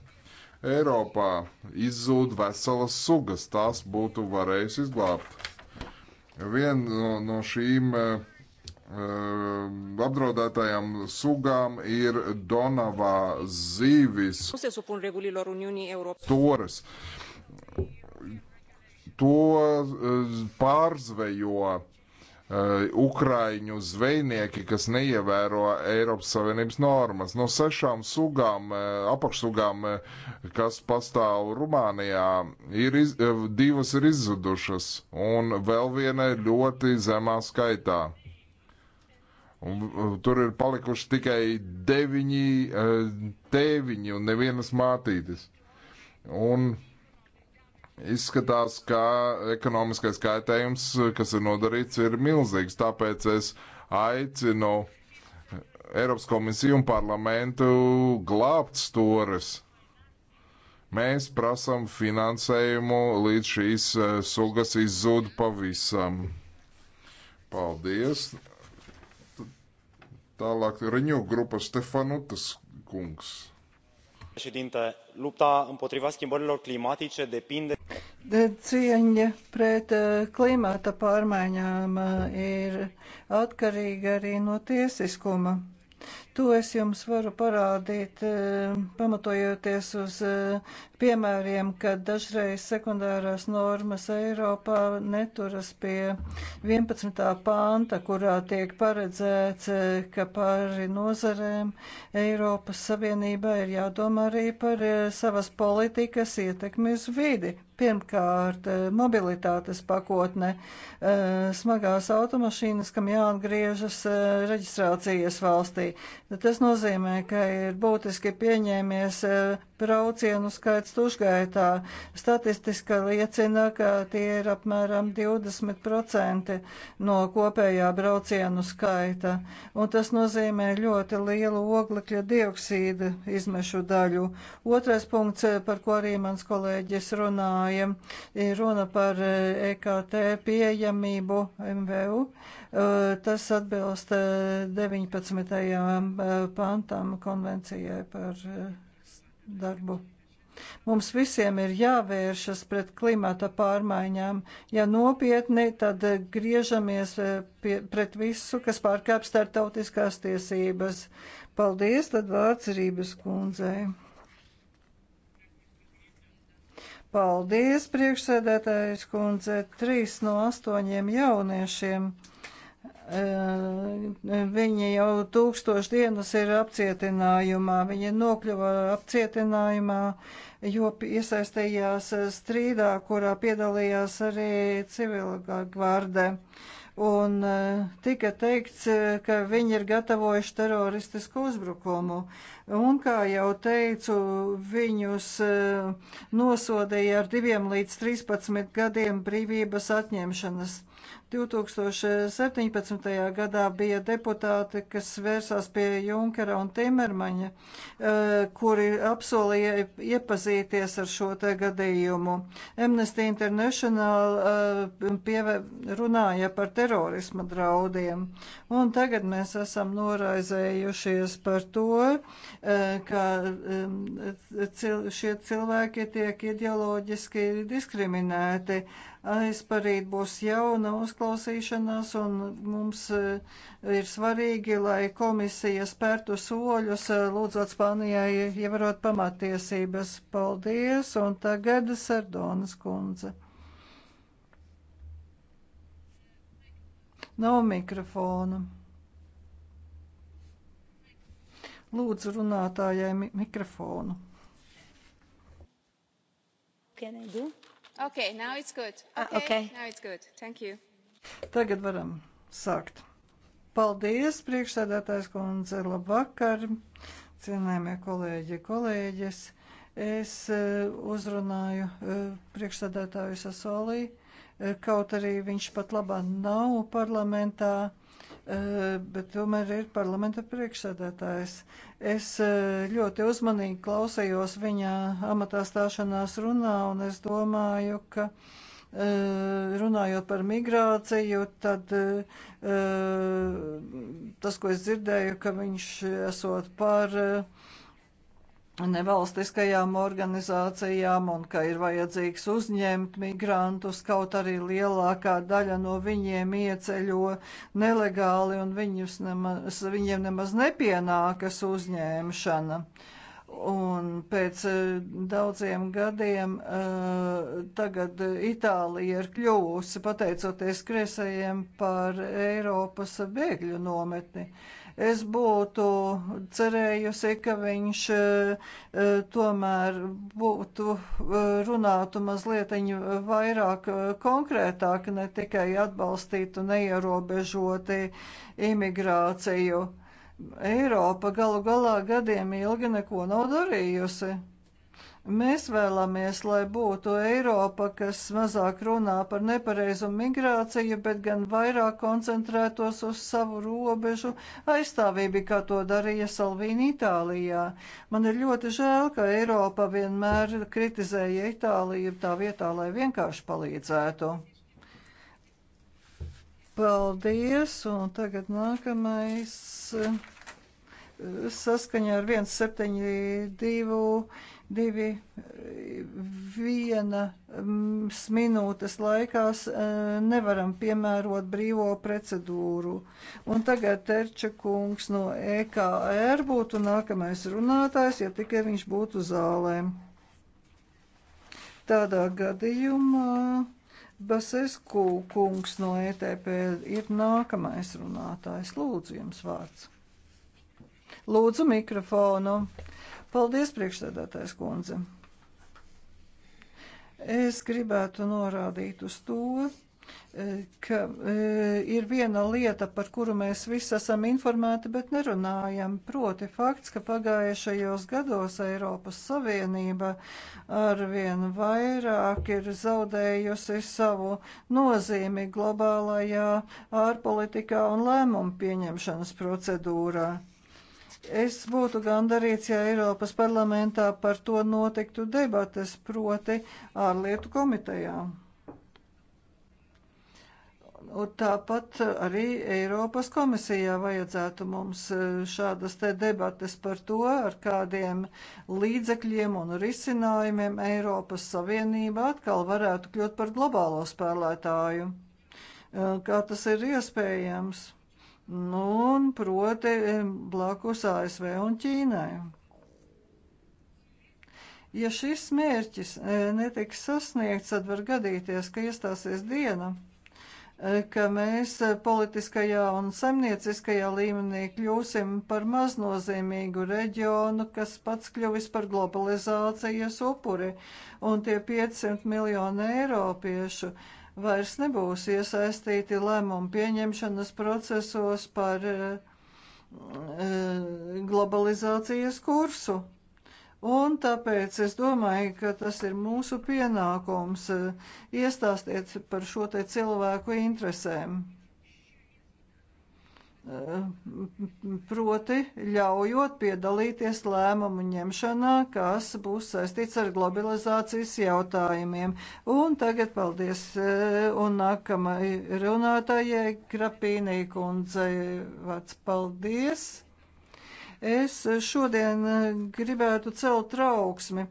Eiropā izzūd veselas sugas, tās būtu varējis izglābt. Viena no, no šīm uh, apdraudētajām sugām ir Donavā zīvis. Nu Toras. To uh, pārzvejo Eh, Ukraiņu zvejnieki, kas neievēro Eiropas Savienības normas. No sešām sugām, eh, apakšsugām, eh, kas pastāv Rumānijā, ir iz, divas ir izzudušas, un vēl viena ir ļoti zemā skaitā. Un, tur ir palikuši tikai deviņi tēviņi un nevienas mātītes. Un Izskatās, ka ekonomiskais kaitējums, kas ir nodarīts, ir milzīgs. Tāpēc es aicinu Eiropas komisiju un parlamentu glābt stores. Mēs prasām finansējumu, līdz šīs eh, sugas izzūd pavisam. Paldies! Tālāk riņu grupa Stefanutas kungs domnule președinte lupta împotriva schimbărilor climatice depinde. cīņa pret uh, klimata pārmaiņām uh, ir atkarīga arī no tiesiskuma. To es jums varu parādīt, eh, pamatojoties uz eh, piemēriem, kad dažreiz sekundārās normas Eiropā neturas pie 11. pānta, kurā tiek paredzēts, eh, ka pāri nozarēm Eiropas Savienībā ir jādomā arī par savas politikas ietekmi uz vidi. Pirmkārt, eh, mobilitātes pakotne, eh, smagās automašīnas, kam jāatgriežas eh, reģistrācijas valstī. Tas nozīmē, ka ir būtiski pieņēmies braucienu skaits tušgaitā. Statistika liecina, ka tie ir apmēram 20% no kopējā braucienu skaita, un tas nozīmē ļoti lielu oglekļa dioksīda izmešu daļu. Otrais punkts, par ko arī mans kolēģis runāja, ir runa par EKT eh, e pieejamību MVU. Eh, tas atbilst 19. Eh, pantam konvencijai par darbu. Mums visiem ir jāvēršas pret klimata pārmaiņām. Ja nopietni, tad griežamies eh, pie, pret visu, kas pārkāp startautiskās tiesības. Paldies, tad vārds Rības kundzei. Paldies, priekšsēdētājs kundze, trīs no astoņiem jauniešiem Viņa jau tūkstoši dienas ir apcietinājumā, viņa nokļuva apcietinājumā, jo iesaistījās strīdā, kurā piedalījās arī civilā gvarde. Un tika teikts, ka viņi ir gatavojuši teroristisku uzbrukumu. Un, kā jau teicu, viņus nosodīja ar diviem līdz 13 gadiem brīvības atņemšanas. 2017. gadā bija deputāti, kas vērsās pie Junkera un Timermaņa, eh, kuri apsolīja iepazīties ar šo te gadījumu. Amnesty International eh, runāja par terorisma draudiem. Un tagad mēs esam noraizējušies par to, eh, ka šie cilvēki tiek ideoloģiski diskriminēti. Aizparīt būs jauna uzklausīšana uzklausīšanās, un mums e, ir svarīgi, lai komisija spērtu soļus, e, lūdzot Spānijai ievarot pamatiesības. Paldies, un tagad Sardonas kundze. Nav mikrofona. Lūdzu runātājai mi mikrofonu. Can I do? Okay, now it's good. Ah, okay, okay. now it's good. Thank you. Tagad varam sākt. Paldies, priekšsēdētājs kundze, labvakar, cienējamie kolēģi, kolēģis. Es eh, uzrunāju eh, priekšsēdētāju Sasolī, eh, kaut arī viņš pat labā nav parlamentā bet tomēr ir parlamenta priekšsēdētājs. Es ļoti uzmanīgi klausējos viņa amatā stāšanās runā, un es domāju, ka Eh, runājot par migrāciju, tad eh, tas, ko es dzirdēju, ka viņš esot par eh, nevalstiskajām organizācijām un ka ir vajadzīgs uzņemt migrantus, kaut arī lielākā daļa no viņiem ieceļo nelegāli un nemaz, viņiem nemaz nepienākas uzņēmšana. Uh, Un pēc eh, daudziem gadiem eh, tagad Itālija ir kļuvusi, pateicoties kresējiem, par Eiropas bēgļu nometni. Es būtu cerējusi, ka viņš eh, tomēr būtu runātu mazliet vairāk konkrētāk, ne tikai atbalstītu neierobežoti imigrāciju Eiropa galu galā gadiem ilgi neko nav darījusi. Mēs vēlamies, lai būtu Eiropa, kas mazāk runā par nepareizu migrāciju, bet gan vairāk koncentrētos uz savu robežu aizstāvību, kā to darīja Salvīna Itālijā. Man ir ļoti žēl, ka Eiropa vienmēr kritizēja Itāliju tā vietā, lai vienkārši palīdzētu. Paldies, un tagad nākamais Eh, saskaņā ar 172 divi viena mm, minūtes laikās eh, nevaram piemērot brīvo procedūru. Un tagad Terča kungs no EKR būtu nākamais runātājs, ja tikai viņš būtu zālē. Tādā gadījumā. Basesku kungs no ETP ir nākamais runātājs. Lūdzu, jums vārds. Lūdzu mikrofonu. Paldies, priekšsēdētājs kundze. Es gribētu norādīt uz to, E, ka e, ir viena lieta, par kuru mēs visi esam informēti, bet nerunājam. Proti fakts, ka pagājušajos gados Eiropas Savienība arvien vairāk ir zaudējusi savu nozīmi globālajā ārpolitikā un lēmumu pieņemšanas procedūrā. Es būtu gandarīts, ja Eiropas parlamentā par to notiktu debates, proti ārlietu komitejām. Un tāpat arī Eiropas komisijā vajadzētu mums e, šādas te debates par to, ar kādiem līdzekļiem un risinājumiem Eiropas Savienība atkal varētu kļūt par globālo spēlētāju. E, kā tas ir iespējams? Nu, un proti e, blakus ASV un Ķīnai. Ja šis mērķis netiks sasniegts, tad var gadīties, ka iestāsies diena, ka mēs politiskajā un saimnieciskajā līmenī kļūsim par maznozīmīgu reģionu, kas pats kļuvis par globalizācijas upuri, un tie 500 miljoni eiropiešu vairs nebūs iesaistīti lēmumu pieņemšanas procesos par eh, globalizācijas kursu. Un tāpēc es domāju, ka tas ir mūsu pienākums eh, iestāstiet par šo te cilvēku interesēm. Eh, proti, ļaujot piedalīties lēmumu ņemšanā, kas būs saistīts ar globalizācijas jautājumiem. Un tagad paldies eh, un nākamai runātājai Grapīnī kundzei. Vārds paldies! Es šodien eh, gribētu celt trauksmi.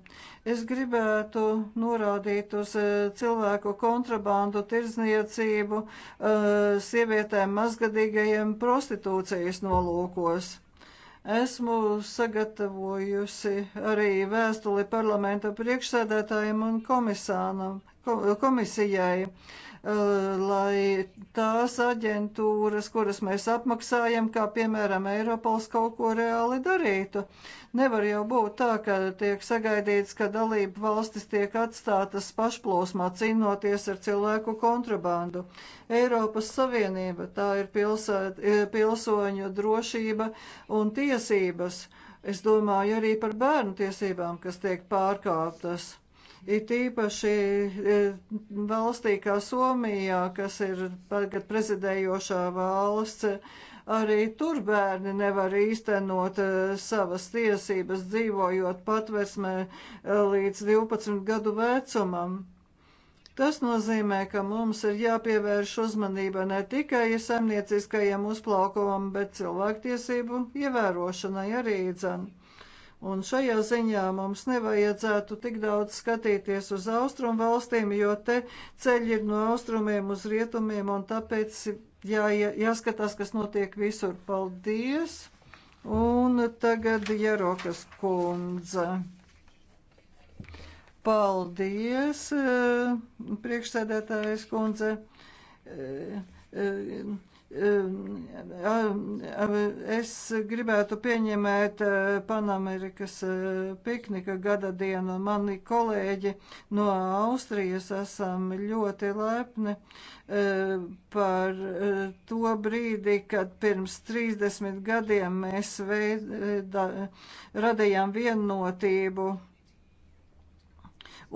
Es gribētu norādīt uz eh, cilvēku kontrabandu, tirzniecību, eh, sievietēm mazgadīgajiem prostitūcijas nolūkos. Esmu sagatavojusi arī vēstuli parlamenta priekšsēdētājiem un komisānam, komisijai. Eh, lai tās aģentūras, kuras mēs apmaksājam, kā piemēram Eiropols, kaut ko reāli darītu. Nevar jau būt tā, ka tiek sagaidīts, ka dalību valstis tiek atstātas pašplūsmā cīnoties ar cilvēku kontrabandu. Eiropas Savienība tā ir pilsēt, eh, pilsoņu drošība un tiesības. Es domāju arī par bērnu tiesībām, kas tiek pārkāptas It īpaši e, valstī kā Somijā, kas ir tagad prezidējošā valsts, arī tur bērni nevar īstenot e, savas tiesības, dzīvojot patversmē e, līdz 12 gadu vecumam. Tas nozīmē, ka mums ir jāpievērš uzmanība ne tikai saimnieciskajam uzplaukumam, bet cilvēktiesību ievērošanai arī dzene. Un šajā ziņā mums nevajadzētu tik daudz skatīties uz austrumu valstīm, jo te ceļi ir no austrumiem uz rietumiem, un tāpēc jā, jāskatās, kas notiek visur. Paldies! Un tagad Jarokas kundze. Paldies, eh, priekšsēdētājas kundze. Eh, eh, Es gribētu pieņemēt e, Panamerikas e, piknika gada dienu. Mani kolēģi no Austrijas esam ļoti lepni e, par to brīdi, kad pirms 30 gadiem mēs veida, radījām vienotību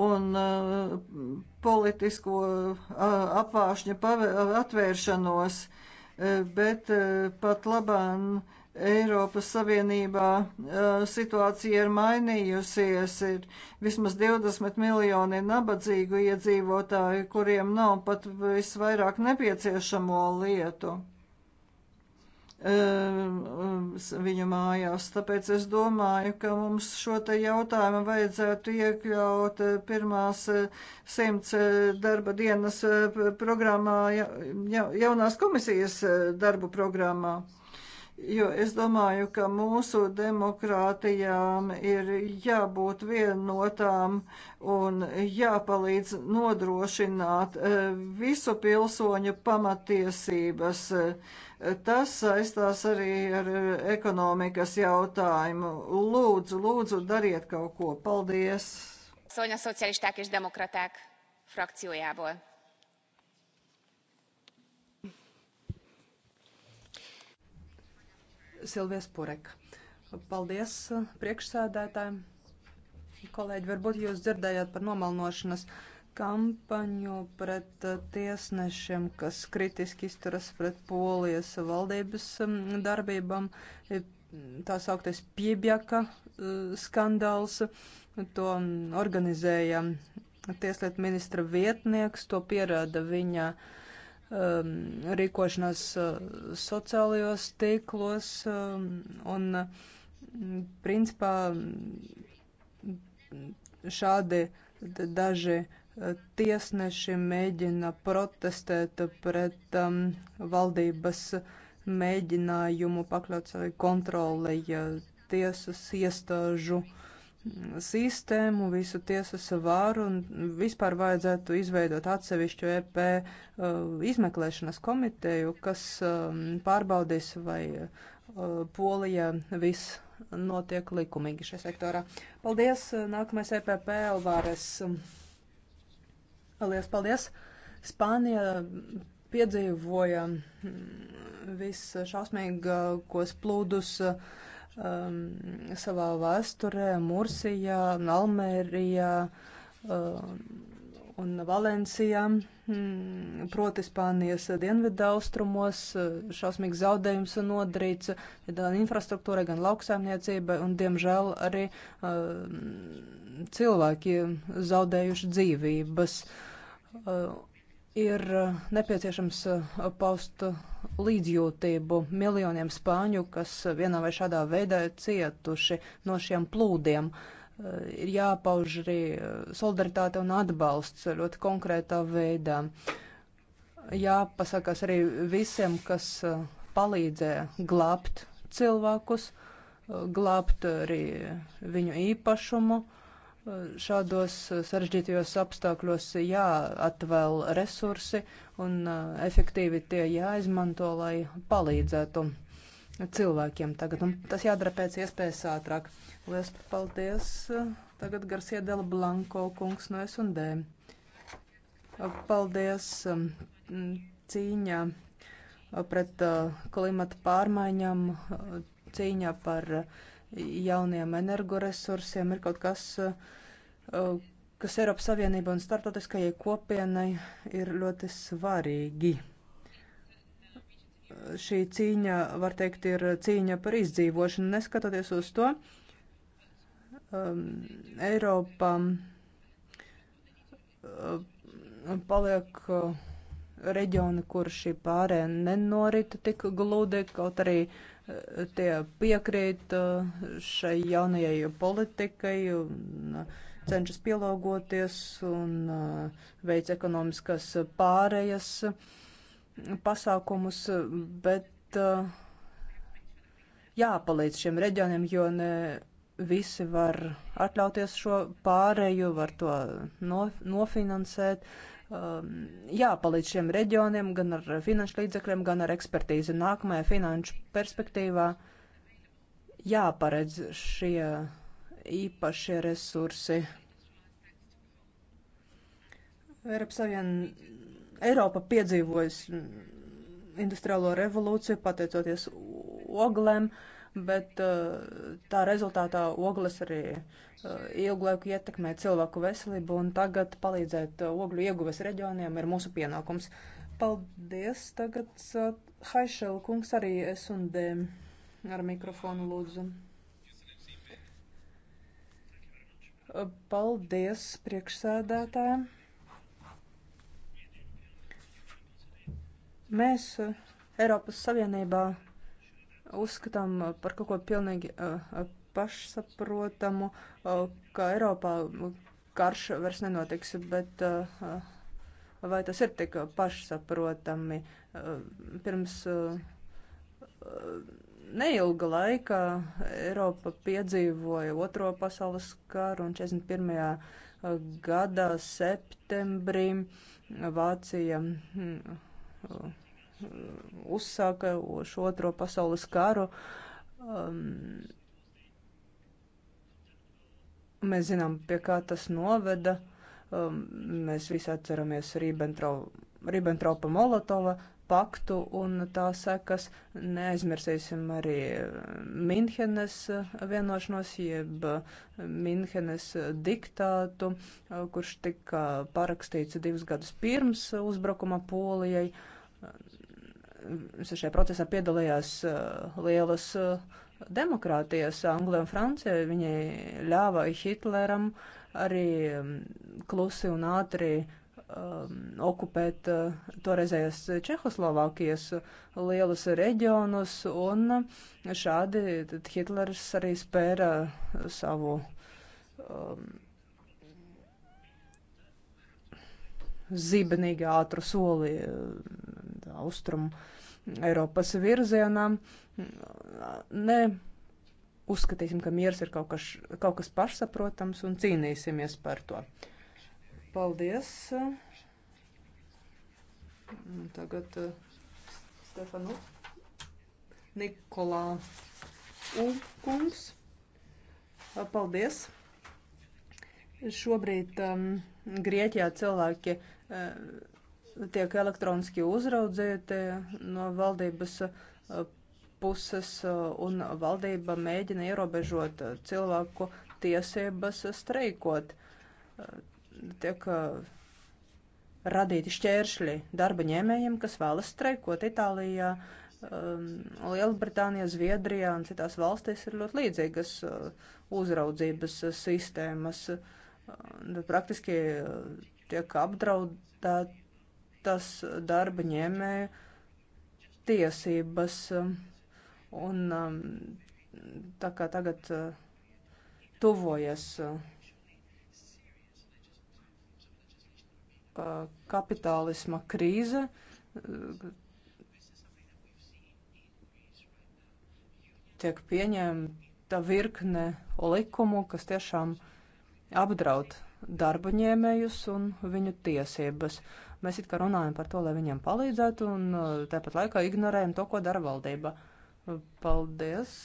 un politisko apvāršņu atvēršanos. Eh, bet eh, pat labāk Eiropas Savienībā eh, situācija ir mainījusies. Ir vismaz 20 miljoni nabadzīgu iedzīvotāju, kuriem nav pat visvairāk nepieciešamo lietu viņu mājās. Tāpēc es domāju, ka mums šo te jautājumu vajadzētu iekļaut eh, pirmās eh, simts eh, darba dienas programmā, jaunās komisijas darbu programmā. Jo es domāju, ka mūsu demokrātijām ir jābūt vienotām un jāpalīdz nodrošināt visu pilsoņu pamatiesības. Uh, Tas saistās arī ar ekonomikas jautājumu. Lūdzu, lūdzu, dariet kaut ko. Paldies! Szonya Szocialisták és Demokraták frakciójából. Silvies Purek. Paldies priekšsēdētājiem. Kolēģi, varbūt jūs dzirdējāt par nomalnošanas uh, kampaņu pret uh, tiesnešiem, kas kritiski izturas pret polijas valdības um, darbībām. E, tā sauktais piebjaka uh, skandāls, to um, organizēja tieslietu ministra vietnieks, to pierāda viņa um, rīkošanās uh, sociālajos tīklos um, un, mm, principā, mm, šādi daži uh, tiesneši mēģina protestēt pret um, valdības mēģinājumu pakļaut sevi kontrolei tiesas iestāžu sistēmu, visu tiesas varu un vispār vajadzētu izveidot atsevišķu EP uh, izmeklēšanas komiteju, kas um, pārbaudīs, vai uh, Polija viss notiek likumīgi šajā sektorā. Paldies! Uh, nākamais EPP Alvāres. Um, Lielas paldies! Spānija piedzīvoja mm, visšausmīgākos plūdus um, savā vēsturē, Mursijā, Almērijā um, un Valencijā, um, proti Spānijas dienvidu austrumos, šausmīgs zaudējums nodarīts gan infrastruktūrai, gan lauksaimniecībai un, diemžēl, arī um, cilvēki zaudējuši dzīvības. Eh, ir nepieciešams eh, paust līdzjūtību miljoniem spāņu, kas vienā vai šādā veidā ir cietuši no šiem plūdiem. Eh, ir jāpauž arī solidaritāte un atbalsts ļoti konkrētā veidā. Jāpasakās arī visiem, kas palīdzē glābt cilvēkus, glābt arī viņu īpašumu. Uh, Šādos uh, sarežģītajos apstākļos jāatvēl resursi un uh, efektīvi tie jāizmanto, lai palīdzētu cilvēkiem tagad. Un tas jādara pēc iespējas ātrāk. Lielas paldies! Tagad Garcia Dela Blanko kungs no S&D. Paldies! Um, cīņā uh, pret klimata pārmaiņām, cīņā par uh, jauniem energoresursiem ir kaut kas, eh, kas Eiropas Savienībai un startautiskajai kopienai ir ļoti svarīgi. Šī cīņa, var teikt, ir cīņa par izdzīvošanu, neskatoties uz to, um, ehm, Eiropā um, ehm, paliek uh, reģioni, kur šī pārē nenorita tik glūdi, kaut arī uh, tie piekrīt uh, šai jaunajai politikai un uh, cenšas pielāgoties un uh, veic ekonomiskas pārējas pasākumus, bet jāpalīdz šiem reģioniem, jo ne visi var atļauties šo pārēju, var to nofinansēt. Um, jāpalīdz šiem reģioniem gan ar finanšu līdzekļiem, gan ar ekspertīzi. Nākamajā finanšu perspektīvā jāparedz šie īpašie resursi. Eiropas Savien... Eiropa piedzīvojas industriālo revolūciju pateicoties oglēm. Uh, bet eh, tā rezultātā ogles arī eh, ilgu laiku ietekmē cilvēku veselību, un tagad palīdzēt eh, ogļu ieguves reģioniem ir mūsu pienākums. Paldies! Tagad Haišela kungs arī es un D ar mikrofonu lūdzu. Paldies priekšsēdētājiem! Mēs Eiropas Savienībā uzskatām uh, par kaut ko pilnīgi uh, uh, pašsaprotamu, ka Eiropā karš vairs nenotiks, bet vai tas ir tik pašsaprotami? Pirms neilga laika Eiropa piedzīvoja otro pasaules karu un 41. gadā septembrī Vācija mm, uzsāka šo otro pasaules karu. Um, mēs zinām, pie kā tas noveda. Um, mēs visi atceramies Ribbentropa Molotova paktu un tā sekas. Neaizmirsīsim arī Minhenes vienošanos, jeb Minhenes diktātu, kurš tika parakstīts divus gadus pirms uzbrukuma Polijai šajā procesā piedalījās eh, lielas eh, demokrātijas, Anglija un Francija. Viņi ļāva Hitleram arī mm, klusi un ātri um, okupēt uh, toreizējās Čehoslovākijas lielus reģionus, un šādi Hitlers arī spēra savu um, zibenīgi ātru soli uh, austrumu Eiropas virzienā. Ne uzskatīsim, ka miers ir kaut kas, kaut kas pašsaprotams un cīnīsimies par to. Paldies! Tagad eh, Stefanu Nikolā Ulkungs. Paldies! Šobrīd um, Grieķijā cilvēki uh, tiek elektroniski uzraudzīti no valdības uh, puses, uh, un valdība mēģina ierobežot uh, cilvēku tiesības streikot. Tiek radīti šķēršļi darba ņēmējiem, kas vēlas streikot Itālijā, um, Lielbritānijā, Zviedrijā un citās valstīs ir ļoti līdzīgas uzraudzības sistēmas. Praktiski tiek apdraudēta tas darba ņēmēju tiesības. Un um, tā kā tagad uh, tuvojas uh, kapitālisma krīze, uh, tiek pieņemta virkne likumu, kas tiešām apdraud darba ņēmējus un viņu tiesības. Mēs it kā runājam par to, lai viņiem palīdzētu, un eh, tāpat laikā ignorējam to, ko dara valdība. Paldies!